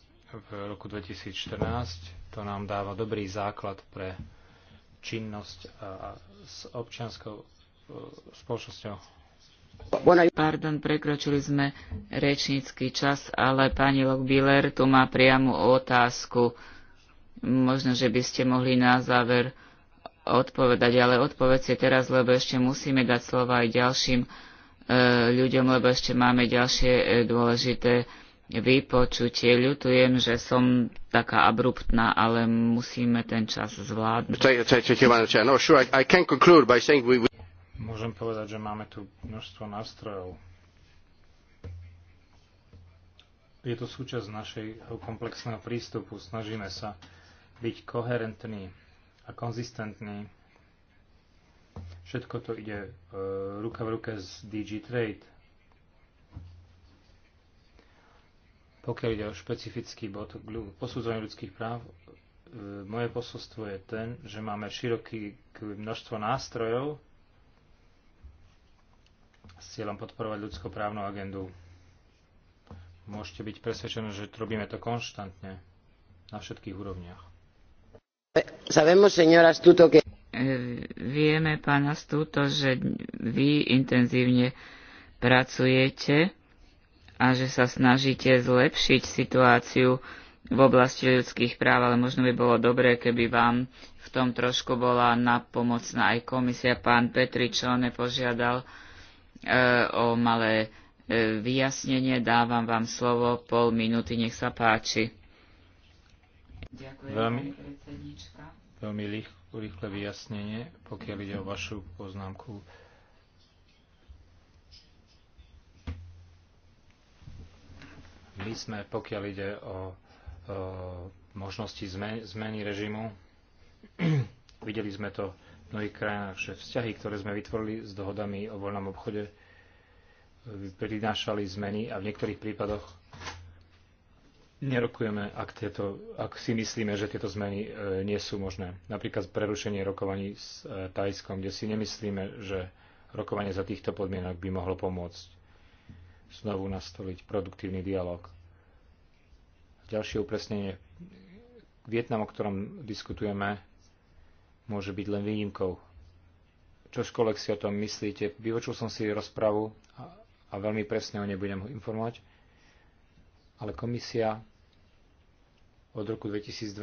v roku 2014. To nám dáva dobrý základ pre činnosť a s občianskou e, spoločnosťou. Pardon, prekročili sme rečnícky čas, ale pani Lokbiller tu má priamu otázku Možno, že by ste mohli na záver odpovedať, ale odpovedzte teraz, lebo ešte musíme dať slova aj ďalším e, ľuďom, lebo ešte máme ďalšie e, dôležité vypočutie. Ľutujem, že som taká abruptná, ale musíme ten čas zvládnuť. Môžem povedať, že máme tu množstvo nástrojov. Je to súčasť našej komplexného prístupu. Snažíme sa byť koherentný a konzistentný. Všetko to ide e, ruka v ruke s DG Trade. Pokiaľ ide o špecifický bod posudzovania ľudských práv, e, moje posolstvo je ten, že máme široké množstvo nástrojov s cieľom podporovať ľudskoprávnu agendu. Môžete byť presvedčení, že robíme to konštantne na všetkých úrovniach. Sabemos, señor Astuto, que... E, vieme, pán Astuto, že vy intenzívne pracujete a že sa snažíte zlepšiť situáciu v oblasti ľudských práv, ale možno by bolo dobré, keby vám v tom trošku bola napomocná aj komisia. Pán Petričone požiadal e, o malé e, vyjasnenie. Dávam vám slovo pol minúty, nech sa páči. Ďakujem, veľmi, Veľmi rýchle vyjasnenie, pokiaľ ide o vašu poznámku. My sme, pokiaľ ide o, o možnosti zmeny, zmeny režimu, videli sme to v mnohých krajinách, že vzťahy, ktoré sme vytvorili s dohodami o voľnom obchode, prinášali zmeny a v niektorých prípadoch nerokujeme, ak, tieto, ak si myslíme, že tieto zmeny e, nie sú možné. Napríklad prerušenie rokovaní s e, Tajskom, kde si nemyslíme, že rokovanie za týchto podmienok by mohlo pomôcť znovu nastoliť produktívny dialog. Ďalšie upresnenie. Vietnam, o ktorom diskutujeme, môže byť len výnimkou. Čo školek si o tom myslíte? Vyvočil som si rozpravu a, a veľmi presne nej budem informovať, ale komisia od roku 2012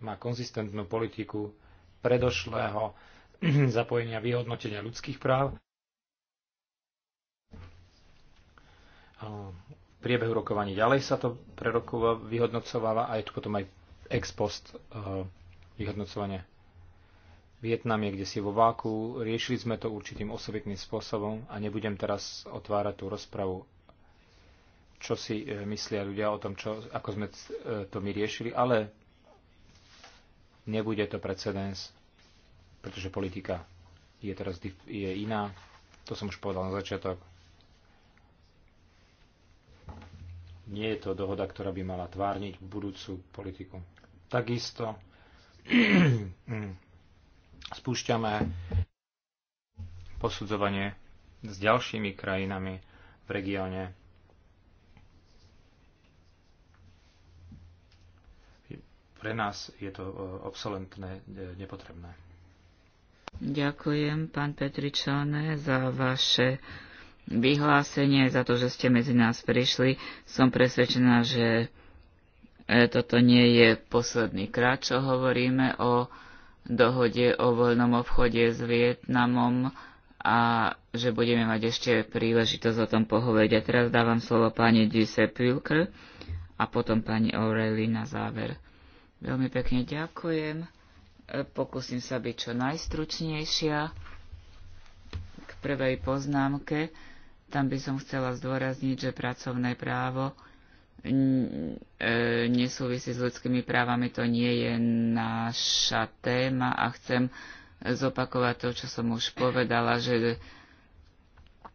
má konzistentnú politiku predošlého zapojenia vyhodnotenia ľudských práv. V priebehu rokovaní ďalej sa to prerokova, vyhodnocováva a je tu potom aj ex post e, vyhodnocovanie. Vietnam je kde si vo váku, riešili sme to určitým osobitným spôsobom a nebudem teraz otvárať tú rozpravu čo si e, myslia ľudia o tom, čo, ako sme e, to my riešili, ale nebude to precedens, pretože politika je teraz je iná. To som už povedal na začiatok. Nie je to dohoda, ktorá by mala tvárniť budúcu politiku. Takisto spúšťame posudzovanie s ďalšími krajinami v regióne pre nás je to e, obsolentné, e, nepotrebné. Ďakujem, pán Petričone, za vaše vyhlásenie, za to, že ste medzi nás prišli. Som presvedčená, že e, toto nie je posledný krát, čo hovoríme o dohode o voľnom obchode s Vietnamom a že budeme mať ešte príležitosť o tom pohovoriť. A teraz dávam slovo pani Giuseppe Wilker a potom pani O'Reilly na záver. Veľmi pekne ďakujem. E, pokúsim sa byť čo najstručnejšia. K prvej poznámke, tam by som chcela zdôrazniť, že pracovné právo e, nesúvisí s ľudskými právami, to nie je naša téma a chcem zopakovať to, čo som už povedala, že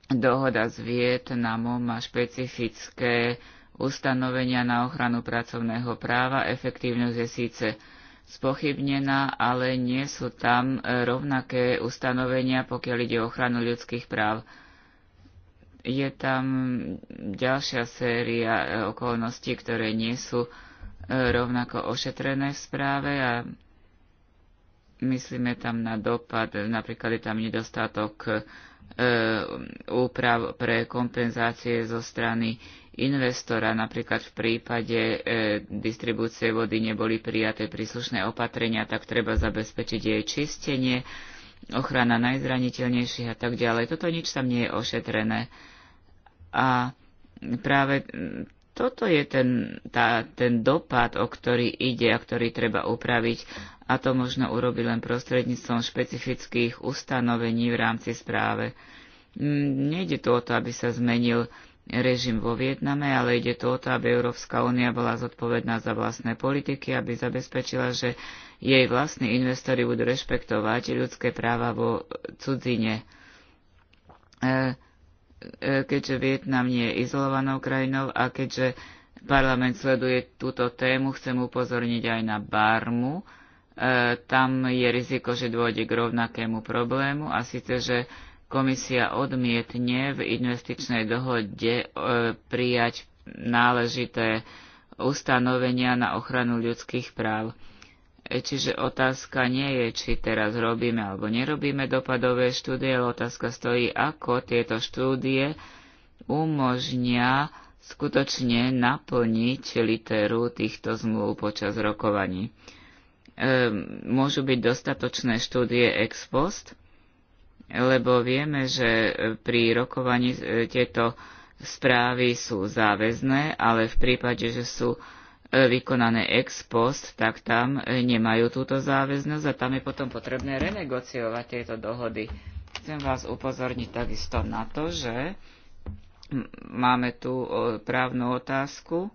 dohoda s Vietnamom má špecifické ustanovenia na ochranu pracovného práva. Efektívnosť je síce spochybnená, ale nie sú tam e, rovnaké ustanovenia, pokiaľ ide o ochranu ľudských práv. Je tam ďalšia séria e, okolností, ktoré nie sú e, rovnako ošetrené v správe a myslíme tam na dopad, napríklad je tam nedostatok úprav pre kompenzácie zo strany investora. Napríklad v prípade e, distribúcie vody neboli prijaté príslušné opatrenia, tak treba zabezpečiť jej čistenie, ochrana najzraniteľnejších a tak ďalej. Toto nič tam nie je ošetrené. A práve toto je ten, tá, ten dopad, o ktorý ide a ktorý treba upraviť a to možno urobiť len prostredníctvom špecifických ustanovení v rámci správe. Nejde tu o to, aby sa zmenil režim vo Vietname, ale ide to o to, aby Európska únia bola zodpovedná za vlastné politiky, aby zabezpečila, že jej vlastní investori budú rešpektovať ľudské práva vo cudzine. E, e, keďže Vietnam nie je izolovanou krajinou a keďže parlament sleduje túto tému, chcem upozorniť aj na Barmu. E, tam je riziko, že dôjde k rovnakému problému a síce, že komisia odmietne v investičnej dohode e, prijať náležité ustanovenia na ochranu ľudských práv. E, čiže otázka nie je, či teraz robíme alebo nerobíme dopadové štúdie, ale otázka stojí, ako tieto štúdie umožnia skutočne naplniť literu týchto zmluv počas rokovaní. E, môžu byť dostatočné štúdie ex post, lebo vieme, že e, pri rokovaní e, tieto správy sú záväzné, ale v prípade, že sú e, vykonané ex post, tak tam nemajú túto záväznosť a tam je potom potrebné renegociovať tieto dohody. Chcem vás upozorniť takisto na to, že máme tu právnu otázku,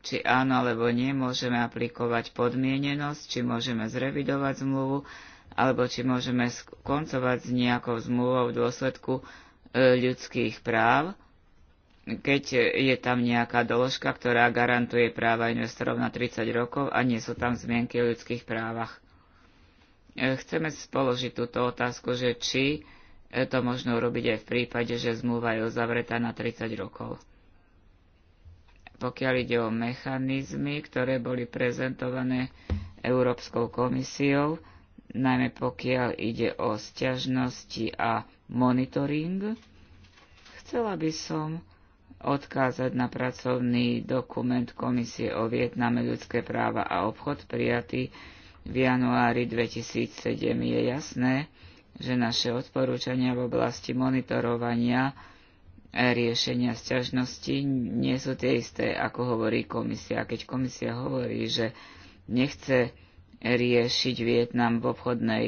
či áno alebo nie môžeme aplikovať podmienenosť, či môžeme zrevidovať zmluvu, alebo či môžeme skoncovať s nejakou zmluvou v dôsledku e, ľudských práv, keď je tam nejaká doložka, ktorá garantuje práva investorov na 30 rokov a nie sú tam zmienky o ľudských právach. E, chceme spoložiť túto otázku, že či e, to možno urobiť aj v prípade, že zmluva je uzavretá na 30 rokov. Pokiaľ ide o mechanizmy, ktoré boli prezentované Európskou komisiou, najmä pokiaľ ide o sťažnosti a monitoring. Chcela by som odkázať na pracovný dokument Komisie o Vietname ľudské práva a obchod prijatý v januári 2007. Je jasné, že naše odporúčania v oblasti monitorovania riešenia sťažnosti nie sú tie isté, ako hovorí komisia. Keď komisia hovorí, že nechce riešiť Vietnam v obchodnej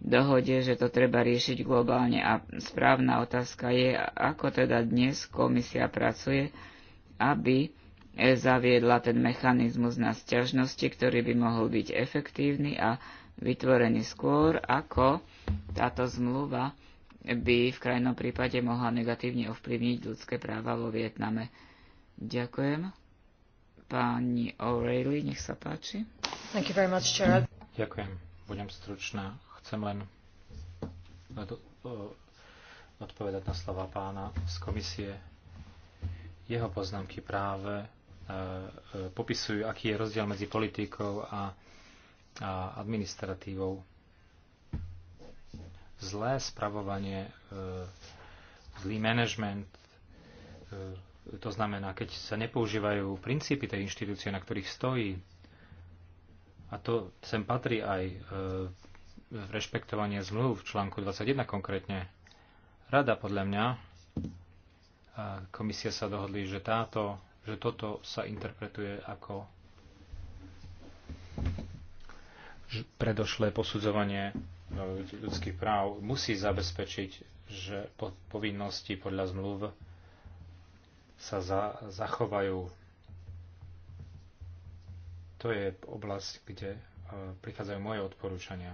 dohode, že to treba riešiť globálne. A správna otázka je, ako teda dnes komisia pracuje, aby zaviedla ten mechanizmus na sťažnosti, ktorý by mohol byť efektívny a vytvorený skôr, ako táto zmluva by v krajnom prípade mohla negatívne ovplyvniť ľudské práva vo Vietname. Ďakujem pani O'Reilly, nech sa páči. Thank you very much, Chair. Ďakujem, budem stručná. Chcem len e, e, odpovedať na slova pána z komisie. Jeho poznámky práve e, popisujú, aký je rozdiel medzi politikou a, a administratívou. Zlé spravovanie, zlý manažment, to znamená, keď sa nepoužívajú princípy tej inštitúcie, na ktorých stojí, a to sem patrí aj e, rešpektovanie zmluv v článku 21 konkrétne, rada podľa mňa, a komisia sa dohodli, že, táto, že toto sa interpretuje ako predošlé posudzovanie e, ľudských práv musí zabezpečiť, že povinnosti podľa zmluv sa za, zachovajú. To je oblasť, kde e, prichádzajú moje odporúčania.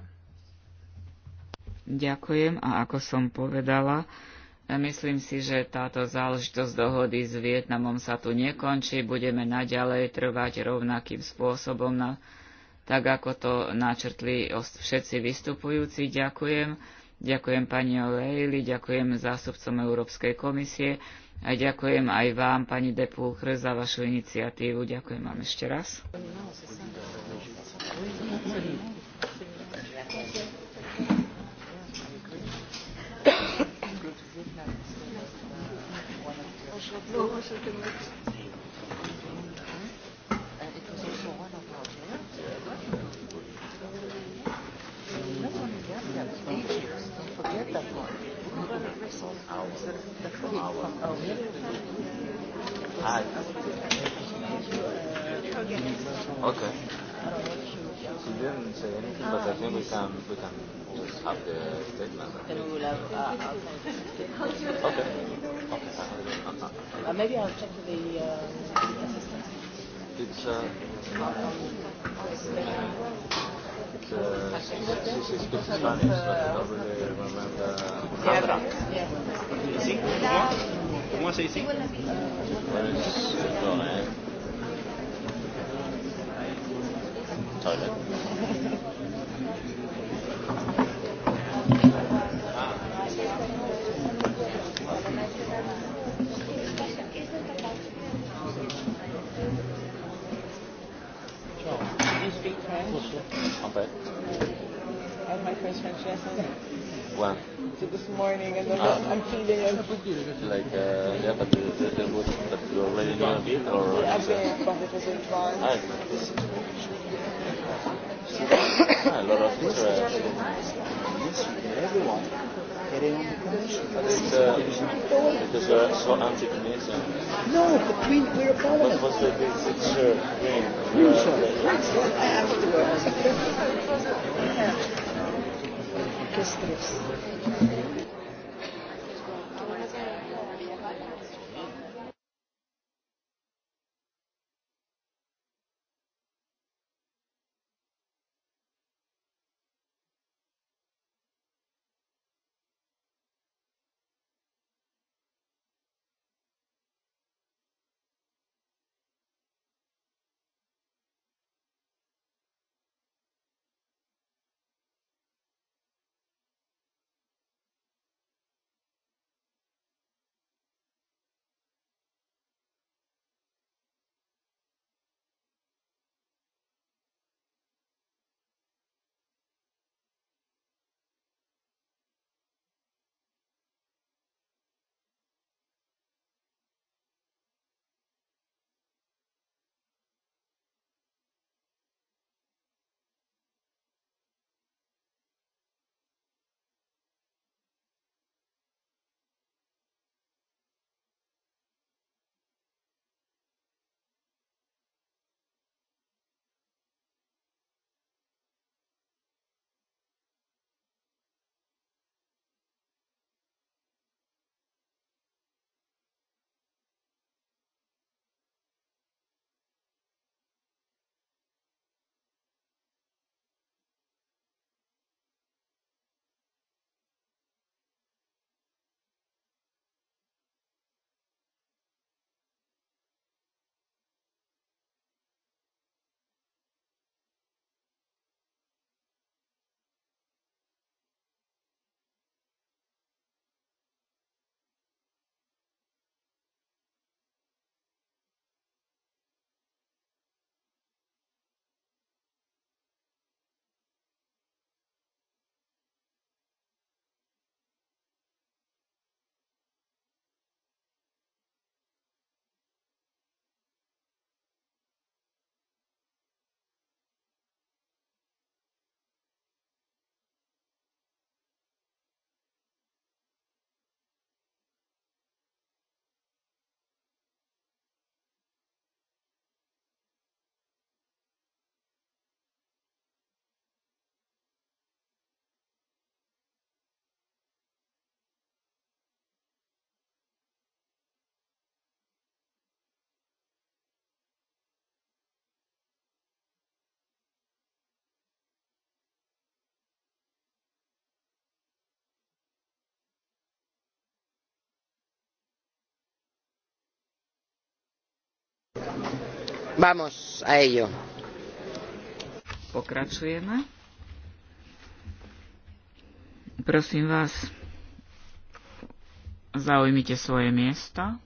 Ďakujem a ako som povedala, e, myslím si, že táto záležitosť dohody s Vietnamom sa tu nekončí. Budeme naďalej trvať rovnakým spôsobom, na, tak ako to načrtli všetci vystupujúci. Ďakujem. Ďakujem pani O'Reilly, ďakujem zástupcom Európskej komisie. A ďakujem aj vám, pani Depulchre, za vašu iniciatívu. Ďakujem vám ešte raz. Thank you von außer der Frau. Ah, okay. If you didn't say anything, but I think we can, we can always have the statement. Then we will have uh, Okay. okay. Uh, maybe I'll check the uh, assistant. It's... Uh, It's, uh, she, she speaks Spanish, but I don't really remember. Sandra. Is it? Comment c'est ici? Toilet. But I So this morning, and then ah. I'm feeling it. like uh, yeah, but uh, there, there was you already knew a or. Yeah, ah, a lot of Israel. Everyone getting the commission. uh, No, but we, we're a parliament. What was the big sir? Green. Green, sir. Afterwards. Orchestra's. Vamos a ello. Pokračujeme. Prosím vás, zaujmite svoje miesta.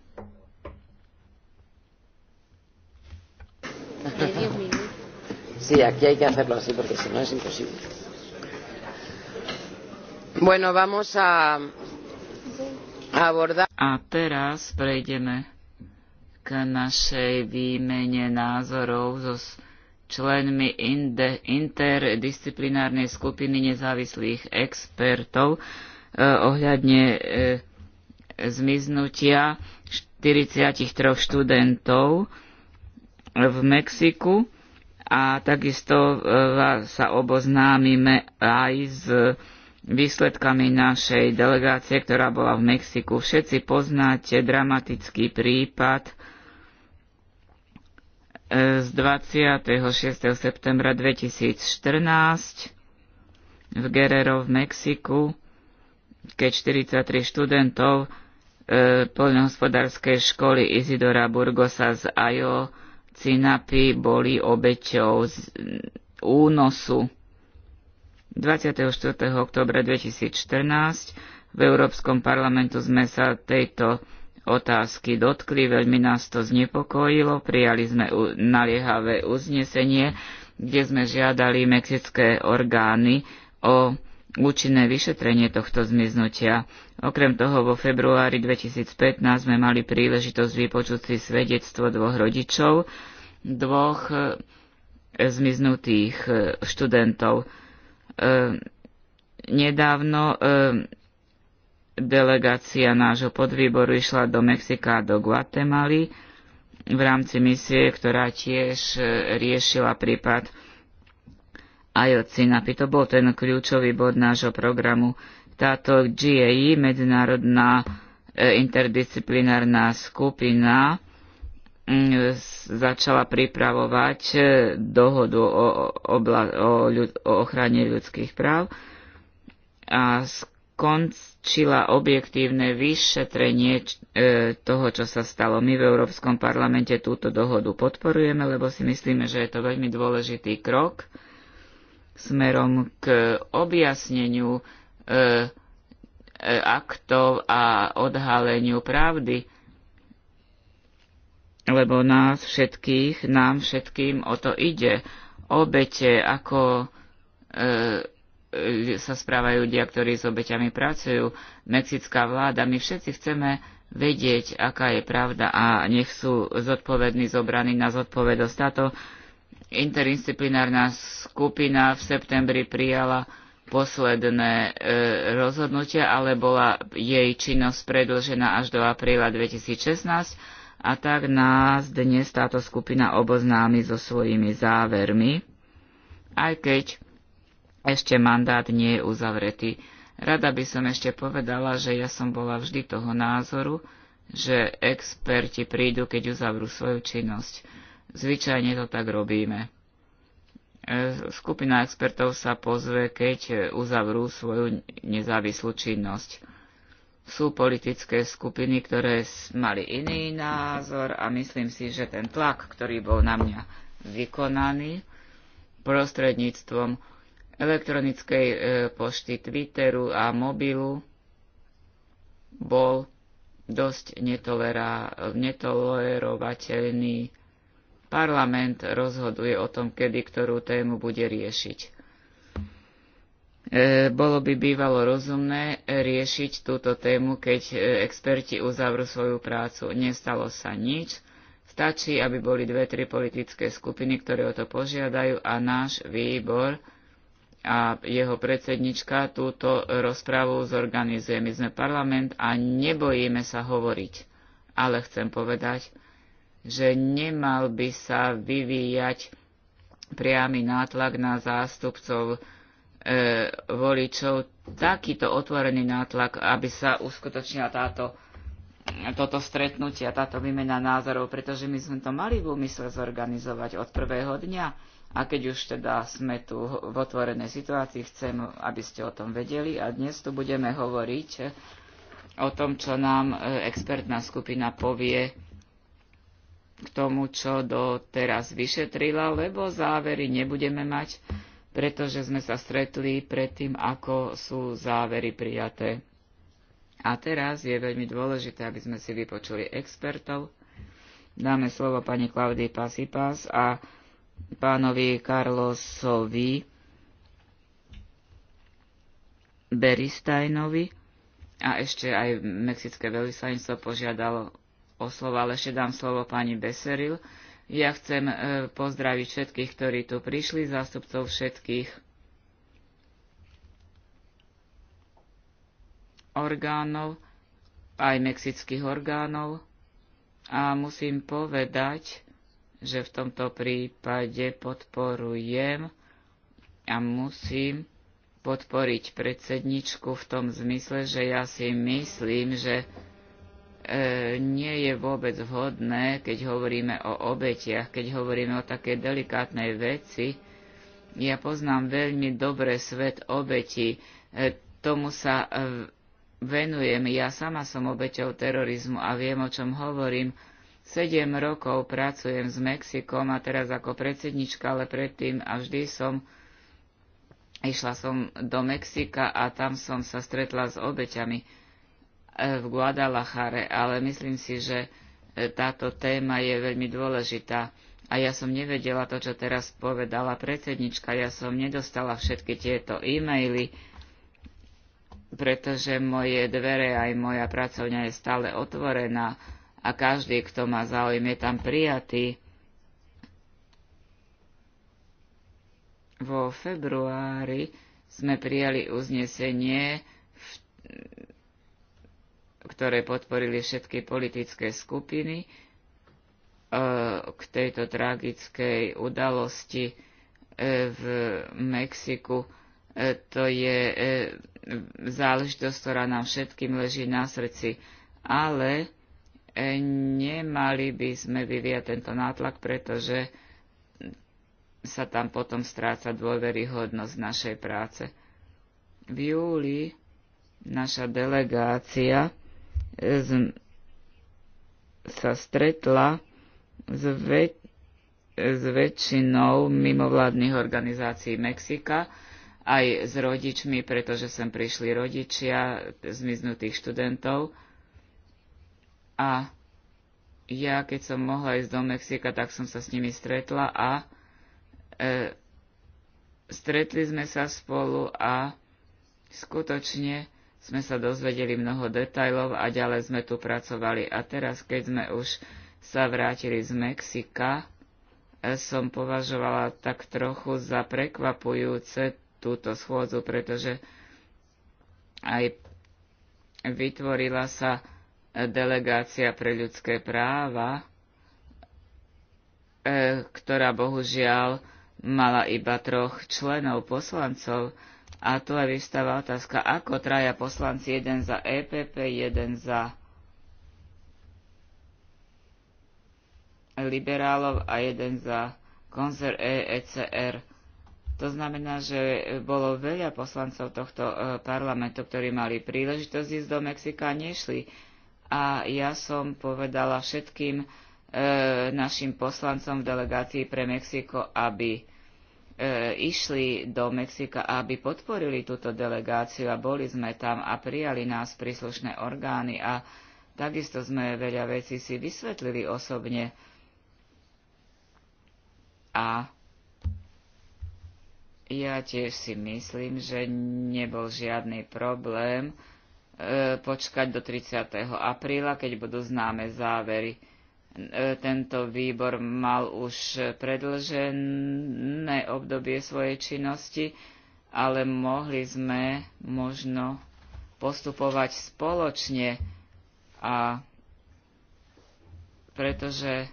Sí, aquí hay que hacerlo así porque si no es imposible. Bueno, vamos a, a abordar. A teraz prejdeme našej výmene názorov so členmi interdisciplinárnej skupiny nezávislých expertov e, ohľadne e, zmiznutia 43 študentov v Mexiku a takisto e, sa oboznámime aj s výsledkami našej delegácie, ktorá bola v Mexiku. Všetci poznáte dramatický prípad z 26. septembra 2014 v Guerrero v Mexiku, keď 43 študentov e, poľnohospodárskej školy Izidora Burgosa z Ajo Cinapy boli obeťou z únosu. 24. oktobra 2014 v Európskom parlamentu sme sa tejto otázky dotkli, veľmi nás to znepokojilo. Prijali sme naliehavé uznesenie, kde sme žiadali mexické orgány o účinné vyšetrenie tohto zmiznutia. Okrem toho vo februári 2015 sme mali príležitosť vypočuť si svedectvo dvoch rodičov, dvoch e, zmiznutých e, študentov. E, nedávno Delegácia nášho podvýboru išla do Mexika a do Guatemaly v rámci misie, ktorá tiež e, riešila prípad IOCINAPI. To bol ten kľúčový bod nášho programu. Táto GAI, e, Medzinárodná e, interdisciplinárna skupina, začala pripravovať dohodu o, obla, o, ľud, o ochrane ľudských práv a skonc, uľahčila objektívne vyšetrenie e, toho, čo sa stalo. My v Európskom parlamente túto dohodu podporujeme, lebo si myslíme, že je to veľmi dôležitý krok smerom k objasneniu e, e, aktov a odhaleniu pravdy, lebo nás všetkých, nám všetkým o to ide. Obete ako e, E, sa správajú ľudia, ktorí s obeťami pracujú, mexická vláda. My všetci chceme vedieť, aká je pravda a nech sú zodpovední zobraní na zodpovednosť. Táto interdisciplinárna skupina v septembri prijala posledné e, rozhodnutia, ale bola jej činnosť predlžená až do apríla 2016 a tak nás dnes táto skupina oboznámi so svojimi závermi, aj keď ešte mandát nie je uzavretý. Rada by som ešte povedala, že ja som bola vždy toho názoru, že experti prídu, keď uzavrú svoju činnosť. Zvyčajne to tak robíme. E, skupina expertov sa pozve, keď uzavrú svoju nezávislú činnosť. Sú politické skupiny, ktoré mali iný názor a myslím si, že ten tlak, ktorý bol na mňa vykonaný prostredníctvom elektronickej e, pošty Twitteru a mobilu bol dosť netolerovateľný. Parlament rozhoduje o tom, kedy ktorú tému bude riešiť. E, bolo by bývalo rozumné riešiť túto tému, keď e, experti uzavrú svoju prácu. Nestalo sa nič. Stačí, aby boli dve, tri politické skupiny, ktoré o to požiadajú a náš výbor a jeho predsednička túto rozprávu zorganizuje. My sme parlament a nebojíme sa hovoriť. Ale chcem povedať, že nemal by sa vyvíjať priamy nátlak na zástupcov e, voličov, takýto otvorený nátlak, aby sa uskutočnila táto, toto stretnutie a táto výmena názorov, pretože my sme to mali v úmysle zorganizovať od prvého dňa a keď už teda sme tu v otvorenej situácii, chcem, aby ste o tom vedeli. A dnes tu budeme hovoriť o tom, čo nám e, expertná skupina povie k tomu, čo doteraz vyšetrila, lebo závery nebudeme mať, pretože sme sa stretli predtým, ako sú závery prijaté. A teraz je veľmi dôležité, aby sme si vypočuli expertov. Dáme slovo pani Klaudii Pasipas a pánovi Carlosovi Beristajnovi a ešte aj Mexické veľvyslanectvo požiadalo o slovo, ale ešte dám slovo pani Beseril. Ja chcem e, pozdraviť všetkých, ktorí tu prišli, zástupcov všetkých orgánov, aj mexických orgánov. A musím povedať, že v tomto prípade podporujem a musím podporiť predsedničku v tom zmysle, že ja si myslím, že e, nie je vôbec vhodné, keď hovoríme o obetiach, keď hovoríme o takej delikátnej veci. Ja poznám veľmi dobre svet obeti. E, tomu sa e, venujem. Ja sama som obeťou terorizmu a viem, o čom hovorím. Sedem rokov pracujem s Mexikom a teraz ako predsednička, ale predtým a vždy som išla som do Mexika a tam som sa stretla s obeťami eh, v Guadalajare, ale myslím si, že eh, táto téma je veľmi dôležitá. A ja som nevedela to, čo teraz povedala predsednička, ja som nedostala všetky tieto e-maily, pretože moje dvere aj moja pracovňa je stále otvorená a každý, kto má záujem, je tam prijatý. Vo februári sme prijali uznesenie, ktoré podporili všetky politické skupiny e, k tejto tragickej udalosti e, v Mexiku. E, to je záležitosť, ktorá nám všetkým leží na srdci. Ale nemali by sme vyviať tento nátlak, pretože sa tam potom stráca dôveryhodnosť našej práce. V júli naša delegácia eh, z, sa stretla s, väč, s väčšinou mimovládnych organizácií Mexika, aj s rodičmi, pretože sem prišli rodičia zmiznutých študentov a ja, keď som mohla ísť do Mexika, tak som sa s nimi stretla a e, stretli sme sa spolu a skutočne sme sa dozvedeli mnoho detajlov a ďalej sme tu pracovali. A teraz, keď sme už sa vrátili z Mexika, e, som považovala tak trochu za prekvapujúce túto schôdzu, pretože aj vytvorila sa delegácia pre ľudské práva, e, ktorá bohužiaľ mala iba troch členov poslancov. A tu aj vystáva otázka, ako traja poslanci, jeden za EPP, jeden za liberálov a jeden za konzer ECR. E to znamená, že bolo veľa poslancov tohto e, parlamentu, ktorí mali príležitosť ísť do Mexika a nešli a ja som povedala všetkým e, našim poslancom v delegácii pre Mexiko, aby e, išli do Mexika, aby podporili túto delegáciu a boli sme tam a prijali nás príslušné orgány a takisto sme veľa vecí si vysvetlili osobne. A ja tiež si myslím, že nebol žiadny problém, E, počkať do 30. apríla, keď budú známe závery. E, tento výbor mal už predlžené obdobie svojej činnosti, ale mohli sme možno postupovať spoločne a pretože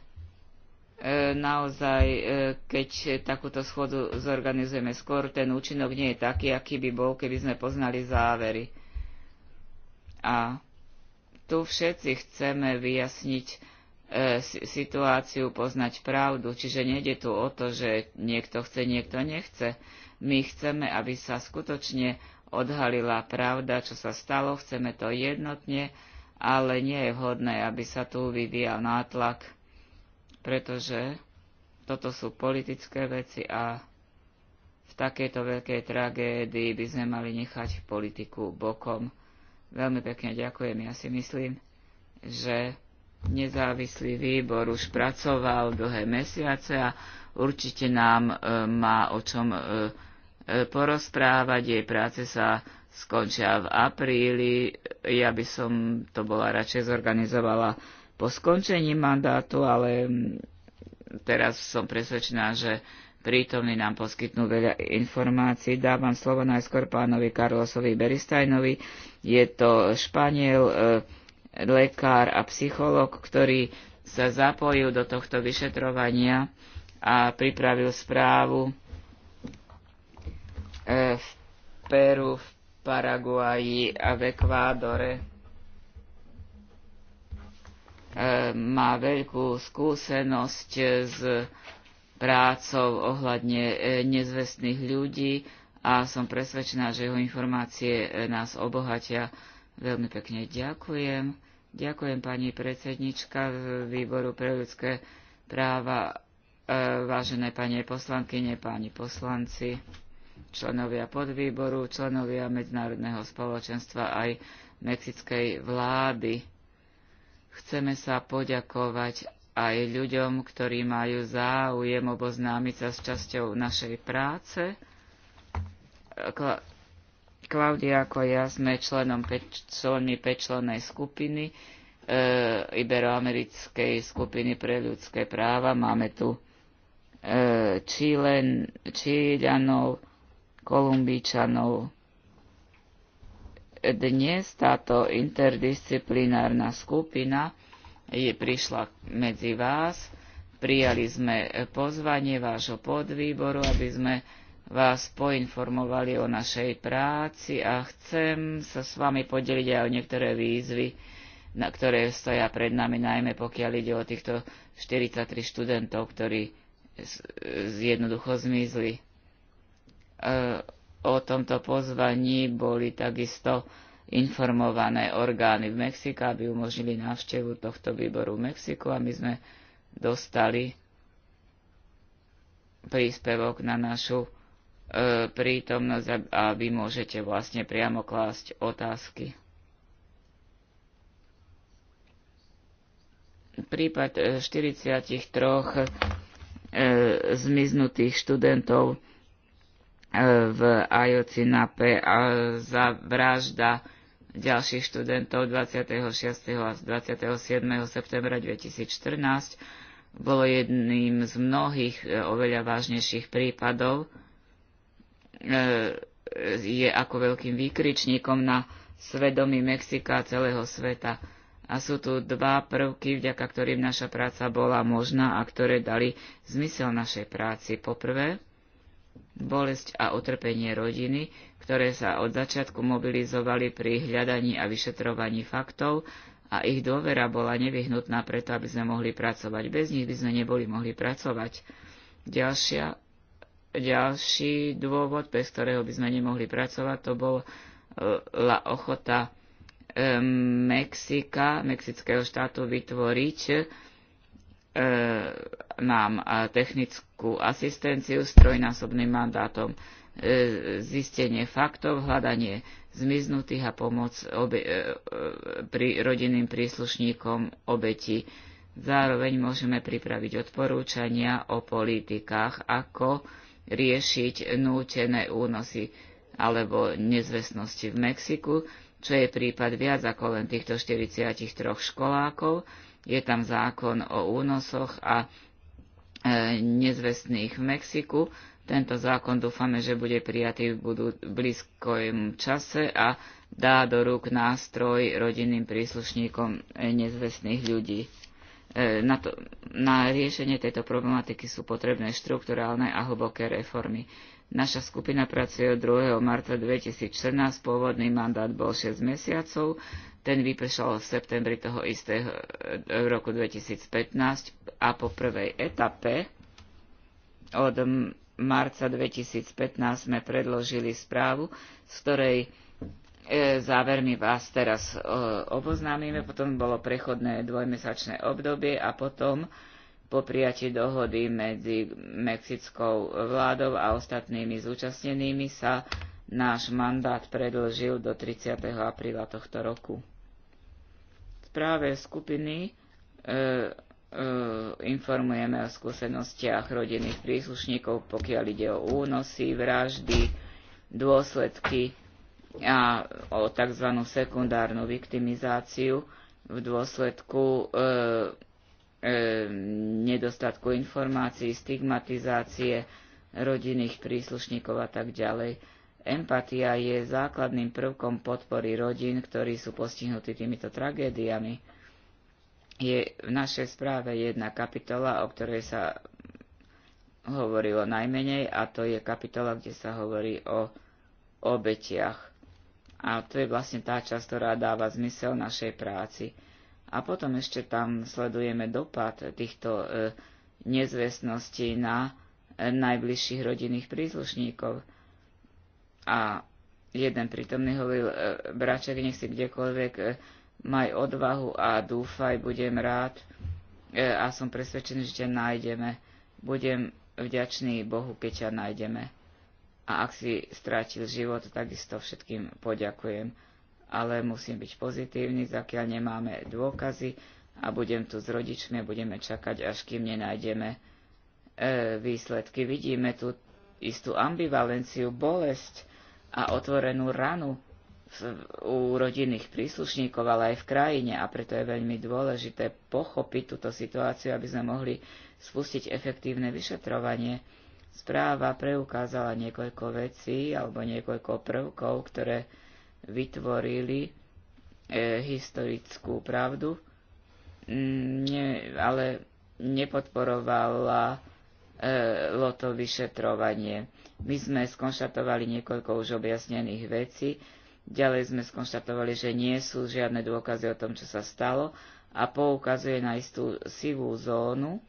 e, naozaj, keď takúto schodu zorganizujeme skôr, ten účinok nie je taký, aký by bol, keby sme poznali závery. A tu všetci chceme vyjasniť e, situáciu, poznať pravdu, čiže nejde tu o to, že niekto chce, niekto nechce. My chceme, aby sa skutočne odhalila pravda, čo sa stalo, chceme to jednotne, ale nie je vhodné, aby sa tu vyvíjal nátlak, pretože toto sú politické veci a v takejto veľkej tragédii by sme mali nechať politiku bokom. Veľmi pekne ďakujem. Ja si myslím, že nezávislý výbor už pracoval dlhé mesiace a určite nám e, má o čom e, e porozprávať. Jej práce sa skončia v apríli. Ja by som to bola radšej zorganizovala po skončení mandátu, ale teraz som presvedčená, že prítomní nám poskytnú veľa informácií. Dávam slovo najskôr pánovi Karlosovi Beristajnovi. Je to Španiel, e, lekár a psychológ, ktorý sa zapojil do tohto vyšetrovania a pripravil správu e, v Peru, v Paraguaji a v Ekvádore. E, má veľkú skúsenosť s prácou ohľadne e, nezvestných ľudí a som presvedčená, že jeho informácie e, nás obohatia. Veľmi pekne ďakujem. Ďakujem pani predsednička Výboru pre ľudské práva, e, vážené pani poslankyne, páni poslanci, členovia podvýboru, členovia medzinárodného spoločenstva aj mexickej vlády. Chceme sa poďakovať aj ľuďom, ktorí majú záujem oboznámiť sa s časťou našej práce. Kla- Klaudia ako ja sme členom peč- členmi pečlenej skupiny e, Iberoamerickej skupiny pre ľudské práva. Máme tu e, Čílen, Číľanov, Kolumbíčanov. Dnes táto interdisciplinárna skupina je prišla medzi vás. Prijali sme e, pozvanie vášho podvýboru, aby sme vás poinformovali o našej práci a chcem sa s vami podeliť aj o niektoré výzvy, na ktoré stoja pred nami, najmä pokiaľ ide o týchto 43 študentov, ktorí jednoducho zmizli. E, o tomto pozvaní boli takisto informované orgány v Mexiku, aby umožnili návštevu tohto výboru v Mexiku a my sme dostali príspevok na našu e, prítomnosť a vy môžete vlastne priamo klásť otázky. Prípad 43 e, e, zmiznutých študentov e, v Ajocinape a za vražda ďalších študentov 26. a 27. septembra 2014 bolo jedným z mnohých e, oveľa vážnejších prípadov. E, je ako veľkým výkričníkom na svedomí Mexika a celého sveta. A sú tu dva prvky, vďaka ktorým naša práca bola možná a ktoré dali zmysel našej práci. Poprvé, bolesť a utrpenie rodiny, ktoré sa od začiatku mobilizovali pri hľadaní a vyšetrovaní faktov a ich dôvera bola nevyhnutná preto, aby sme mohli pracovať. Bez nich by sme neboli mohli pracovať. Ďalšia, ďalší dôvod, bez ktorého by sme nemohli pracovať, to bola e, ochota e, Mexika, mexického štátu vytvoriť e, nám technickú asistenciu s trojnásobným mandátom. E, zistenie faktov, hľadanie zmiznutých a pomoc obe, e, e, pri rodinným príslušníkom obeti. Zároveň môžeme pripraviť odporúčania o politikách, ako riešiť nútené únosy alebo nezvestnosti v Mexiku, čo je prípad viac ako len týchto 43 školákov. Je tam zákon o únosoch a nezvestných v Mexiku, tento zákon dúfame, že bude prijatý v budú blízkom čase a dá do rúk nástroj rodinným príslušníkom nezvestných ľudí. E, na, to, na riešenie tejto problematiky sú potrebné štrukturálne a hlboké reformy. Naša skupina pracuje od 2. marca 2014, pôvodný mandát bol 6 mesiacov, ten vypršal v septembri toho istého e, roku 2015 a po prvej etape od marca 2015 sme predložili správu, z ktorej e, závermi vás teraz e, oboznámime. Potom bolo prechodné dvojmesačné obdobie a potom po prijatí dohody medzi mexickou vládou a ostatnými zúčastnenými sa náš mandát predlžil do 30. apríla tohto roku. V správe skupiny e, Eh, informujeme o skúsenostiach rodinných príslušníkov, pokiaľ ide o únosy, vraždy, dôsledky a o tzv. sekundárnu viktimizáciu v dôsledku e, e, nedostatku informácií, stigmatizácie rodinných príslušníkov a tak ďalej. Empatia je základným prvkom podpory rodín, ktorí sú postihnutí týmito tragédiami je v našej správe jedna kapitola, o ktorej sa hovorilo najmenej, a to je kapitola, kde sa hovorí o obetiach. A to je vlastne tá časť, ktorá dáva zmysel našej práci. A potom ešte tam sledujeme dopad týchto e, nezvestností na e, najbližších rodinných príslušníkov. A jeden prítomný hovoril, e, braček, nech si kdekoľvek e, maj odvahu a dúfaj, budem rád e, a som presvedčený, že ťa nájdeme. Budem vďačný Bohu, keď ťa nájdeme. A ak si strátil život, takisto všetkým poďakujem. Ale musím byť pozitívny, zakiaľ nemáme dôkazy a budem tu s rodičmi a budeme čakať, až kým nenájdeme e, výsledky. Vidíme tu istú ambivalenciu, bolesť a otvorenú ranu, u rodinných príslušníkov, ale aj v krajine a preto je veľmi dôležité pochopiť túto situáciu, aby sme mohli spustiť efektívne vyšetrovanie. Správa preukázala niekoľko vecí alebo niekoľko prvkov, ktoré vytvorili e, historickú pravdu, ne, ale nepodporovala e, vyšetrovanie. My sme skonštatovali niekoľko už objasnených vecí, Ďalej sme skonštatovali, že nie sú žiadne dôkazy o tom, čo sa stalo a poukazuje na istú sivú zónu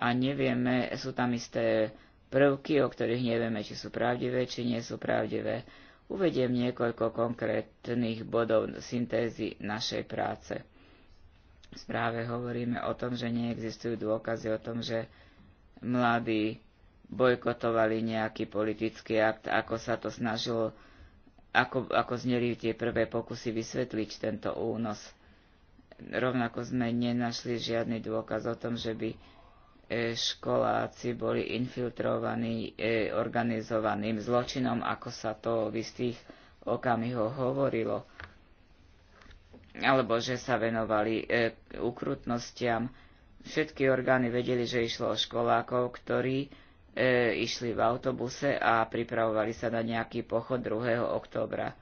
a nevieme, sú tam isté prvky, o ktorých nevieme, či sú pravdivé, či nie sú pravdivé. Uvediem niekoľko konkrétnych bodov syntézy našej práce. V správe hovoríme o tom, že neexistujú dôkazy o tom, že mladí bojkotovali nejaký politický akt, ako sa to snažilo ako, ako zneli tie prvé pokusy vysvetliť tento únos. Rovnako sme nenašli žiadny dôkaz o tom, že by e, školáci boli infiltrovaní e, organizovaným zločinom, ako sa to v istých okamihoch hovorilo, alebo že sa venovali e, ukrutnostiam. Všetky orgány vedeli, že išlo o školákov, ktorí e, išli v autobuse a pripravovali sa na nejaký pochod 2. októbra.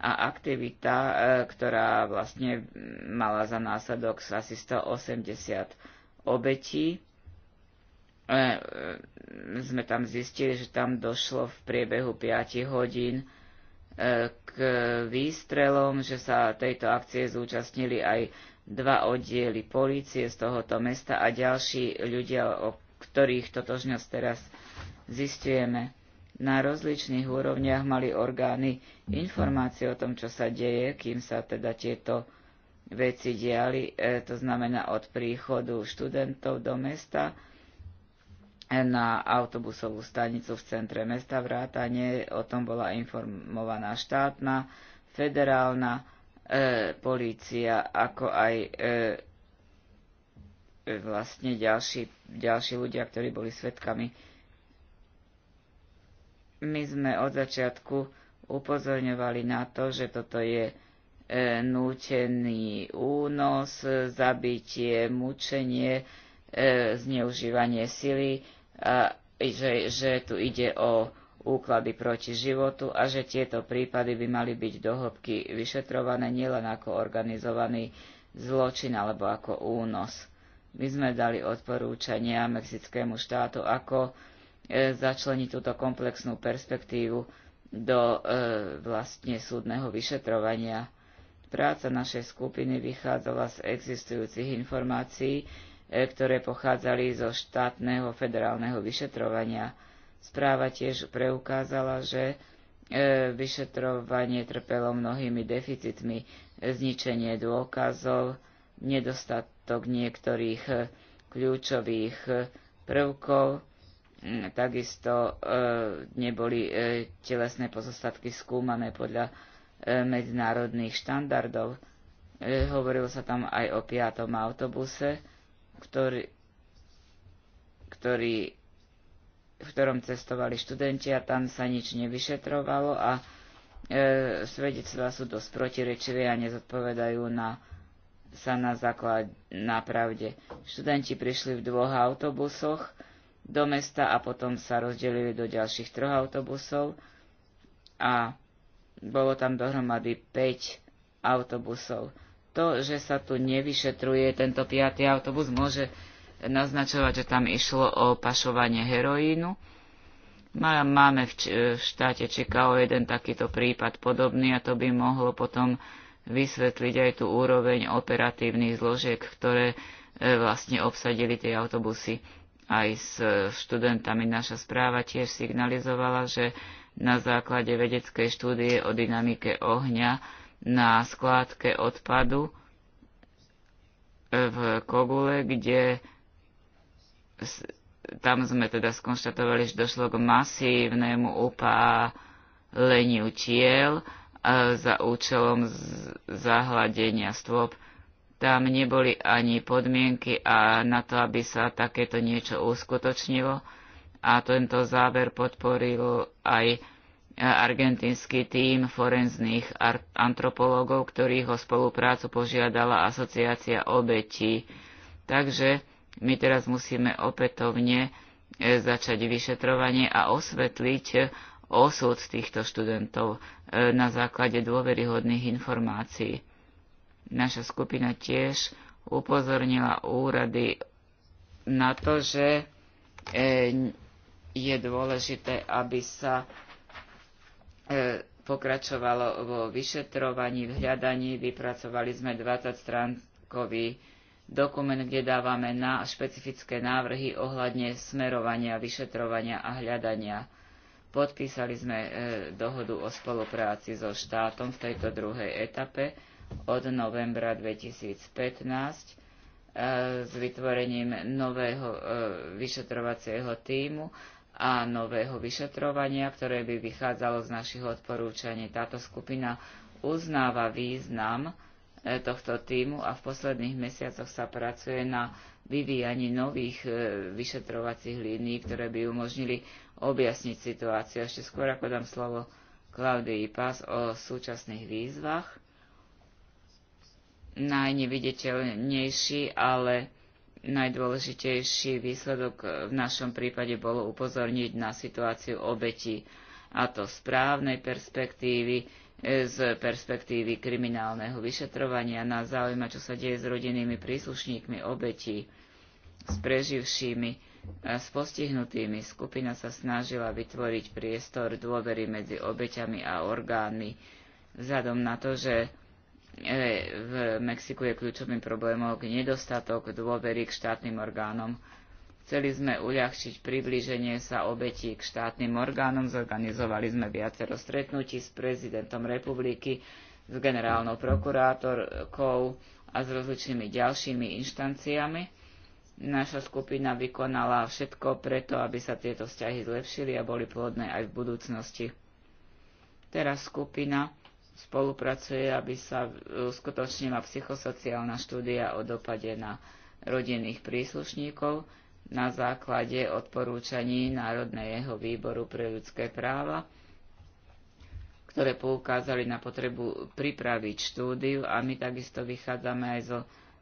A aktivita, e, ktorá vlastne mala za následok asi 180 obetí, e, e, sme tam zistili, že tam došlo v priebehu 5 hodín e, k výstrelom, že sa tejto akcie zúčastnili aj dva oddiely polície z tohoto mesta a ďalší ľudia, ktorých totožnosť teraz zistujeme. Na rozličných úrovniach mali orgány informácie o tom, čo sa deje, kým sa teda tieto veci diali, e, to znamená od príchodu študentov do mesta e, na autobusovú stanicu v centre mesta vrátane, o tom bola informovaná štátna, federálna e, polícia, ako aj e, E, vlastne ďalší, ďalší ľudia, ktorí boli svetkami. My sme od začiatku upozorňovali na to, že toto je e, nútený únos, zabitie, mučenie, e, zneužívanie sily, a že, že tu ide o úklady proti životu a že tieto prípady by mali byť dohlbky vyšetrované nielen ako organizovaný zločin alebo ako únos. My sme dali odporúčania Mexickému štátu, ako e, začleniť túto komplexnú perspektívu do e, vlastne súdneho vyšetrovania. Práca našej skupiny vychádzala z existujúcich informácií, e, ktoré pochádzali zo štátneho federálneho vyšetrovania. Správa tiež preukázala, že vyšetrovanie trpelo mnohými deficitmi, zničenie dôkazov, nedostatok nedostatok niektorých eh, kľúčových eh, prvkov, mm, takisto eh, neboli telesné pozostatky skúmané podľa medzinárodných štandardov. Hovorilo sa tam aj o piatom autobuse, ktorý, ktorý, v ktorom cestovali študenti a tam sa nič nevyšetrovalo a e, svedectvá sú dosť protirečivé a nezodpovedajú na sa na základ na pravde. Študenti prišli v dvoch autobusoch do mesta a potom sa rozdelili do ďalších troch autobusov a bolo tam dohromady 5 autobusov. To, že sa tu nevyšetruje tento piatý autobus, môže naznačovať, že tam išlo o pašovanie heroínu. Máme v štáte Čikao jeden takýto prípad podobný a to by mohlo potom vysvetliť aj tú úroveň operatívnych zložiek, ktoré e, vlastne obsadili tie autobusy. Aj s e, študentami naša správa tiež signalizovala, že na základe vedeckej štúdie o dynamike ohňa na skládke odpadu e, v Kogule, kde tam sme teda skonštatovali, že došlo k masívnemu upáleniu tiel, za účelom zahladenia stôp. Tam neboli ani podmienky a na to, aby sa takéto niečo uskutočnilo. A tento záver podporil aj e, argentínsky tím forenzných antropológov, ktorých o spoluprácu požiadala asociácia obetí. Takže my teraz musíme opätovne e, začať vyšetrovanie a osvetliť osud týchto študentov e, na základe dôveryhodných informácií. Naša skupina tiež upozornila úrady na to, že e, je dôležité, aby sa e, pokračovalo vo vyšetrovaní, v hľadaní. Vypracovali sme 20 stránkový dokument, kde dávame na špecifické návrhy ohľadne smerovania, vyšetrovania a hľadania. Podpísali sme e, dohodu o spolupráci so štátom v tejto druhej etape od novembra 2015 e, s vytvorením nového e, vyšetrovacieho týmu a nového vyšetrovania, ktoré by vychádzalo z našich odporúčaní. Táto skupina uznáva význam tohto týmu a v posledných mesiacoch sa pracuje na vyvíjanie nových vyšetrovacích línií, ktoré by umožnili objasniť situáciu. Ešte skôr ako dám slovo Klaudii Pás o súčasných výzvach, najneviditeľnejší, ale najdôležitejší výsledok v našom prípade bolo upozorniť na situáciu obetí, a to z právnej perspektívy, e, z perspektívy kriminálneho vyšetrovania nás zaujíma, čo sa deje s rodinnými príslušníkmi obetí, s preživšími s postihnutými. Skupina sa snažila vytvoriť priestor dôvery medzi obeťami a orgánmi, vzhľadom na to, že e, v Mexiku je kľúčovým problémom nedostatok dôvery k štátnym orgánom. Chceli sme uľahčiť priblíženie sa obetí k štátnym orgánom, zorganizovali sme viacero stretnutí s prezidentom republiky, s generálnou prokurátorkou a s rozličnými ďalšími inštanciami Naša skupina vykonala všetko preto, aby sa tieto vzťahy zlepšili a boli plodné aj v budúcnosti. Teraz skupina spolupracuje, aby sa uskutočnila psychosociálna štúdia o dopade na rodinných príslušníkov na základe odporúčaní Národného výboru pre ľudské práva, ktoré poukázali na potrebu pripraviť štúdiu a my takisto vychádzame aj zo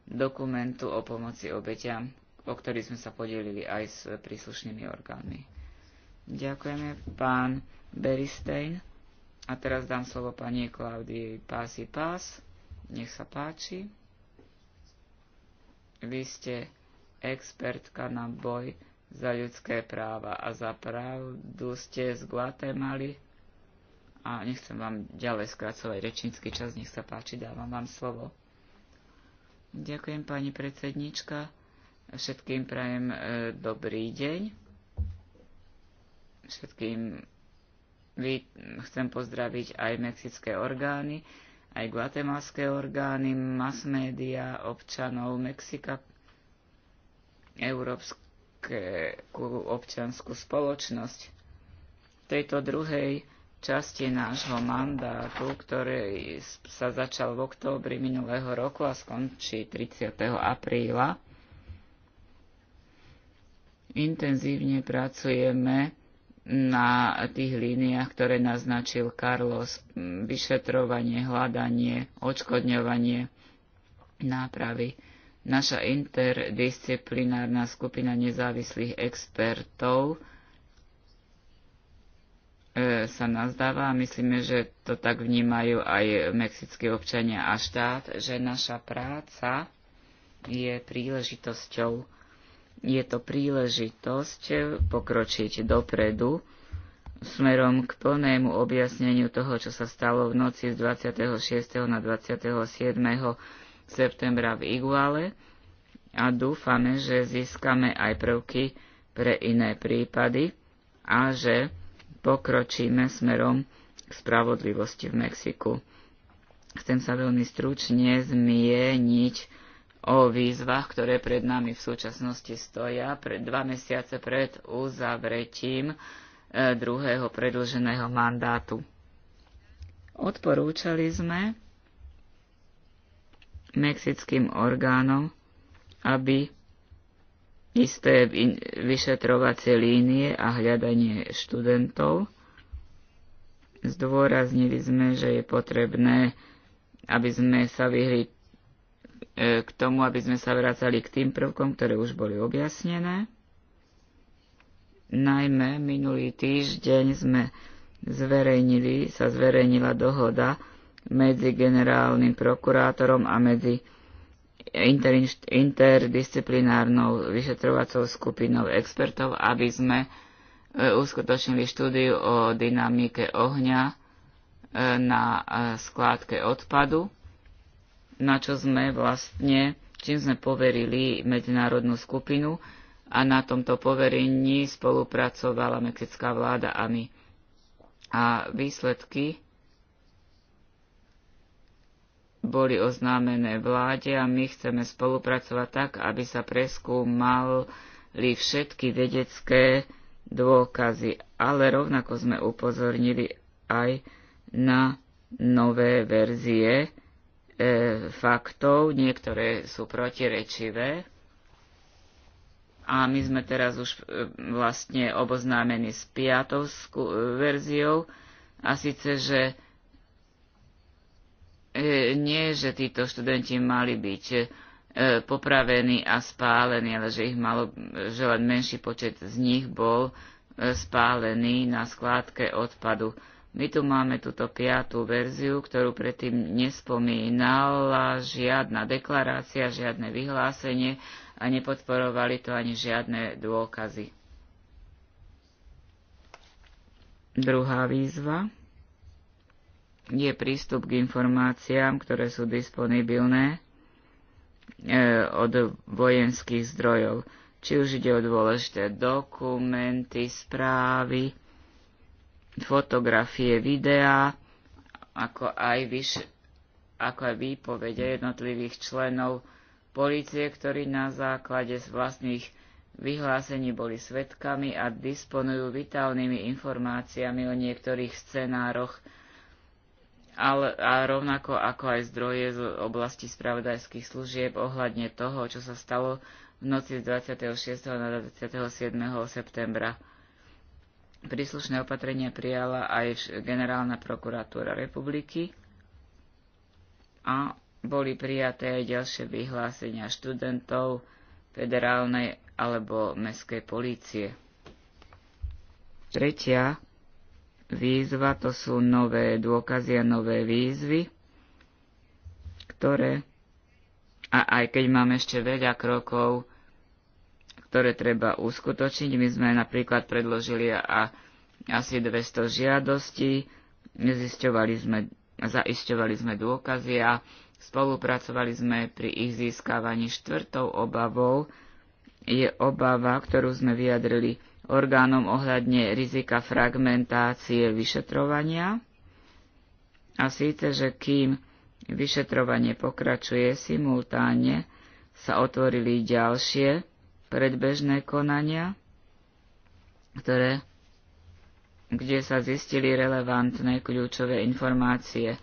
dokumentu o pomoci obeťam o ktorý sme sa podielili aj s príslušnými orgánmi. Ďakujeme pán Beristein. A teraz dám slovo pani Klaudii Pási Pás. Nech sa páči. Vy ste expertka na boj za ľudské práva a za pravdu ste z Guatemaly. A nechcem vám ďalej skracovať rečnícky čas, nech sa páči, dávam vám slovo. Ďakujem, pani predsednička. Všetkým prajem e, dobrý deň. Všetkým chcem pozdraviť aj mexické orgány, aj guatemalské orgány, mass media, občanov Mexika, európsku občanskú spoločnosť. V tejto druhej časti nášho mandátu, ktorý sa začal v októbri minulého roku a skončí 30. apríla, Intenzívne pracujeme na tých líniách, ktoré naznačil Carlos. Vyšetrovanie, hľadanie, odškodňovanie, nápravy. Naša interdisciplinárna skupina nezávislých expertov e, sa nazdáva a myslíme, že to tak vnímajú aj mexickí občania a štát, že naša práca je príležitosťou je to príležitosť eh, pokročiť dopredu smerom k plnému objasneniu toho, čo sa stalo v noci z 26. na 27. septembra v Iguale a dúfame, že získame aj prvky pre iné prípady a že pokročíme smerom k spravodlivosti v Mexiku. Chcem sa veľmi stručne zmieniť o výzvach, ktoré pred nami v súčasnosti stoja, pred dva mesiace pred uzavretím e, druhého predlženého mandátu. Odporúčali sme mexickým orgánom, aby isté vyšetrovacie línie a hľadanie študentov. Zdôraznili sme, že je potrebné, aby sme sa vyhli E, k tomu, aby sme sa vracali k tým prvkom, ktoré už boli objasnené. Najmä minulý týždeň sme zverejnili, sa zverejnila dohoda medzi generálnym prokurátorom a medzi interdisciplinárnou vyšetrovacou skupinou expertov, aby sme e, uskutočnili štúdiu o dynamike ohňa e, na skládke odpadu na čo sme vlastne, čím sme poverili medzinárodnú skupinu a na tomto poverení spolupracovala mexická vláda a my. A výsledky boli oznámené vláde a my chceme spolupracovať tak, aby sa preskúmali všetky vedecké dôkazy, ale rovnako sme upozornili aj na nové verzie E, faktov, niektoré sú protirečivé. A my sme teraz už e, vlastne oboznámení s piatou e, verziou, a síce, že nie, že títo študenti mali byť popravení a spálení, ale že ich malo, že len menší počet z nich bol spálený na skládke odpadu. My tu máme túto piatú verziu, ktorú predtým nespomínala žiadna deklarácia, žiadne vyhlásenie a nepodporovali to ani žiadne dôkazy. Druhá výzva je prístup k informáciám, ktoré sú disponibilné e, od vojenských zdrojov. Či už ide o dôležité dokumenty, správy, fotografie, videá, ako aj, vyš, ako aj výpovede jednotlivých členov polície, ktorí na základe z vlastných vyhlásení boli svetkami a disponujú vitálnymi informáciami o niektorých scenároch ale, a rovnako ako aj zdroje z oblasti spravodajských služieb ohľadne toho, čo sa stalo v noci z 26. na 27. septembra. Príslušné opatrenia prijala aj Generálna prokuratúra republiky a boli prijaté aj ďalšie vyhlásenia študentov federálnej alebo mestskej polície. Tretia výzva to sú nové dôkazy a nové výzvy, ktoré, a aj keď máme ešte veľa krokov, ktoré treba uskutočniť. My sme napríklad predložili a asi 200 žiadostí, zisťovali sme, zaisťovali sme dôkazy a spolupracovali sme pri ich získavaní. Štvrtou obavou je obava, ktorú sme vyjadrili orgánom ohľadne rizika fragmentácie vyšetrovania. A síce, že kým vyšetrovanie pokračuje, simultáne sa otvorili ďalšie predbežné konania, ktoré, kde sa zistili relevantné kľúčové informácie.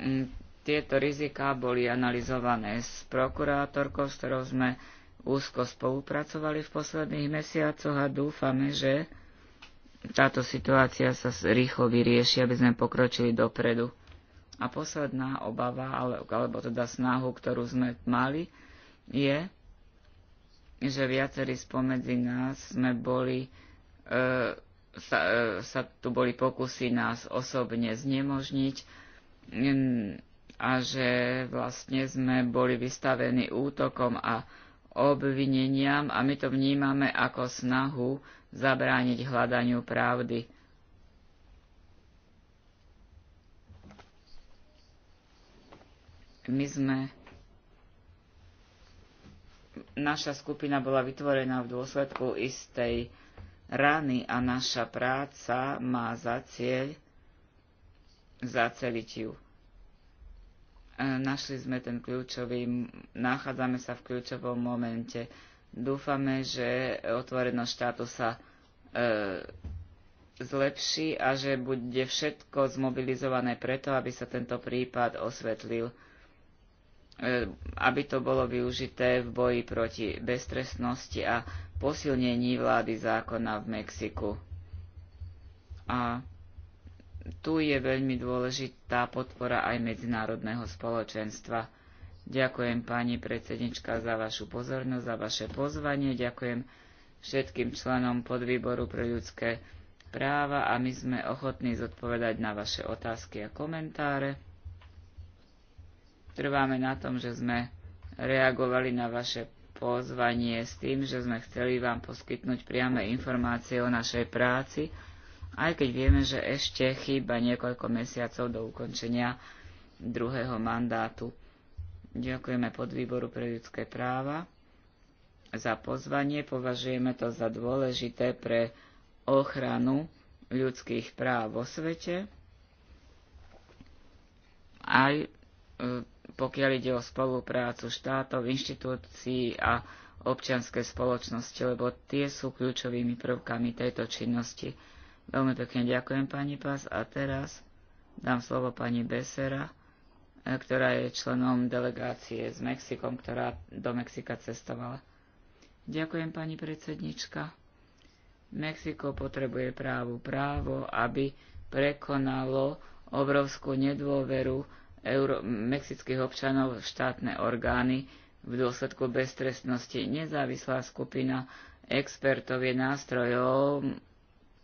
Mm, tieto riziká boli analyzované s prokurátorkou, s ktorou sme úzko spolupracovali v posledných mesiacoch a dúfame, že táto situácia sa rýchlo vyrieši, aby sme pokročili dopredu. A posledná obava, alebo teda snahu, ktorú sme mali, je, že viacerí spomedzi nás sme boli, e, sa, e, sa tu boli pokusy nás osobne znemožniť mm, a že vlastne sme boli vystavení útokom a obvineniam a my to vnímame ako snahu zabrániť hľadaniu pravdy. My sme Naša skupina bola vytvorená v dôsledku istej rany a naša práca má za cieľ zaceliť ju. E, našli sme ten kľúčový, nachádzame sa v kľúčovom momente. Dúfame, že otvorenosť štátu sa e, zlepší a že bude všetko zmobilizované preto, aby sa tento prípad osvetlil. Eh, aby to bolo využité v boji proti beztrestnosti a posilnení vlády zákona v Mexiku. A tu je veľmi dôležitá podpora aj medzinárodného spoločenstva. Ďakujem pani predsednička za vašu pozornosť, za vaše pozvanie. Ďakujem všetkým členom podvýboru pre ľudské práva a my sme ochotní zodpovedať na vaše otázky a komentáre. Trváme na tom, že sme reagovali na vaše pozvanie s tým, že sme chceli vám poskytnúť priame informácie o našej práci, aj keď vieme, že ešte chýba niekoľko mesiacov do ukončenia druhého mandátu. Ďakujeme podvýboru pre ľudské práva za pozvanie. Považujeme to za dôležité pre ochranu ľudských práv vo svete aj e, pokiaľ ide o spoluprácu štátov, inštitúcií a občianskej spoločnosti, lebo tie sú kľúčovými prvkami tejto činnosti. Veľmi pekne ďakujem, pani Pás. A teraz dám slovo pani Besera, eh, ktorá je členom delegácie s Mexikom, ktorá do Mexika cestovala. Ďakujem, pani predsednička. Mexiko potrebuje právu právo, aby prekonalo obrovskú nedôveru euro- mexických občanov štátne orgány v dôsledku beztrestnosti. Nezávislá skupina expertov je nástrojov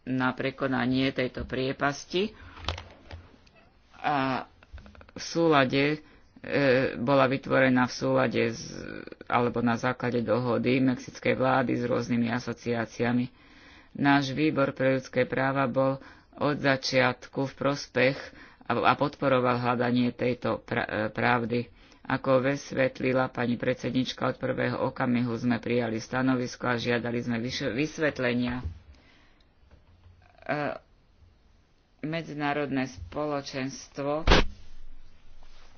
na prekonanie tejto priepasti a v súlade e, bola vytvorená v súlade z, alebo na základe dohody mexickej vlády s rôznymi asociáciami. Náš výbor pre ľudské práva bol od začiatku v prospech a podporoval hľadanie tejto e, pravdy. Ako vesvetlila pani predsednička, od prvého okamihu sme prijali stanovisko a žiadali sme vysvetlenia. E, medzinárodné spoločenstvo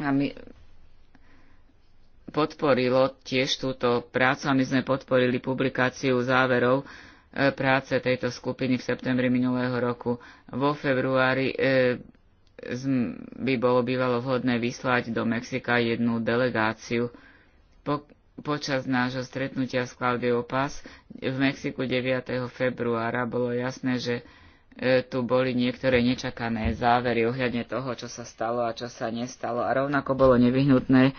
a my podporilo tiež túto prácu a my sme podporili publikáciu záverov e, práce tejto skupiny v septembri minulého roku. Vo februári e, by bolo bývalo vhodné vyslať do Mexika jednu delegáciu. Po, počas nášho stretnutia s Claudio Paz v Mexiku 9. februára bolo jasné, že e, tu boli niektoré nečakané závery ohľadne toho, čo sa stalo a čo sa nestalo. A rovnako bolo nevyhnutné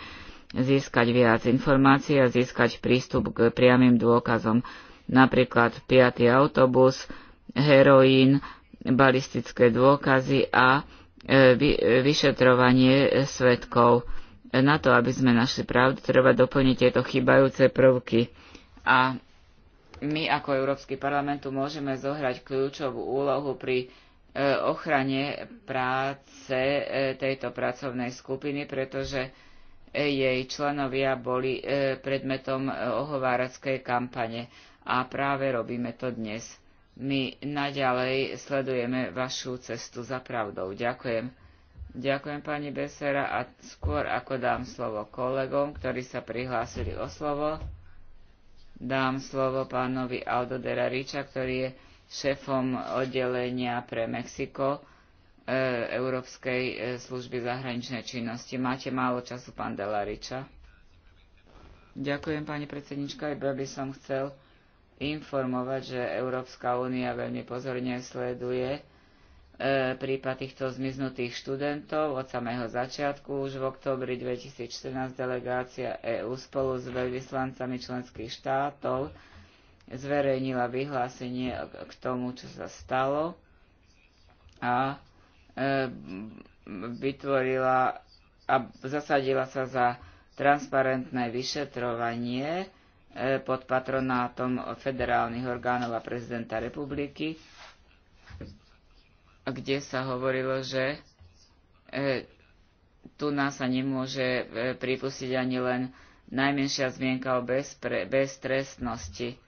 získať viac informácií a získať prístup k priamým dôkazom. Napríklad 5. autobus, heroín, balistické dôkazy a E, vyšetrovanie svetkov. Na to, aby sme našli pravdu, treba doplniť tieto chybajúce prvky. A my ako Európsky parlament môžeme zohrať kľúčovú úlohu pri e, ochrane práce e, tejto pracovnej skupiny, pretože jej členovia boli predmetom ohováradskej kampane. A práve robíme to dnes my naďalej sledujeme vašu cestu za pravdou. Ďakujem. Ďakujem pani Besera a skôr ako dám slovo kolegom, ktorí sa prihlásili o slovo, dám slovo pánovi Aldo de Rariča, ktorý je šéfom oddelenia pre Mexiko e, Európskej e, služby zahraničnej činnosti. Máte málo času, pán Delariča. Ďakujem, pani predsednička, iba by som chcel informovať, že Európska únia veľmi pozorne sleduje e, prípad týchto zmiznutých študentov od samého začiatku. Už v oktobri 2014 delegácia EÚ spolu s veľvyslancami členských štátov zverejnila vyhlásenie k tomu, čo sa stalo a e, vytvorila a zasadila sa za transparentné vyšetrovanie E, pod patronátom federálnych orgánov a prezidenta republiky, kde sa hovorilo, že e, tu nás sa nemôže e, pripustiť ani len najmenšia zmienka o bezpre, beztrestnosti.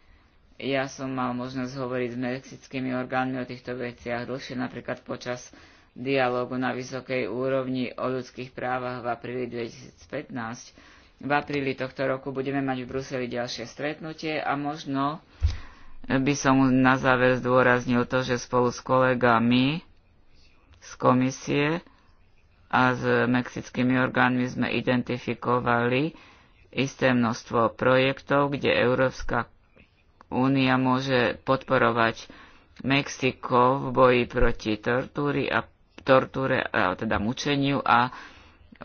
Ja som mal možnosť hovoriť s mexickými orgánmi o týchto veciach dlhšie, napríklad počas dialógu na vysokej úrovni o ľudských právach v apríli 2015 v apríli tohto roku budeme mať v Bruseli ďalšie stretnutie a možno by som na záver zdôraznil to, že spolu s kolegami z komisie a s mexickými orgánmi sme identifikovali isté množstvo projektov, kde Európska únia môže podporovať Mexiko v boji proti tortúry a tortúre, a teda mučeniu a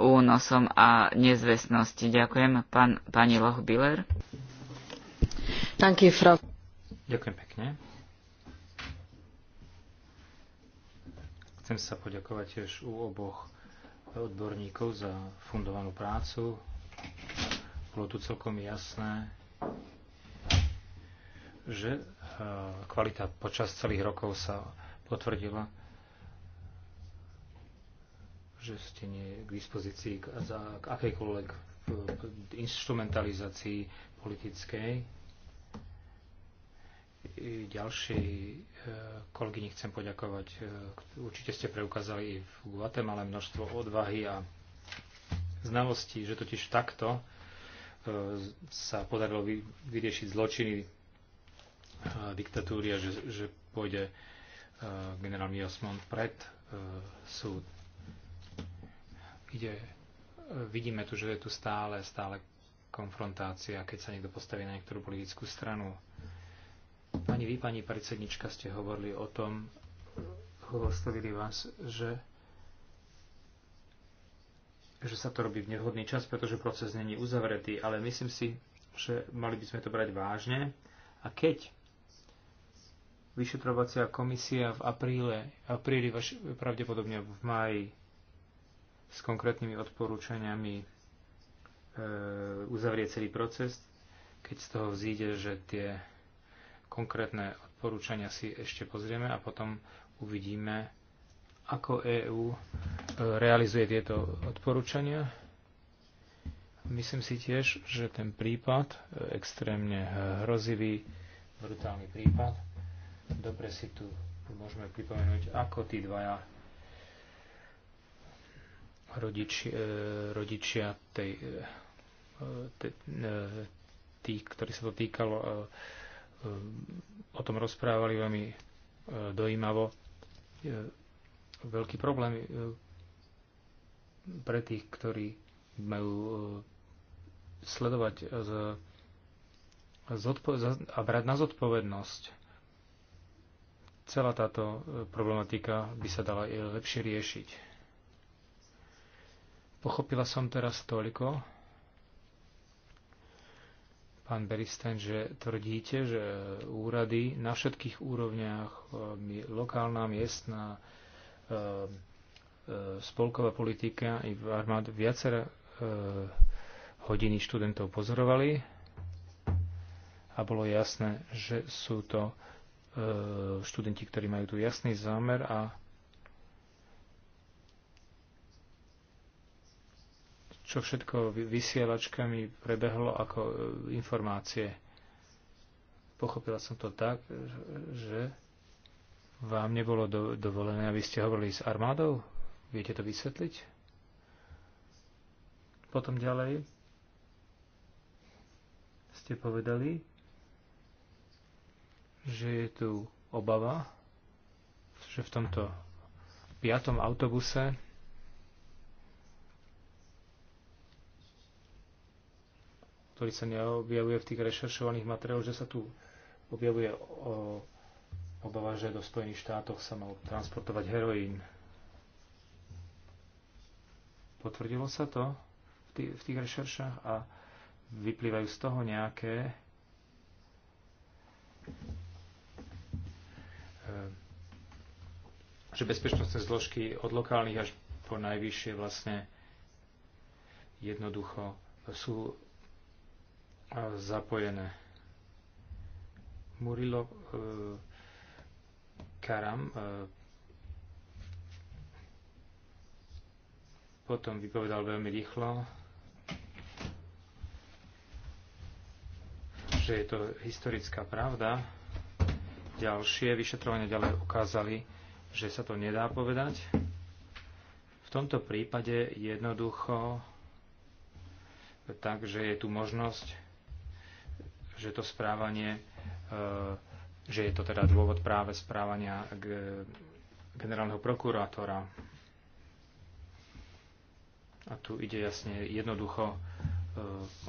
únosom a nezvestnosti. Ďakujem, pán, pani Lochbiller. Ďakujem pekne. Chcem sa poďakovať tiež u oboch odborníkov za fundovanú prácu. Bolo tu celkom jasné, že eh, kvalita počas celých rokov sa potvrdila že ste nie k dispozícii k, za, k akejkoľvek eh, instrumentalizácii politickej. I ďalšej eh, kolegyni chcem poďakovať. Eh, určite ste preukázali i v Guatemala množstvo odvahy a znalostí, že totiž takto sa podarilo vyriešiť zločiny diktatúry a že, že pôjde generál Miosmon pred súd ide, e, vidíme tu, že je tu stále, stále konfrontácia, keď sa niekto postaví na niektorú politickú stranu. Pani vy, pani predsednička, ste hovorili o tom, hovorili vás, že že sa to robí v nevhodný čas, pretože proces není uzavretý, ale myslím si, že mali by sme to brať vážne. A keď vyšetrovacia komisia v apríle, apríli, vaš, pravdepodobne v máji, s konkrétnymi odporúčaniami e, uzavrie celý proces, keď z toho vzíde, že tie konkrétne odporúčania si ešte pozrieme a potom uvidíme, ako EÚ e, realizuje tieto odporúčania. Myslím si tiež, že ten prípad, e, extrémne hrozivý, brutálny prípad, dobre si tu môžeme pripomenúť, ako tí dvaja rodič, e, rodičia tej, e, tej, e, tých, ktorí sa to týkalo, o tom rozprávali veľmi dojímavo. Veľký problém pre tých, ktorí majú sledovať z, a brať na zodpovednosť celá táto problematika by sa dala lepšie riešiť. Pochopila som teraz toľko, pán Beristen, že tvrdíte, že úrady na všetkých úrovniach, e, lokálna, miestna, e, e, spolková politika i armáde viacera hodiny študentov pozorovali a bolo jasné, že sú to študenti, ktorí majú tu jasný zámer a čo všetko vysielačkami prebehlo ako e, informácie. Pochopila som to tak, že vám nebolo do, dovolené, aby ste hovorili s armádou? Viete to vysvetliť? Potom ďalej ste povedali, že je tu obava, že v tomto piatom autobuse ktorý sa neobjavuje v tých rešeršovaných materiáloch, že sa tu objavuje o obava, že do Spojených štátoch sa mal transportovať heroín. Potvrdilo sa to v tých, v tých rešeršách a vyplývajú z toho nejaké e, že bezpečnostné zložky od lokálnych až po najvyššie vlastne jednoducho sú zapojené. Murilo e, Karam e, potom vypovedal veľmi rýchlo, že je to historická pravda. Ďalšie vyšetrovania ďalej ukázali, že sa to nedá povedať. V tomto prípade jednoducho takže je tu možnosť že to správanie, e, že je to teda dôvod práve správania generálneho prokurátora. A tu ide jasne jednoducho e,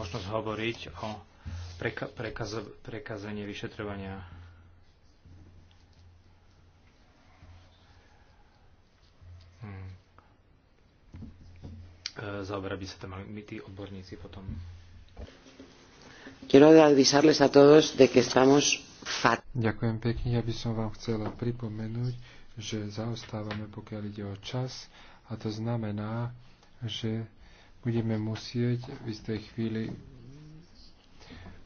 možnosť hovoriť o prekazenie vyšetrovania. Hmm. E, Zaoberali by sa tam tí odborníci potom. Quiero avisarles a todos de que estamos fat... Ďakujem pekne. Ja by som vám chcela pripomenúť, že zaostávame, pokiaľ ide o čas a to znamená, že budeme musieť v istej chvíli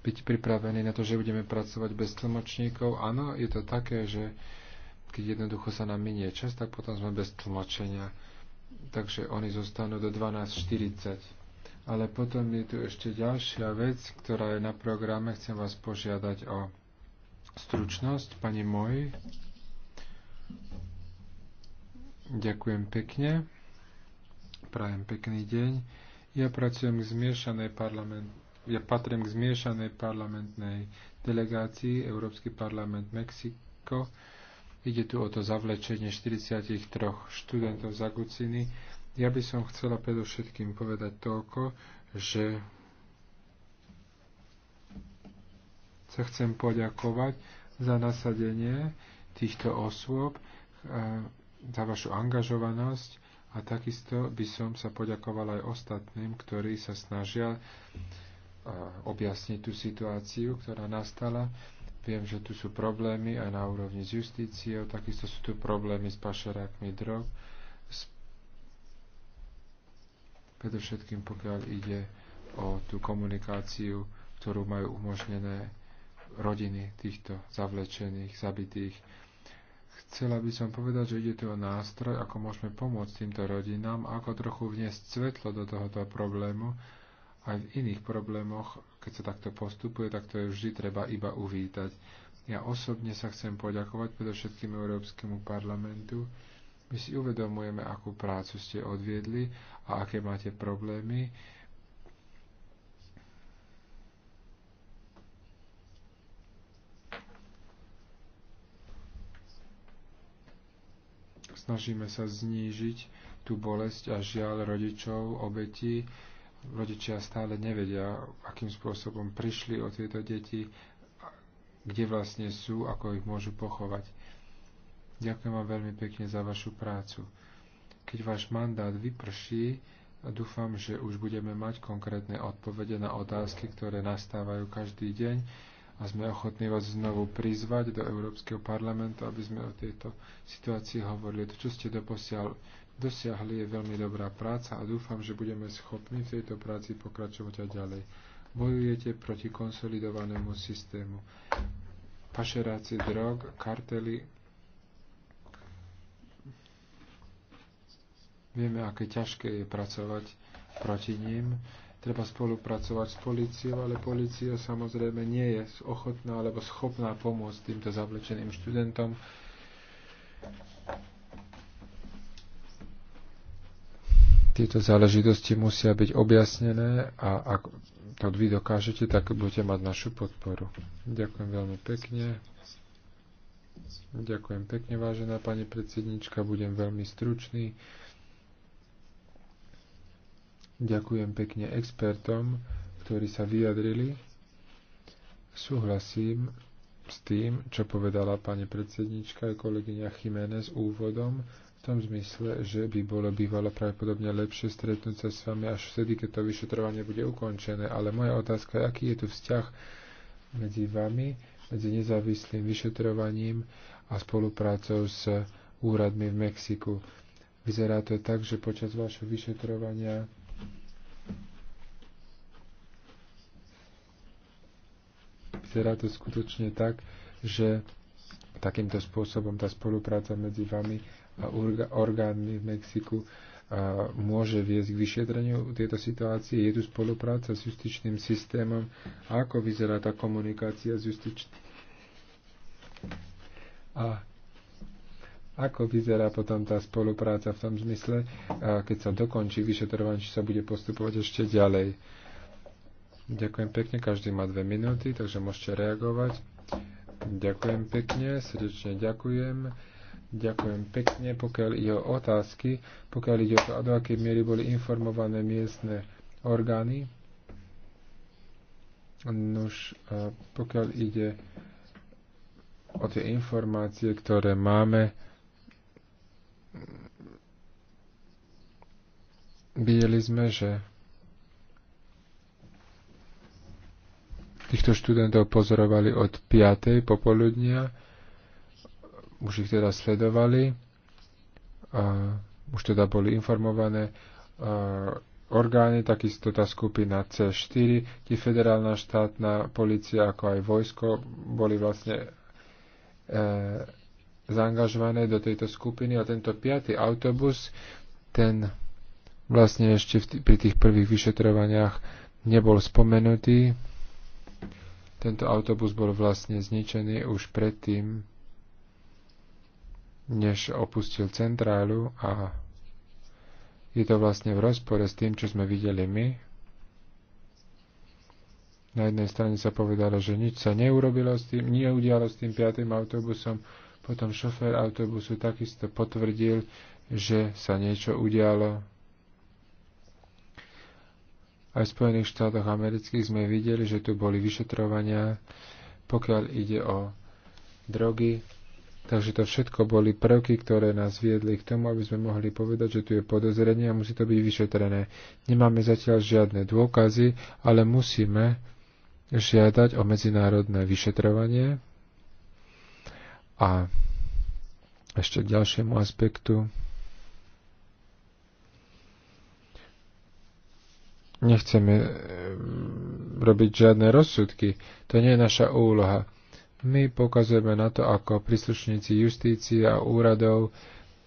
byť pripravení na to, že budeme pracovať bez tlmočníkov. Áno, je to také, že keď jednoducho sa nám minie čas, tak potom sme bez tlmočenia. Takže oni zostanú do 12.40. Ale potom je tu ešte ďalšia vec, ktorá je na programe. Chcem vás požiadať o stručnosť, pani môj. Ďakujem pekne. Prajem pekný deň. Ja pracujem k zmiešanej parlament, ja patrím k zmiešanej parlamentnej delegácii Európsky parlament Mexiko. Ide tu o to zavlečenie 43 študentov z Aguciny ja by som chcela predovšetkým povedať toľko, že sa chcem poďakovať za nasadenie týchto osôb, za vašu angažovanosť a takisto by som sa poďakoval aj ostatným, ktorí sa snažia objasniť tú situáciu, ktorá nastala. Viem, že tu sú problémy aj na úrovni s justíciou, takisto sú tu problémy s pašerákmi drog predovšetkým pokiaľ ide o tú komunikáciu, ktorú majú umožnené rodiny týchto zavlečených, zabitých. Chcela by som povedať, že ide tu o nástroj, ako môžeme pomôcť týmto rodinám, ako trochu vniesť svetlo do tohoto problému. Aj v iných problémoch, keď sa takto postupuje, tak to je vždy treba iba uvítať. Ja osobne sa chcem poďakovať predovšetkým Európskemu parlamentu, my si uvedomujeme, akú prácu ste odviedli a aké máte problémy. Snažíme sa znížiť tú bolesť a žiaľ rodičov, obeti, Rodičia stále nevedia, akým spôsobom prišli o tieto deti, kde vlastne sú, ako ich môžu pochovať. Ďakujem vám veľmi pekne za vašu prácu. Keď váš mandát vyprší, dúfam, že už budeme mať konkrétne odpovede na otázky, ktoré nastávajú každý deň a sme ochotní vás znovu prizvať do Európskeho parlamentu, aby sme o tejto situácii hovorili. To, čo ste doposiaľ dosiahli, je veľmi dobrá práca a dúfam, že budeme schopní v tejto práci pokračovať aj ďalej. Bojujete proti konsolidovanému systému. Pašeráci drog, kartely, Vieme, aké ťažké je pracovať proti ním. Treba spolupracovať s policiou, ale polícia samozrejme nie je ochotná alebo schopná pomôcť týmto zavlečeným študentom. Tieto záležitosti musia byť objasnené a ak to vy dokážete, tak budete mať našu podporu. Ďakujem veľmi pekne. Ďakujem pekne, vážená pani predsednička, budem veľmi stručný. Ďakujem pekne expertom, ktorí sa vyjadrili. Súhlasím s tým, čo povedala pani predsednička a kolegyňa Jiménez úvodom, v tom zmysle, že by bolo bývalo pravdepodobne lepšie stretnúť sa s vami až vtedy, keď to vyšetrovanie bude ukončené. Ale moja otázka je, aký je tu vzťah medzi vami, medzi nezávislým vyšetrovaním a spoluprácou s úradmi v Mexiku. Vyzerá to tak, že počas vašho vyšetrovania vyzerá to skutočne tak, že takýmto spôsobom tá spolupráca medzi vami a orgánmi v Mexiku môže viesť k vyšetreniu tejto situácie. Je tu spolupráca s justičným systémom. A ako vyzerá tá komunikácia s justičným? A ako vyzerá potom tá spolupráca v tom zmysle, keď sa dokončí vyšetrovanie, či sa bude postupovať ešte ďalej? Ďakujem pekne, každý má dve minúty, takže môžete reagovať. Ďakujem pekne, srdečne ďakujem. Ďakujem pekne, pokiaľ ide o otázky, pokiaľ ide o to, do akej miery boli informované miestne orgány. Nož, pokiaľ ide o tie informácie, ktoré máme, videli sme, že Týchto študentov pozorovali od 5. popoludnia, už ich teda sledovali, a už teda boli informované orgány, takisto tá skupina C4, tí federálna štátna policia ako aj vojsko boli vlastne e, zaangažované do tejto skupiny a tento piatý autobus, ten vlastne ešte v t- pri tých prvých vyšetrovaniach nebol spomenutý, tento autobus bol vlastne zničený už predtým, než opustil centrálu a je to vlastne v rozpore s tým, čo sme videli my. Na jednej strane sa povedalo, že nič sa neurobilo s tým, neudialo s tým piatým autobusom, potom šofér autobusu takisto potvrdil, že sa niečo udialo, aj v Spojených štátoch amerických sme videli, že tu boli vyšetrovania, pokiaľ ide o drogy. Takže to všetko boli prvky, ktoré nás viedli k tomu, aby sme mohli povedať, že tu je podozrenie a musí to byť vyšetrené. Nemáme zatiaľ žiadne dôkazy, ale musíme žiadať o medzinárodné vyšetrovanie. A ešte k ďalšiemu aspektu nechceme eh, robiť žiadne rozsudky. To nie je naša úloha. My pokazujeme na to, ako príslušníci justície a úradov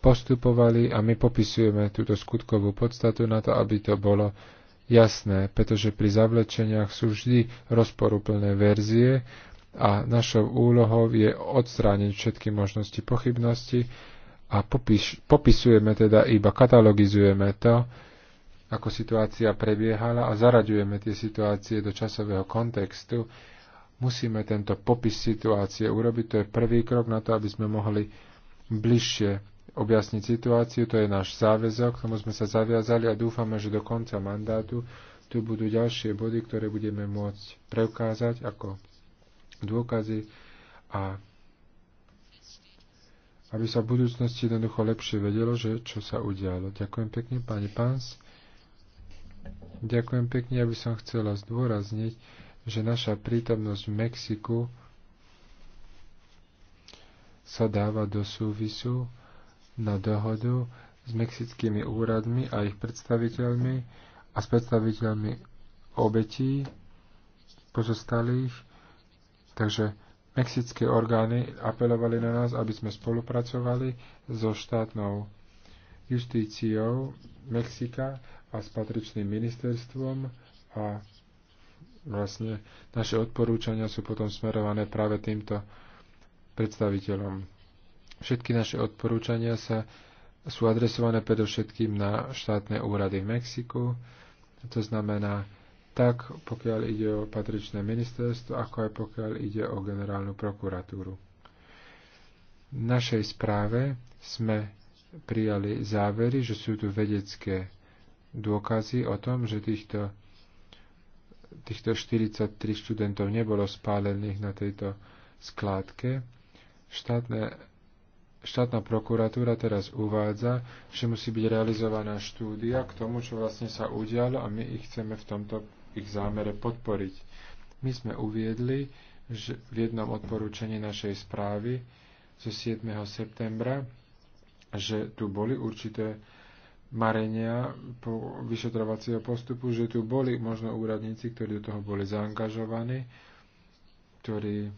postupovali a my popisujeme túto skutkovú podstatu na to, aby to bolo jasné, pretože pri zavlečeniach sú vždy rozporuplné verzie a našou úlohou je odstrániť všetky možnosti pochybnosti a popis, popisujeme teda iba, katalogizujeme to, ako situácia prebiehala a zaraďujeme tie situácie do časového kontextu, musíme tento popis situácie urobiť. To je prvý krok na to, aby sme mohli bližšie objasniť situáciu, to je náš záväzok, tomu sme sa zaviazali a dúfame, že do konca mandátu tu budú ďalšie body, ktoré budeme môcť preukázať ako dôkazy a aby sa v budúcnosti jednoducho lepšie vedelo, že čo sa udialo. Ďakujem pekne, pani Páns. Ďakujem pekne, aby som chcela zdôrazniť, že naša prítomnosť v Mexiku sa dáva do súvisu na dohodu s mexickými úradmi a ich predstaviteľmi a s predstaviteľmi obetí pozostalých. Takže mexické orgány apelovali na nás, aby sme spolupracovali so štátnou justíciou Mexika a s patričným ministerstvom a vlastne naše odporúčania sú potom smerované práve týmto predstaviteľom. Všetky naše odporúčania sa sú adresované predovšetkým na štátne úrady v Mexiku, to znamená tak, pokiaľ ide o patričné ministerstvo, ako aj pokiaľ ide o generálnu prokuratúru. V našej správe sme prijali závery, že sú tu vedecké dôkazy o tom, že týchto, týchto 43 študentov nebolo spálených na tejto skládke. Štátne, štátna prokuratúra teraz uvádza, že musí byť realizovaná štúdia k tomu, čo vlastne sa udialo a my ich chceme v tomto ich zámere podporiť. My sme uviedli že v jednom odporúčaní našej správy zo 7. septembra, že tu boli určité marenia po vyšetrovacieho postupu, že tu boli možno úradníci, ktorí do toho boli zaangažovaní, ktorí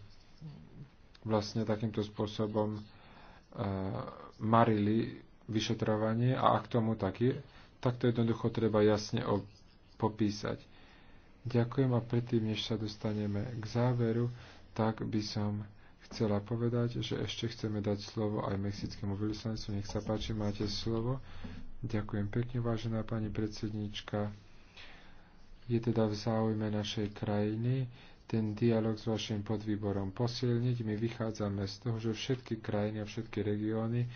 vlastne takýmto spôsobom uh, marili vyšetrovanie a ak tomu tak je, tak to jednoducho treba jasne popísať. Ďakujem a predtým, než sa dostaneme k záveru, tak by som chcela povedať, že ešte chceme dať slovo aj mexickému veľvyslancu. Nech sa páči, máte slovo. Ďakujem pekne, vážená pani predsedníčka. Je teda v záujme našej krajiny ten dialog s vašim podvýborom posilniť. My vychádzame z toho, že všetky krajiny a všetky regióny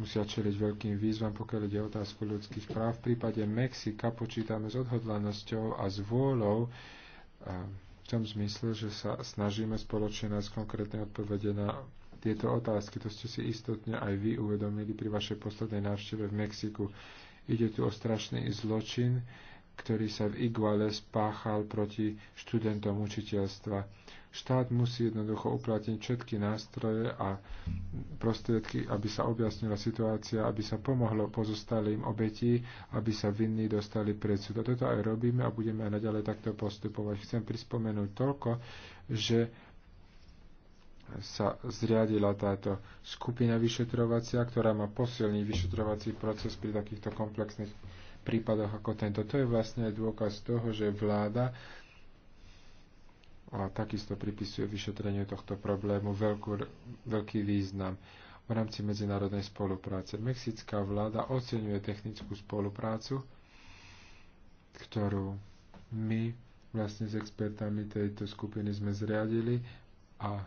musia čeliť veľkým výzvam, pokiaľ ide otázku ľudských práv. V prípade Mexika počítame s odhodlanosťou a s vôľou v tom zmysle, že sa snažíme spoločne nájsť konkrétne odpovede na tieto otázky. To ste si istotne aj vy uvedomili pri vašej poslednej návšteve v Mexiku. Ide tu o strašný zločin, ktorý sa v Iguale spáchal proti študentom učiteľstva. Štát musí jednoducho uplatniť všetky nástroje a prostriedky, aby sa objasnila situácia, aby sa pomohlo pozostalým obetí, aby sa vinní dostali pred súd. A toto aj robíme a budeme aj naďalej takto postupovať. Chcem prispomenúť toľko, že sa zriadila táto skupina vyšetrovacia, ktorá má posilný vyšetrovací proces pri takýchto komplexných prípadoch ako tento. To je vlastne dôkaz toho, že vláda a takisto pripisuje vyšetreniu tohto problému veľkú, veľký význam v rámci medzinárodnej spolupráce. Mexická vláda oceňuje technickú spoluprácu, ktorú my vlastne s expertami tejto skupiny sme zriadili a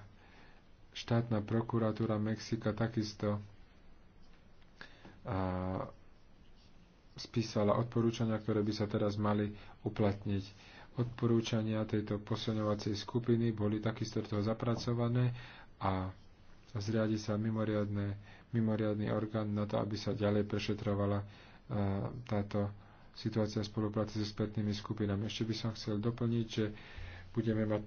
štátna prokuratúra Mexika takisto a, spísala odporúčania, ktoré by sa teraz mali uplatniť. Odporúčania tejto posilňovacej skupiny boli takisto toho zapracované a zriadi sa mimoriadne, mimoriadný orgán na to, aby sa ďalej prešetrovala a, táto situácia v spolupráci so spätnými skupinami. Ešte by som chcel doplniť, že budeme mať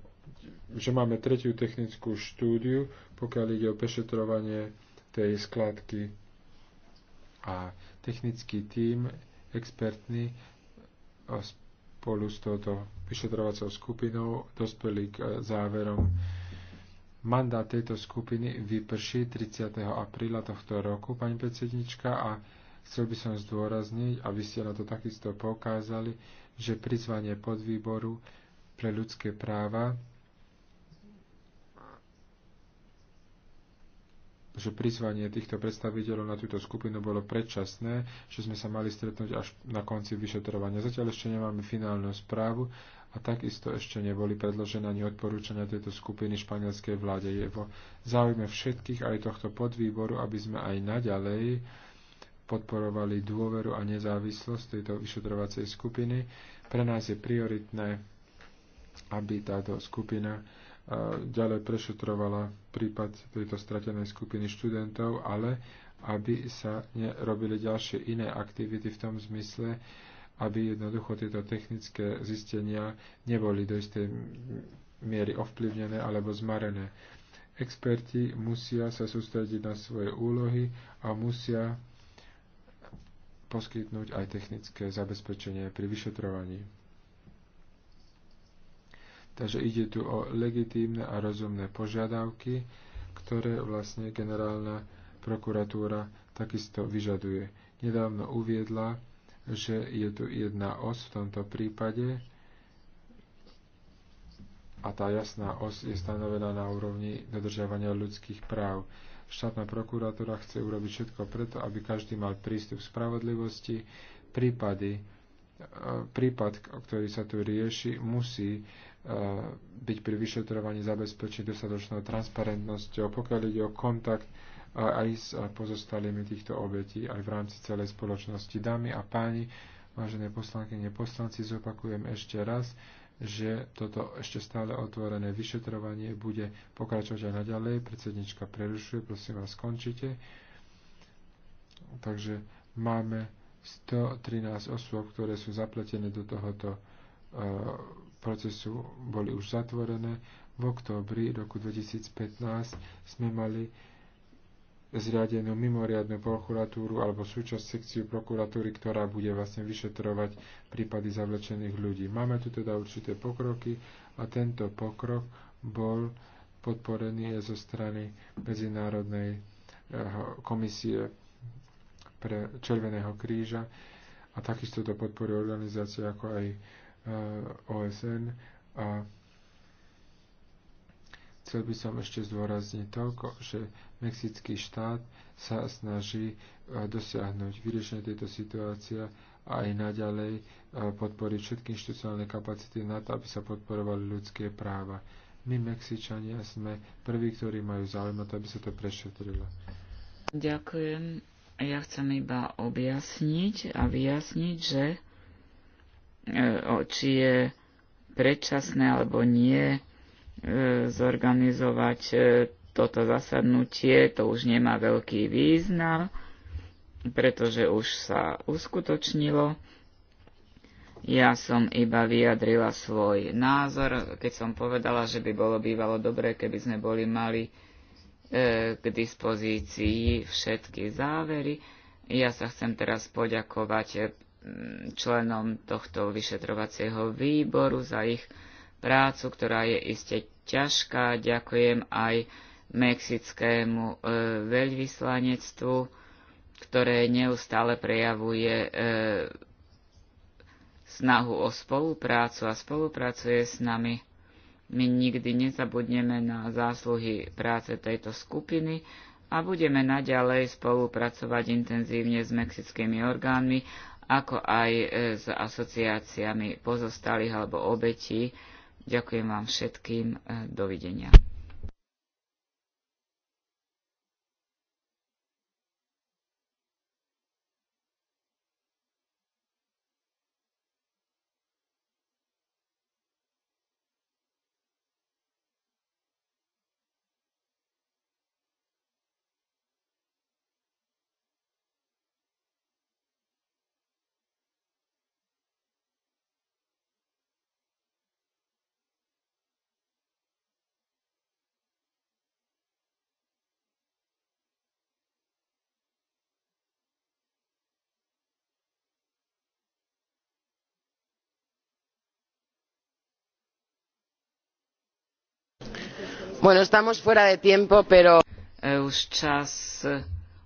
že máme tretiu technickú štúdiu, pokiaľ ide o pešetrovanie tej skladky. A technický tím expertný spolu s touto vyšetrovacou skupinou dospeli k e, záverom. Mandát tejto skupiny vyprší 30. apríla tohto roku, pani predsednička, a chcel by som zdôrazniť, a vy ste na to takisto poukázali, že prizvanie podvýboru pre ľudské práva že prizvanie týchto predstaviteľov na túto skupinu bolo predčasné, že sme sa mali stretnúť až na konci vyšetrovania. Zatiaľ ešte nemáme finálnu správu a takisto ešte neboli predložené ani odporúčania tejto skupiny španielskej vláde. Je vo záujme všetkých aj tohto podvýboru, aby sme aj naďalej podporovali dôveru a nezávislosť tejto vyšetrovacej skupiny. Pre nás je prioritné, aby táto skupina ďalej prešetrovala prípad tejto stratenej skupiny študentov, ale aby sa nerobili ďalšie iné aktivity v tom zmysle, aby jednoducho tieto technické zistenia neboli do istej miery ovplyvnené alebo zmarené. Experti musia sa sústrediť na svoje úlohy a musia poskytnúť aj technické zabezpečenie pri vyšetrovaní. Takže ide tu o legitímne a rozumné požiadavky, ktoré vlastne generálna prokuratúra takisto vyžaduje. Nedávno uviedla, že je tu jedna os v tomto prípade a tá jasná os je stanovená na úrovni dodržiavania ľudských práv. Štátna prokuratúra chce urobiť všetko preto, aby každý mal prístup k spravodlivosti. Prípady, prípad, ktorý sa tu rieši, musí Eh, byť pri vyšetrovaní zabezpečiť dostatočnou transparentnosťou, eh, pokiaľ ide o kontakt eh, aj s pozostalými týchto obetí, aj v rámci celej spoločnosti. Dámy a páni, vážené poslankyne, poslanci, zopakujem ešte raz, že toto ešte stále otvorené vyšetrovanie bude pokračovať aj naďalej. Predsednička prerušuje, prosím vás, skončite. Takže máme 113 osôb, ktoré sú zapletené do tohoto uh, procesu boli už zatvorené. V októbri roku 2015 sme mali zriadenú mimoriadnu prokuratúru alebo súčasť sekciu prokuratúry, ktorá bude vlastne vyšetrovať prípady zavlečených ľudí. Máme tu teda určité pokroky a tento pokrok bol podporený aj zo strany Medzinárodnej eh, komisie pre Červeného kríža a takisto to podporuje organizácie ako aj Eh, OSN a chcel by som ešte zdôrazniť toľko, že mexický štát sa snaží eh, dosiahnuť vyriešenie tejto situácie a aj naďalej eh, podporiť všetky inštitucionálne kapacity na to, aby sa podporovali ľudské práva. My, Mexičania, sme prví, ktorí majú záujem na to, aby sa to prešetrilo. Ďakujem. Ja chcem iba objasniť a vyjasniť, že E, či je predčasné alebo nie e, zorganizovať e, toto zasadnutie, to už nemá veľký význam, pretože už sa uskutočnilo. Ja som iba vyjadrila svoj názor, keď som povedala, že by bolo bývalo dobré, keby sme boli mali k dispozícii všetky závery. Ja sa chcem teraz poďakovať Mm, členom tohto vyšetrovacieho výboru za ich prácu, ktorá je iste ťažká. Ďakujem aj mexickému e, veľvyslanectvu, ktoré neustále prejavuje e, snahu o spoluprácu a spolupracuje s nami. My nikdy nezabudneme na zásluhy práce tejto skupiny a budeme naďalej spolupracovať intenzívne s mexickými orgánmi ako aj e, s asociáciami pozostalých alebo obetí. Ďakujem vám všetkým. E, dovidenia. Bueno, estamos fuera de tiempo, pero... E, už čas e,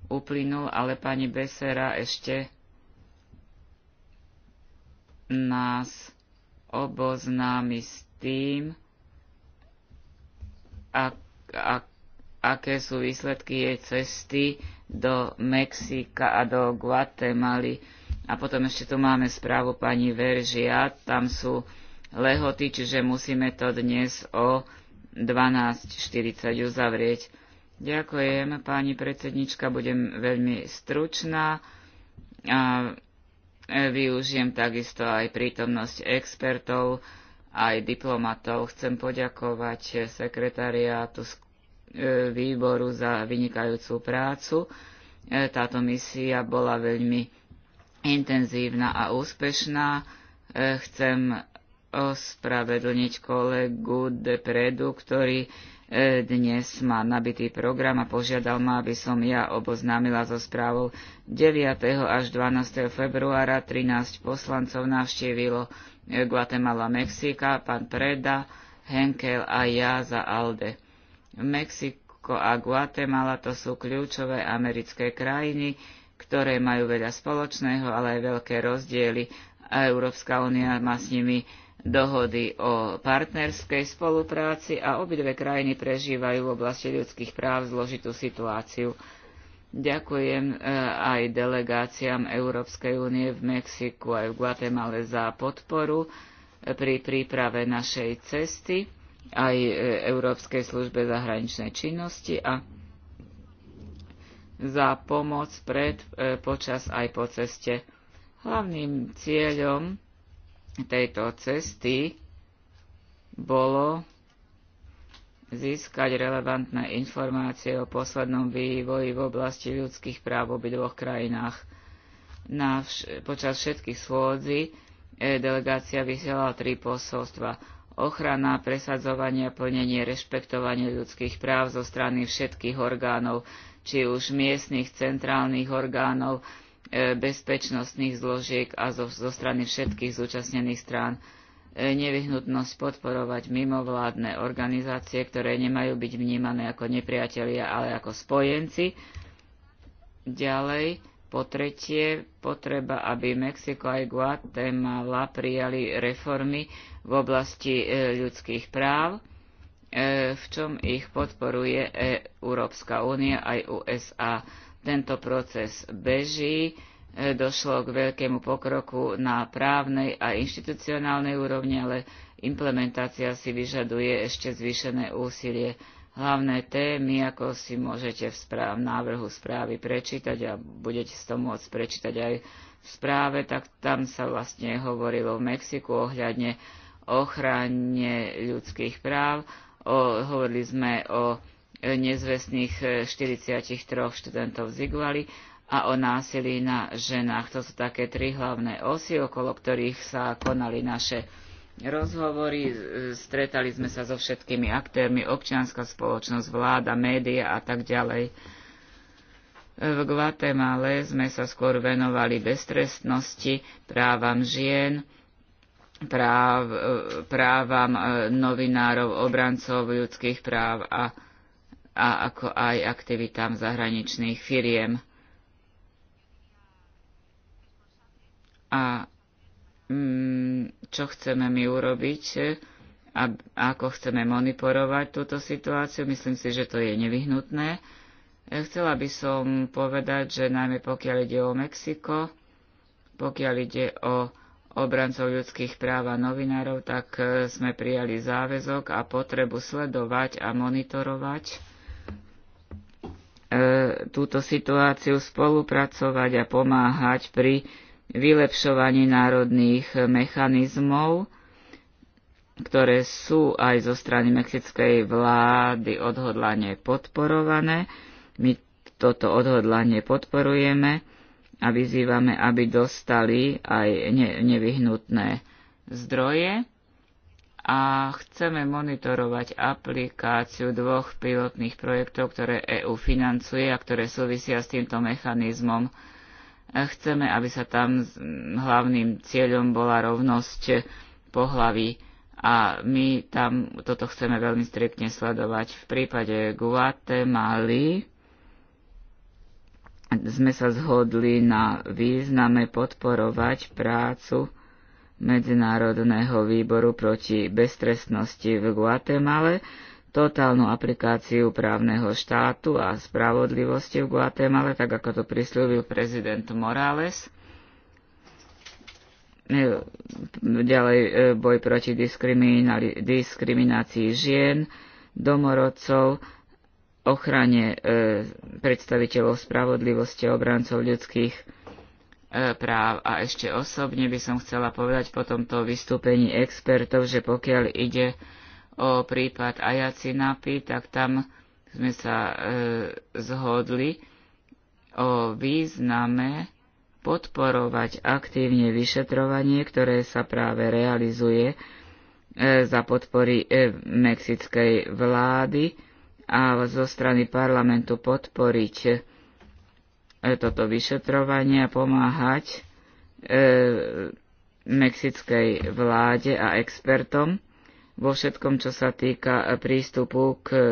uplynul, ale pani Besera ešte nás oboznámi s tým, ak, ak, aké sú výsledky jej cesty do Mexika a do Guatemaly. A potom ešte tu máme správu pani Veržia, tam sú lehoty, čiže musíme to dnes o 12.40 uzavrieť. Ďakujem, pani predsednička, budem veľmi stručná a e, využijem takisto aj prítomnosť expertov, aj diplomatov. Chcem poďakovať sekretariátu e, výboru za vynikajúcu prácu. E, táto misia bola veľmi intenzívna a úspešná. Chcem ospravedlniť kolegu Depredu, ktorý e, dnes má nabitý program a požiadal ma, aby som ja oboznámila so správou 9. až 12. februára 13 poslancov navštívilo e, Guatemala Mexika, pán Preda, Henkel a ja za Alde. Mexiko a Guatemala to sú kľúčové americké krajiny, ktoré majú veľa spoločného, ale aj veľké rozdiely a Európska únia má s nimi dohody o partnerskej spolupráci a obidve krajiny prežívajú v oblasti ľudských práv zložitú situáciu. Ďakujem e, aj delegáciám Európskej únie v Mexiku aj v Guatemale za podporu e, pri príprave našej cesty, aj e, Európskej službe zahraničnej činnosti a za pomoc pred, počas aj po ceste. Hlavným cieľom tejto cesty bolo získať relevantné informácie o poslednom vývoji v oblasti ľudských práv v obidvoch krajinách. Na vš- počas všetkých schôdzi e, delegácia vysielala tri posolstva. Ochrana, presadzovanie a plnenie, rešpektovanie ľudských práv zo strany všetkých orgánov, či už miestnych, centrálnych orgánov, E, bezpečnostných zložiek a zo, zo strany všetkých zúčastnených strán e, nevyhnutnosť podporovať mimovládne organizácie, ktoré nemajú byť vnímané ako nepriatelia, ale ako spojenci. Ďalej, po tretie, potreba, aby Mexiko aj Guatemala prijali reformy v oblasti e, ľudských práv, v čom ich podporuje Európska únia aj USA. Tento proces beží, e, došlo k veľkému pokroku na právnej a inštitucionálnej úrovni, ale implementácia si vyžaduje ešte zvýšené úsilie. Hlavné témy, ako si môžete v správ, návrhu správy prečítať a budete to môcť prečítať aj v správe, tak tam sa vlastne hovorilo v Mexiku ohľadne ochrane ľudských práv. O, hovorili sme o nezvestných 43 e, študentov z Iguali a o násilí na ženách. To sú také tri hlavné osy, okolo ktorých sa konali naše rozhovory. E, stretali sme sa so všetkými aktérmi, občianská spoločnosť, vláda, média a tak ďalej. E, v Guatemale sme sa skôr venovali beztrestnosti, právam žien, práv, právam novinárov, obrancov ľudských práv a a ako aj aktivitám zahraničných firiem. A mm, čo chceme my urobiť a ako chceme monitorovať túto situáciu, myslím si, že to je nevyhnutné. Chcela by som povedať, že najmä pokiaľ ide o Mexiko, pokiaľ ide o obrancov ľudských práv a novinárov, tak sme prijali záväzok a potrebu sledovať a monitorovať E, túto situáciu spolupracovať a pomáhať pri vylepšovaní národných mechanizmov, ktoré sú aj zo strany mexickej vlády odhodlane podporované. My toto odhodlanie podporujeme a vyzývame, aby dostali aj nevyhnutné zdroje a chceme monitorovať aplikáciu dvoch pilotných projektov, ktoré EÚ financuje a ktoré súvisia s týmto mechanizmom. Chceme, aby sa tam hlavným cieľom bola rovnosť pohlaví a my tam toto chceme veľmi striktne sledovať. V prípade Guatemaly sme sa zhodli na význame podporovať prácu Medzinárodného výboru proti beztrestnosti v Guatemale, totálnu aplikáciu právneho štátu a spravodlivosti v Guatemale, tak ako to prislúbil prezident Morales. E, ďalej e, boj proti diskriminácii žien, domorodcov, ochrane e, predstaviteľov spravodlivosti a obrancov ľudských E, práv. A ešte osobne by som chcela povedať po tomto vystúpení expertov, že pokiaľ ide o prípad Ajacinapy, tak tam sme sa e, zhodli o význame podporovať aktívne vyšetrovanie, ktoré sa práve realizuje e, za podpory e, mexickej vlády a zo strany parlamentu podporiť E, toto vyšetrovanie a pomáhať e, mexickej vláde a expertom vo všetkom, čo sa týka e, prístupu k e,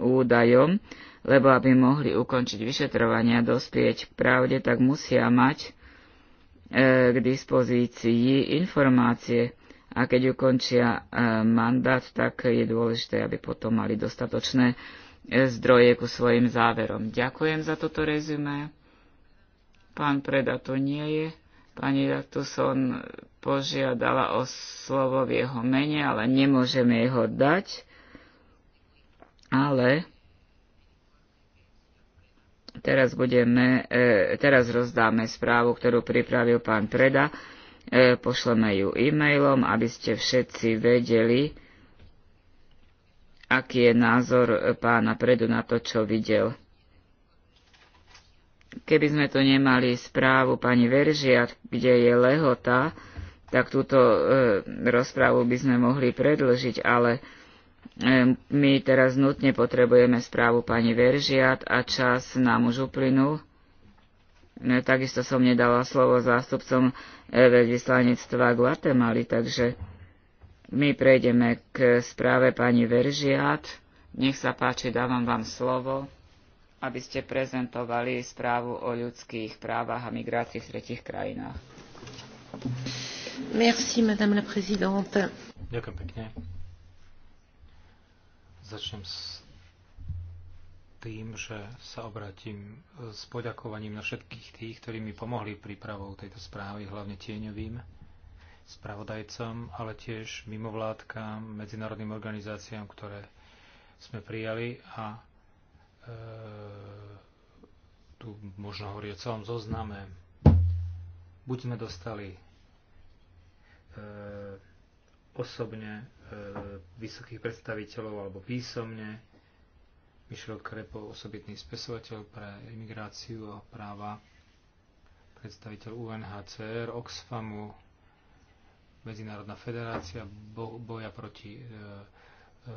údajom, lebo aby mohli ukončiť vyšetrovanie a dospieť k pravde, tak musia mať e, k dispozícii informácie. A keď ukončia e, mandát, tak je dôležité, aby potom mali dostatočné zdroje ku svojim záverom. Ďakujem za toto rezumé. Pán Preda tu nie je. Pani Raktuson požiadala o slovo v jeho mene, ale nemôžeme jej ho dať. Ale teraz, budeme, e, teraz rozdáme správu, ktorú pripravil pán Preda. E, pošleme ju e-mailom, aby ste všetci vedeli, aký je názor pána Predu na to, čo videl. Keby sme tu nemali správu pani Veržiat, kde je lehota, tak túto e, rozprávu by sme mohli predlžiť, ale e, my teraz nutne potrebujeme správu pani Veržiat a čas nám už uplynul. E, takisto som nedala slovo zástupcom e, veľvyslanectva Guatemaly, takže my prejdeme k správe pani Veržiat. Nech sa páči, dávam vám slovo aby ste prezentovali správu o ľudských právach a migrácii v tretich krajinách. Merci, madame la présidente. Ďakujem pekne. Začnem s tým, že sa obratím s poďakovaním na všetkých tých, ktorí mi pomohli prípravou tejto správy, hlavne tieňovým spravodajcom, ale tiež mimovládkam, medzinárodným organizáciám, ktoré sme prijali a E, tu možno hovorí o celom zozname. Buď sme dostali e, osobne e, vysokých predstaviteľov alebo písomne. Michel Krepo, osobitný spesovateľ pre imigráciu a práva, predstaviteľ UNHCR, Oxfamu, Medzinárodná federácia boja proti e, e,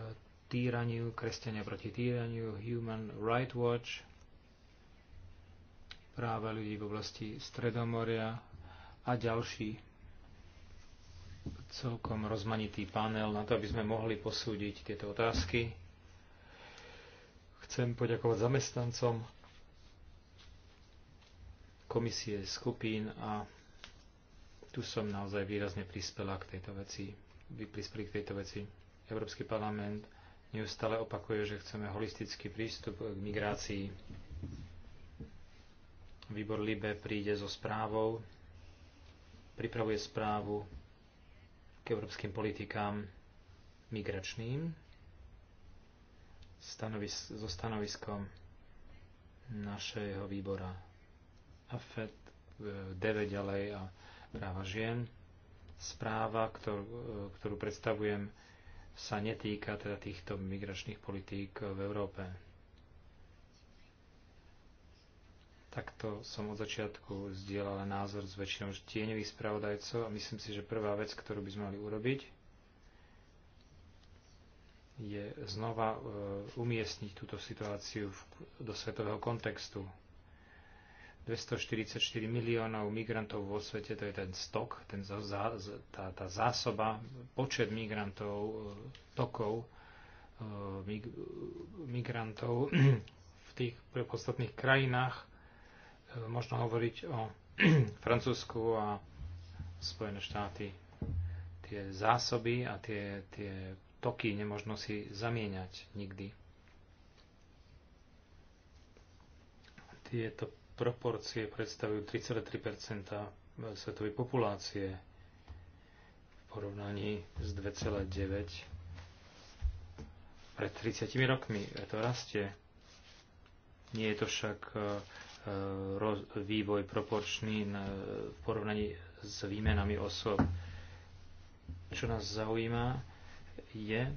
týraniu, kresťania proti týraniu, Human Rights Watch, práva ľudí v oblasti Stredomoria a ďalší celkom rozmanitý panel na to, aby sme mohli posúdiť tieto otázky. Chcem poďakovať zamestnancom komisie skupín a tu som naozaj výrazne prispela k tejto veci. Vy prispeli k tejto veci. Európsky parlament neustále opakuje, že chceme holistický prístup k migrácii. Výbor Libe príde so správou, pripravuje správu k európskym politikám migračným stanovis- so stanoviskom našeho výbora AFET, eh, DV ďalej a práva žien. Správa, ktorú, eh, ktorú predstavujem, sa netýka teda týchto migračných politík v Európe. Takto som od začiatku zdieľal názor s väčšinou tieňových spravodajcov a myslím si, že prvá vec, ktorú by sme mali urobiť, je znova e, umiestniť túto situáciu do svetového kontextu. 244 miliónov migrantov vo svete, to je ten stok, ten, tá, tá zásoba, počet migrantov, e, tokov e, mig, migrantov v tých podstatných krajinách. E, možno hovoriť o Francúzsku a Spojené štáty. Tie zásoby a tie, tie toky nemožno si zamieňať nikdy. Tieto proporcie predstavujú 3,3 svetovej populácie v porovnaní s 2,9 pred 30 rokmi. To rastie. Nie je to však e, e, vývoj proporčný v porovnaní s výmenami osob. Čo nás zaujíma je,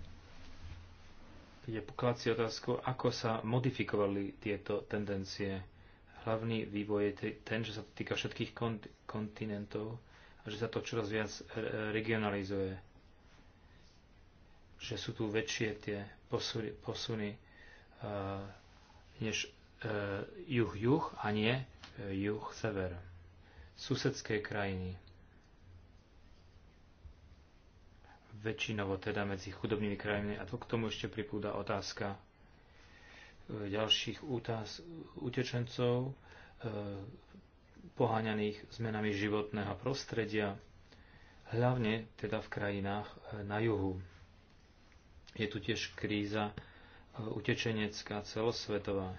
je pokladať si otázku, ako sa modifikovali tieto tendencie. Hlavný vývoj je ten, že sa to týka všetkých kont- kontinentov a že sa to čoraz viac regionalizuje. Že sú tu väčšie tie posuny, posuny uh, než uh, juh-juh a nie uh, juh-sever. Susedské krajiny. Väčšinovo teda medzi chudobnými krajinami. A to k tomu ešte pripúda otázka ďalších útaz, utečencov, e, poháňaných zmenami životného prostredia, hlavne teda v krajinách e, na juhu. Je tu tiež kríza e, utečenecká celosvetová.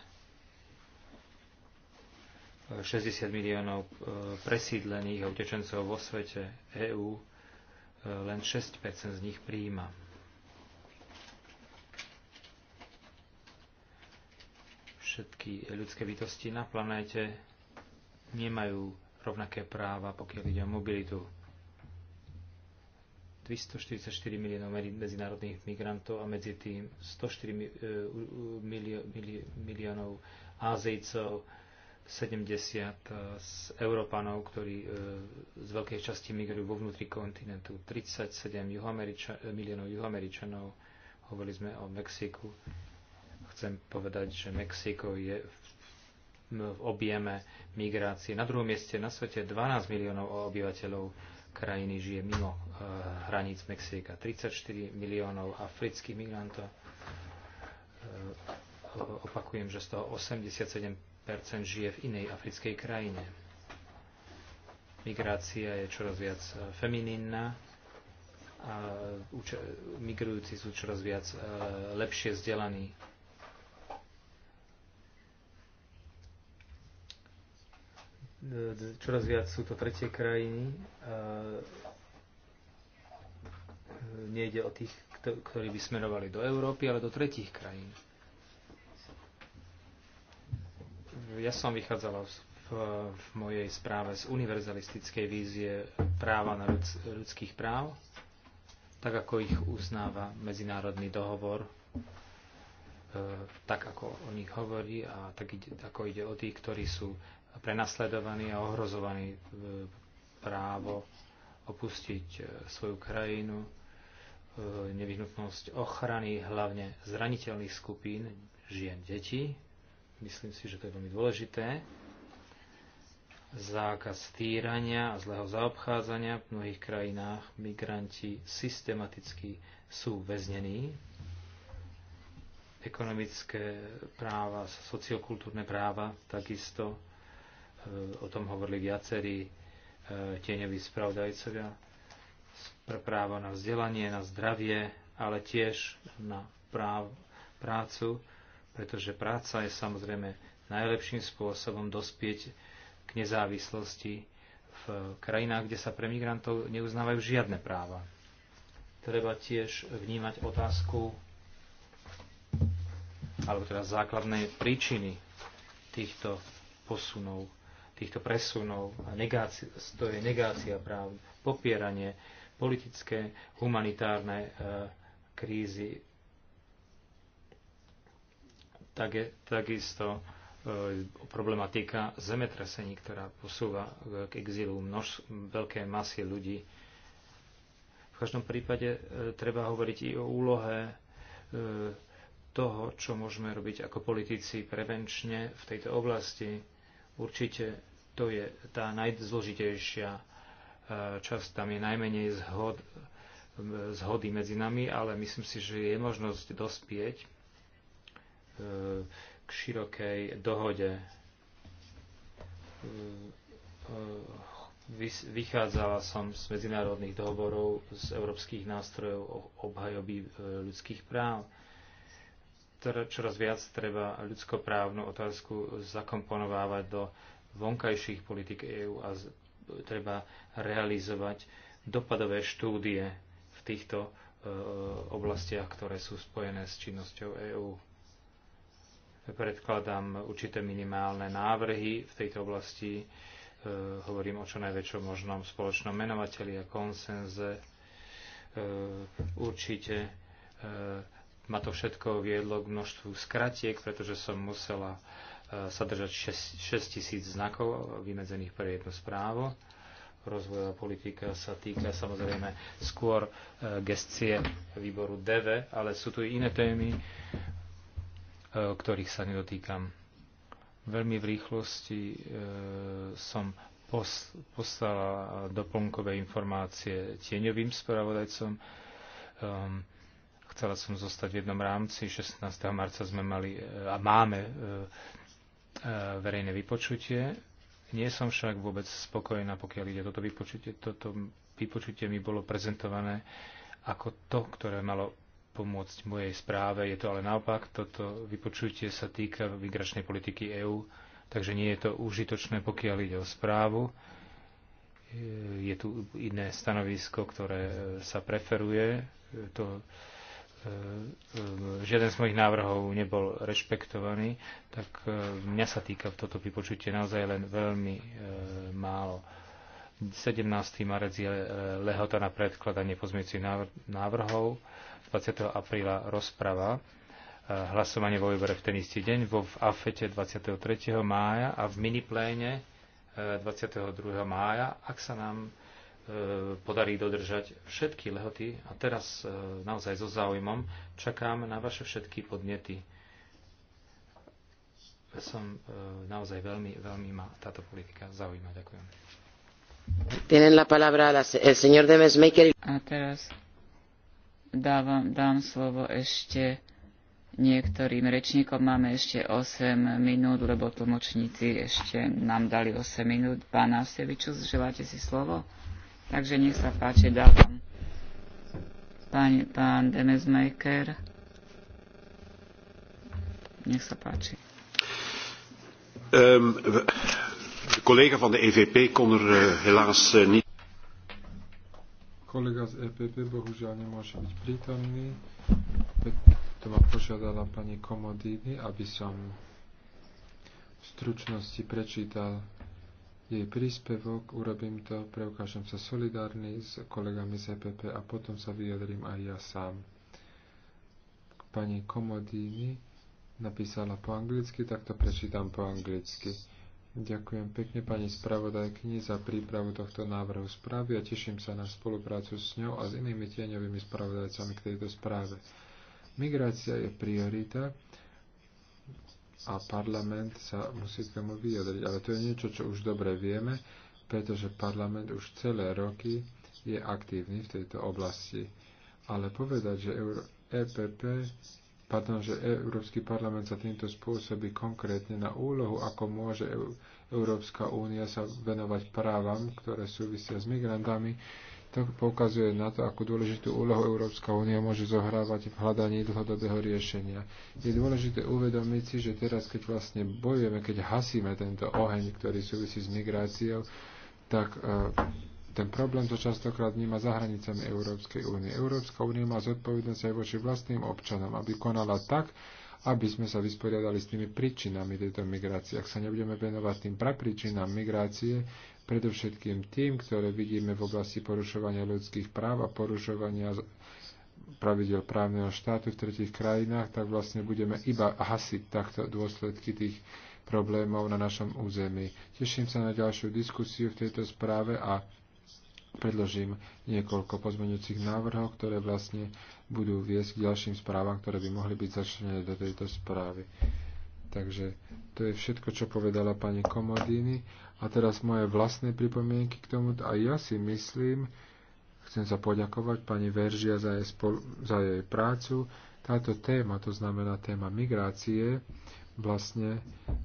60 miliónov presídlených a utečencov vo svete EÚ, len 6% z nich príjma. všetky ľudské bytosti na planéte nemajú rovnaké práva, pokiaľ ide o mobilitu. 244 miliónov medzinárodných migrantov a medzi tým 104 e, miliónov Ázejcov, 70 z Európanov, ktorí e, z veľkej časti migrujú vo vnútri kontinentu, 37 juhoameriča, e, miliónov juhoameričanov, hovorili sme o Mexiku, chcem povedať, že Mexiko je v, objeme migrácie na druhom mieste na svete 12 miliónov obyvateľov krajiny žije mimo e, hraníc Mexika. 34 miliónov afrických migrantov. E, opakujem, že z toho 87% žije v inej africkej krajine. Migrácia je čoraz viac e, feminínna a uč- migrujúci sú čoraz viac e, lepšie vzdelaní E, čoraz viac sú to tretie krajiny. E, nejde o tých, ktorí by smerovali do Európy, ale do tretích krajín. Ja som vychádzala v, v mojej správe z univerzalistickej vízie práva na ľud, ľudských práv, tak ako ich uznáva medzinárodný dohovor e, tak ako o nich hovorí a tak ide, ako ide o tých, ktorí sú prenasledovaní a ohrozovaní e, právo opustiť e, svoju krajinu, e, nevyhnutnosť ochrany hlavne zraniteľných skupín žien, detí. Myslím si, že to je veľmi dôležité. Zákaz týrania a zlého zaobchádzania v mnohých krajinách migranti systematicky sú väznení. Ekonomické práva, sociokultúrne práva takisto o tom hovorili viacerí e, tieňoví spravodajcovia, právo na vzdelanie, na zdravie, ale tiež na práv, prácu, pretože práca je samozrejme najlepším spôsobom dospieť k nezávislosti v krajinách, kde sa pre migrantov neuznávajú žiadne práva. Treba tiež vnímať otázku alebo teda základné príčiny týchto posunov týchto presunov a negácia, to je negácia práv, popieranie politické, humanitárne e, krízy. Tak je, takisto e, problematika zemetrasení, ktorá posúva e, k exilu množ, veľké masy ľudí. V každom prípade e, treba hovoriť i o úlohe e, toho, čo môžeme robiť ako politici prevenčne v tejto oblasti. Určite to je tá najzložitejšia e, časť, tam je najmenej zhod, zhody medzi nami, ale myslím si, že je možnosť dospieť e, k širokej dohode. E, vychádzala som z medzinárodných dohovorov, z európskych nástrojov o obhajoby ľudských práv. Čoraz viac treba ľudskoprávnu otázku zakomponovávať do vonkajších politik EÚ a treba realizovať dopadové štúdie v týchto e, oblastiach, ktoré sú spojené s činnosťou EÚ. Predkladám určité minimálne návrhy v tejto oblasti. E, hovorím o čo najväčšom možnom spoločnom menovateli a konsenze. E, určite ma to všetko viedlo k množstvu skratiek, pretože som musela sa držať 6 tisíc znakov vymedzených pre jedno správo. Rozvojová politika sa týka samozrejme skôr e, gestie výboru DV, ale sú tu i iné témy, e, ktorých sa nedotýkam. Veľmi v rýchlosti e, som poslala doplnkové informácie tieňovým spravodajcom. Ehm, chcela som zostať v jednom rámci. 16. marca sme mali a máme E, verejné vypočutie. Nie som však vôbec spokojná, pokiaľ ide toto vypočutie. Toto vypočutie mi bolo prezentované ako to, ktoré malo pomôcť mojej správe. Je to ale naopak, toto vypočutie sa týka migračnej politiky EÚ, takže nie je to užitočné, pokiaľ ide o správu. E, je tu iné stanovisko, ktoré sa preferuje. E, to E, e, žiaden z mojich návrhov nebol rešpektovaný, tak e, mňa sa týka toto vypočutie naozaj len veľmi málo. 17. marec je lehota na predkladanie pozmeňujúcich návrhov, 20. apríla rozprava, hlasovanie vo výbore v ten istý deň, vo v AFETE 23. mája a v minipléne 22. mája, ak sa nám E, podarí dodržať všetky lehoty a teraz e, naozaj so záujmom čakám na vaše všetky podnety. Som e, naozaj veľmi, veľmi ma táto politika zaujíma. Ďakujem. A teraz dávam, dám slovo ešte niektorým rečníkom. Máme ešte 8 minút, lebo tlmočníci ešte nám dali 8 minút. Pán Avsevičus, želáte si slovo? Takže nech sa páči, dávam pán, pán Maker. Nech sa páči. Um, ehm, de collega van de EVP kon er uh, helaas uh, niet. Kolega z EPP bohužiaľ nemôže byť prítomný. To ma požiadala pani Komodini, aby som v stručnosti prečítal jej príspevok, urobím to, preukážem sa solidárny s kolegami z EPP a potom sa vyjadrím aj ja sám. Pani Komodini napísala po anglicky, tak to prečítam po anglicky. Ďakujem pekne pani spravodajkyni za prípravu tohto návrhu správy a teším sa na spoluprácu s ňou a s inými tieňovými spravodajcami k tejto správe. Migrácia je priorita a parlament sa musí k tomu vyjadriť. Ale to je niečo, čo už dobre vieme, pretože parlament už celé roky je aktívny v tejto oblasti. Ale povedať, že Euró- EPP, pardon, že Európsky parlament sa týmto spôsobí konkrétne na úlohu, ako môže Európska únia sa venovať právam, ktoré súvisia s migrantami, to poukazuje na to, akú dôležitú úlohu Európska únia môže zohrávať v hľadaní dlhodobého riešenia. Je dôležité uvedomiť si, že teraz, keď vlastne bojujeme, keď hasíme tento oheň, ktorý súvisí s migráciou, tak e, ten problém to častokrát vníma za hranicami Európskej únie. Európska únia má zodpovednosť aj voči vlastným občanom, aby konala tak, aby sme sa vysporiadali s tými príčinami tejto migrácie. Ak sa nebudeme venovať tým prapríčinám migrácie, predovšetkým tým, ktoré vidíme v oblasti porušovania ľudských práv a porušovania pravidel právneho štátu v tretich krajinách, tak vlastne budeme iba hasiť takto dôsledky tých problémov na našom území. Teším sa na ďalšiu diskusiu v tejto správe a predložím niekoľko pozmeňujúcich návrhov, ktoré vlastne budú viesť k ďalším správam, ktoré by mohli byť začlenené do tejto správy. Takže to je všetko, čo povedala pani Komodiny a teraz moje vlastné pripomienky k tomu. A ja si myslím, chcem sa poďakovať pani Veržia za jej, spol- za jej prácu. Táto téma, to znamená téma migrácie, vlastne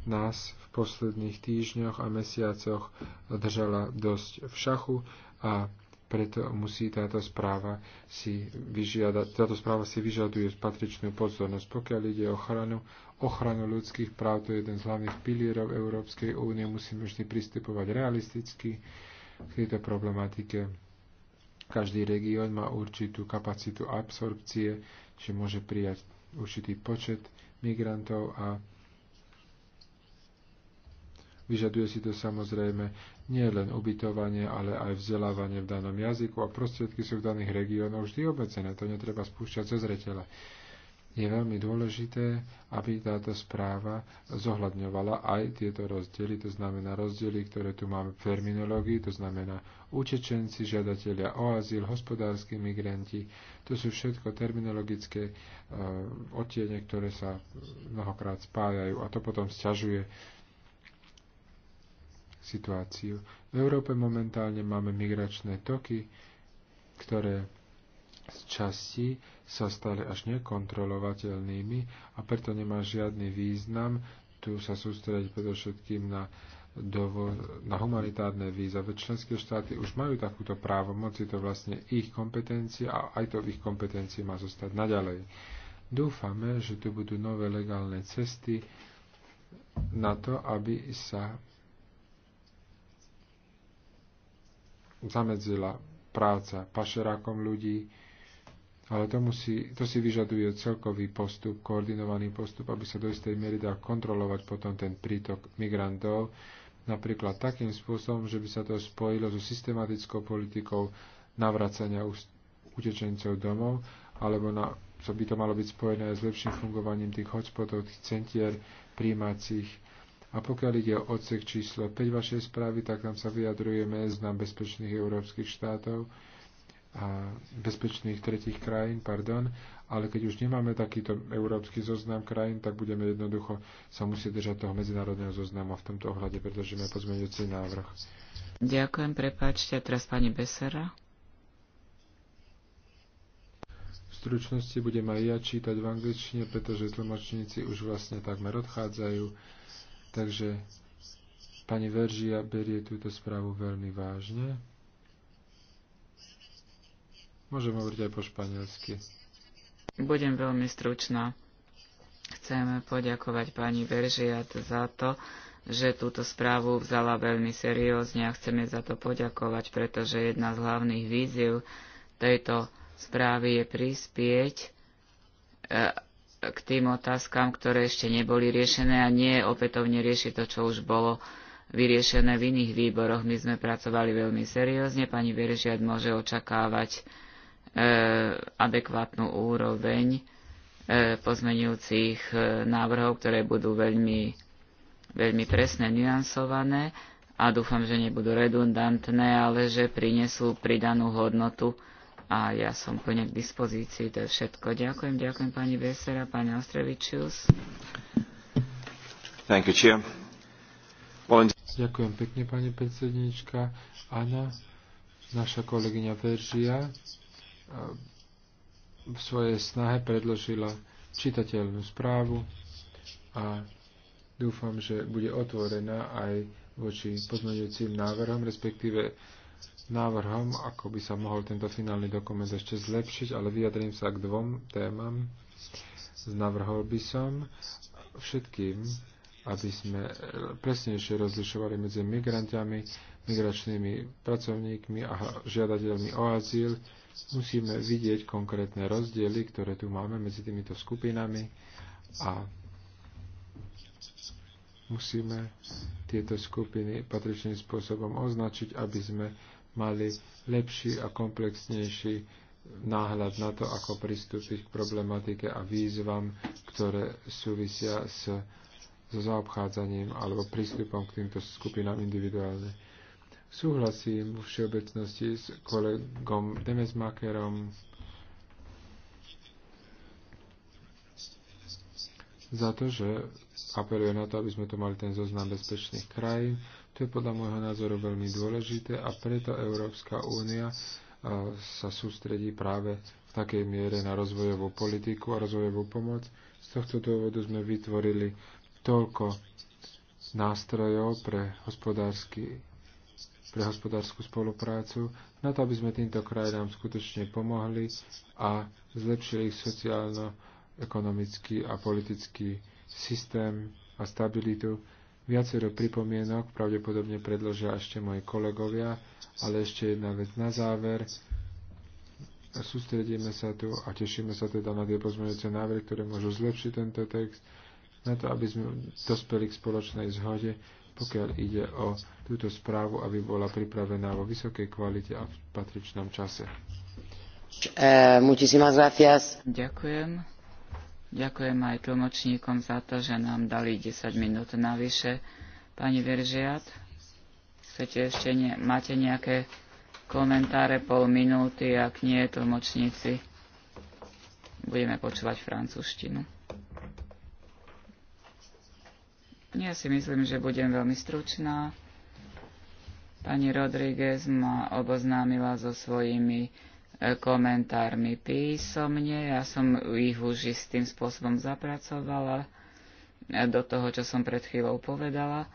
nás v posledných týždňoch a mesiacoch držala dosť v šachu a preto musí táto správa si vyžiadať, táto správa si vyžaduje patričnú pozornosť. Pokiaľ ide o ochranu ochranu ľudských práv. To je jeden z hlavných pilierov Európskej únie. Musíme vždy pristupovať realisticky k tejto problematike. Každý región má určitú kapacitu absorpcie, či môže prijať určitý počet migrantov a Vyžaduje si to samozrejme nie len ubytovanie, ale aj vzdelávanie v danom jazyku a prostriedky sú v daných regiónoch vždy obmedzené. To netreba spúšťať zo zretele je veľmi dôležité, aby táto správa zohľadňovala aj tieto rozdiely, to znamená rozdiely, ktoré tu máme v terminológii, to znamená utečenci, žiadatelia o azyl, hospodárski migranti. To sú všetko terminologické e, odtiene, ktoré sa mnohokrát spájajú a to potom sťažuje situáciu. V Európe momentálne máme migračné toky, ktoré z časti sa stali až nekontrolovateľnými a preto nemá žiadny význam tu sa sústrediť predovšetkým na, dovo- na humanitárne víza. Veď členské štáty už majú takúto právomoc, je to vlastne ich kompetencia a aj to v ich kompetencii má zostať naďalej. Dúfame, že tu budú nové legálne cesty na to, aby sa zamedzila práca pašerákom ľudí, ale to, musí, to si vyžaduje celkový postup, koordinovaný postup, aby sa do istej miery dá kontrolovať potom ten prítok migrantov, napríklad takým spôsobom, že by sa to spojilo so systematickou politikou navracania utečencov domov, alebo na, co by to malo byť spojené aj s lepším fungovaním tých hotspotov, tých centier príjmacích. A pokiaľ ide o odsek číslo 5 vašej správy, tak tam sa vyjadrujeme nám bezpečných európskych štátov, a bezpečných tretich krajín, pardon, ale keď už nemáme takýto európsky zoznam krajín, tak budeme jednoducho sa musieť držať toho medzinárodného zoznamu v tomto ohľade, pretože máme pozmeňujúci návrh. Ďakujem, prepáčte, A teraz pani Besera. V stručnosti budem aj ja čítať v angličtine, pretože tlmočníci už vlastne takmer odchádzajú, takže pani Veržia berie túto správu veľmi vážne. Môžem hovoriť aj po španielsky. Budem veľmi stručná. Chcem poďakovať pani Veržiat za to, že túto správu vzala veľmi seriózne a chceme za to poďakovať, pretože jedna z hlavných víziev tejto správy je prispieť e, k tým otázkam, ktoré ešte neboli riešené a nie opätovne riešiť to, čo už bolo vyriešené v iných výboroch. My sme pracovali veľmi seriózne, pani Veržiat môže očakávať E, adekvátnu úroveň e, pozmenujúcich e, návrhov, ktoré budú veľmi, veľmi presne nuansované a dúfam, že nebudú redundantné, ale že prinesú pridanú hodnotu a ja som plne k dispozícii. To je všetko. Ďakujem, ďakujem pani Besera, pani Ostrevičius. Thank you, Chair. Ďakujem pekne, pani predsednička. Áno, naša kolegyňa Veržia v svojej snahe predložila čitateľnú správu a dúfam, že bude otvorená aj voči pozmeňujúcim návrhom, respektíve návrhom, ako by sa mohol tento finálny dokument ešte zlepšiť, ale vyjadrím sa k dvom témam. Znavrhol by som všetkým, aby sme presnejšie rozlišovali medzi migrantami, migračnými pracovníkmi a žiadateľmi o azyl, Musíme vidieť konkrétne rozdiely, ktoré tu máme medzi týmito skupinami a musíme tieto skupiny patričným spôsobom označiť, aby sme mali lepší a komplexnejší náhľad na to, ako pristúpiť k problematike a výzvam, ktoré súvisia s so zaobchádzaním alebo prístupom k týmto skupinám individuálne. Súhlasím vo všeobecnosti s kolegom Demesmakerom za to, že apeluje na to, aby sme tu mali ten zoznam bezpečných krajín. To je podľa môjho názoru veľmi dôležité a preto Európska únia sa sústredí práve v takej miere na rozvojovú politiku a rozvojovú pomoc. Z tohto dôvodu sme vytvorili toľko nástrojov pre hospodársky pre hospodárskú spoluprácu, na to, aby sme týmto krajinám skutočne pomohli a zlepšili ich sociálno-ekonomický a politický systém a stabilitu. Viacero pripomienok pravdepodobne predložia ešte moji kolegovia, ale ešte jedna vec na záver. Sústredíme sa tu a tešíme sa teda na tie pozmeňujúce návrhy, ktoré môžu zlepšiť tento text, na to, aby sme dospeli k spoločnej zhode pokiaľ ide o túto správu, aby bola pripravená vo vysokej kvalite a v patričnom čase. Eh, Ďakujem. Ďakujem aj tlmočníkom za to, že nám dali 10 minút navyše. Pani Veržiat, chcete ešte ne, máte nejaké komentáre pol minúty, ak nie, tlmočníci budeme počúvať francúzštinu. Ja si myslím, že budem veľmi stručná. Pani Rodríguez ma oboznámila so svojimi e, komentármi písomne. Ja som ich už istým spôsobom zapracovala e, do toho, čo som pred chvíľou povedala.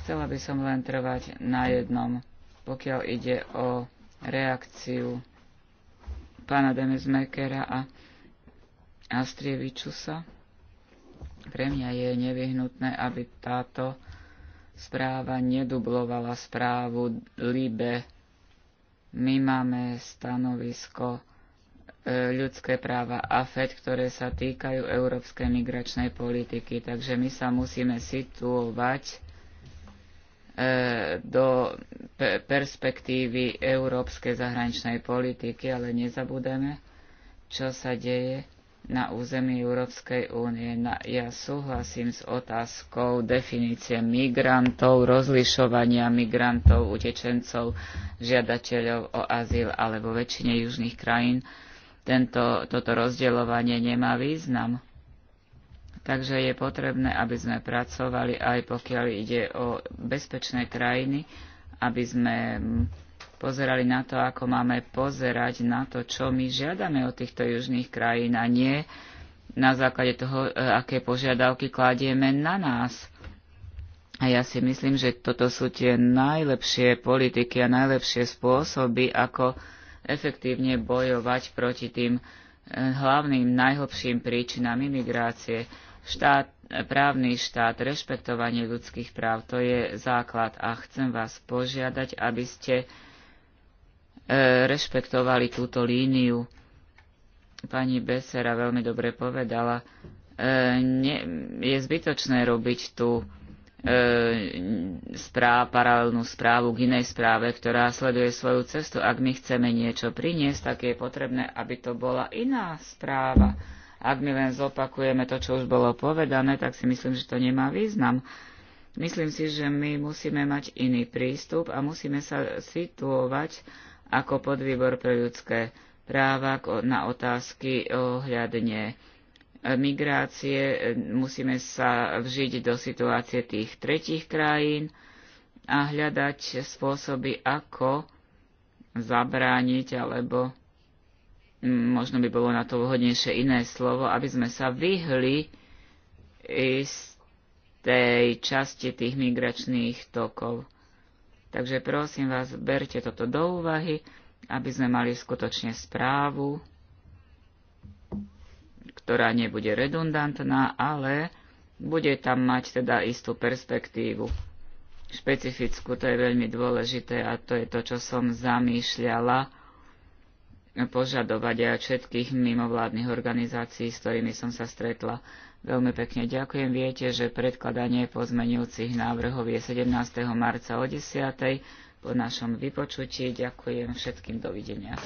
Chcela by som len trvať na jednom, pokiaľ ide o reakciu pána Demesmekera a Astrievičusa. Pre mňa je nevyhnutné, aby táto správa nedublovala správu LIBE. My máme stanovisko e, ľudské práva AFED, ktoré sa týkajú európskej migračnej politiky. Takže my sa musíme situovať e, do perspektívy európskej zahraničnej politiky, ale nezabudeme, čo sa deje na území Európskej únie. Ja súhlasím s otázkou definície migrantov, rozlišovania migrantov, utečencov, žiadateľov o azyl, ale vo väčšine južných krajín tento, toto rozdeľovanie nemá význam. Takže je potrebné, aby sme pracovali aj pokiaľ ide o bezpečné krajiny, aby sme pozerali na to, ako máme pozerať na to, čo my žiadame od týchto južných krajín a nie na základe toho, e, aké požiadavky kladieme na nás. A ja si myslím, že toto sú tie najlepšie politiky a najlepšie spôsoby, ako efektívne bojovať proti tým e, hlavným, najhlbším príčinám imigrácie. Štát, právny štát, rešpektovanie ľudských práv, to je základ a chcem vás požiadať, aby ste E, rešpektovali túto líniu. Pani Besera veľmi dobre povedala, e, ne, je zbytočné robiť tú e, správ, paralelnú správu k inej správe, ktorá sleduje svoju cestu. Ak my chceme niečo priniesť, tak je potrebné, aby to bola iná správa. Ak my len zopakujeme to, čo už bolo povedané, tak si myslím, že to nemá význam. Myslím si, že my musíme mať iný prístup a musíme sa situovať ako podvýbor pre ľudské práva na otázky ohľadne migrácie. Musíme sa vžiť do situácie tých tretích krajín a hľadať spôsoby, ako zabrániť alebo možno by bolo na to vhodnejšie iné slovo, aby sme sa vyhli z tej časti tých migračných tokov. Takže prosím vás, berte toto do úvahy, aby sme mali skutočne správu, ktorá nebude redundantná, ale bude tam mať teda istú perspektívu. Špecifickú, to je veľmi dôležité a to je to, čo som zamýšľala požadovať aj všetkých mimovládnych organizácií, s ktorými som sa stretla. Veľmi pekne ďakujem. Viete, že predkladanie pozmenujúcich návrhov je 17. marca o 10. po našom vypočutí. Ďakujem všetkým. Dovidenia.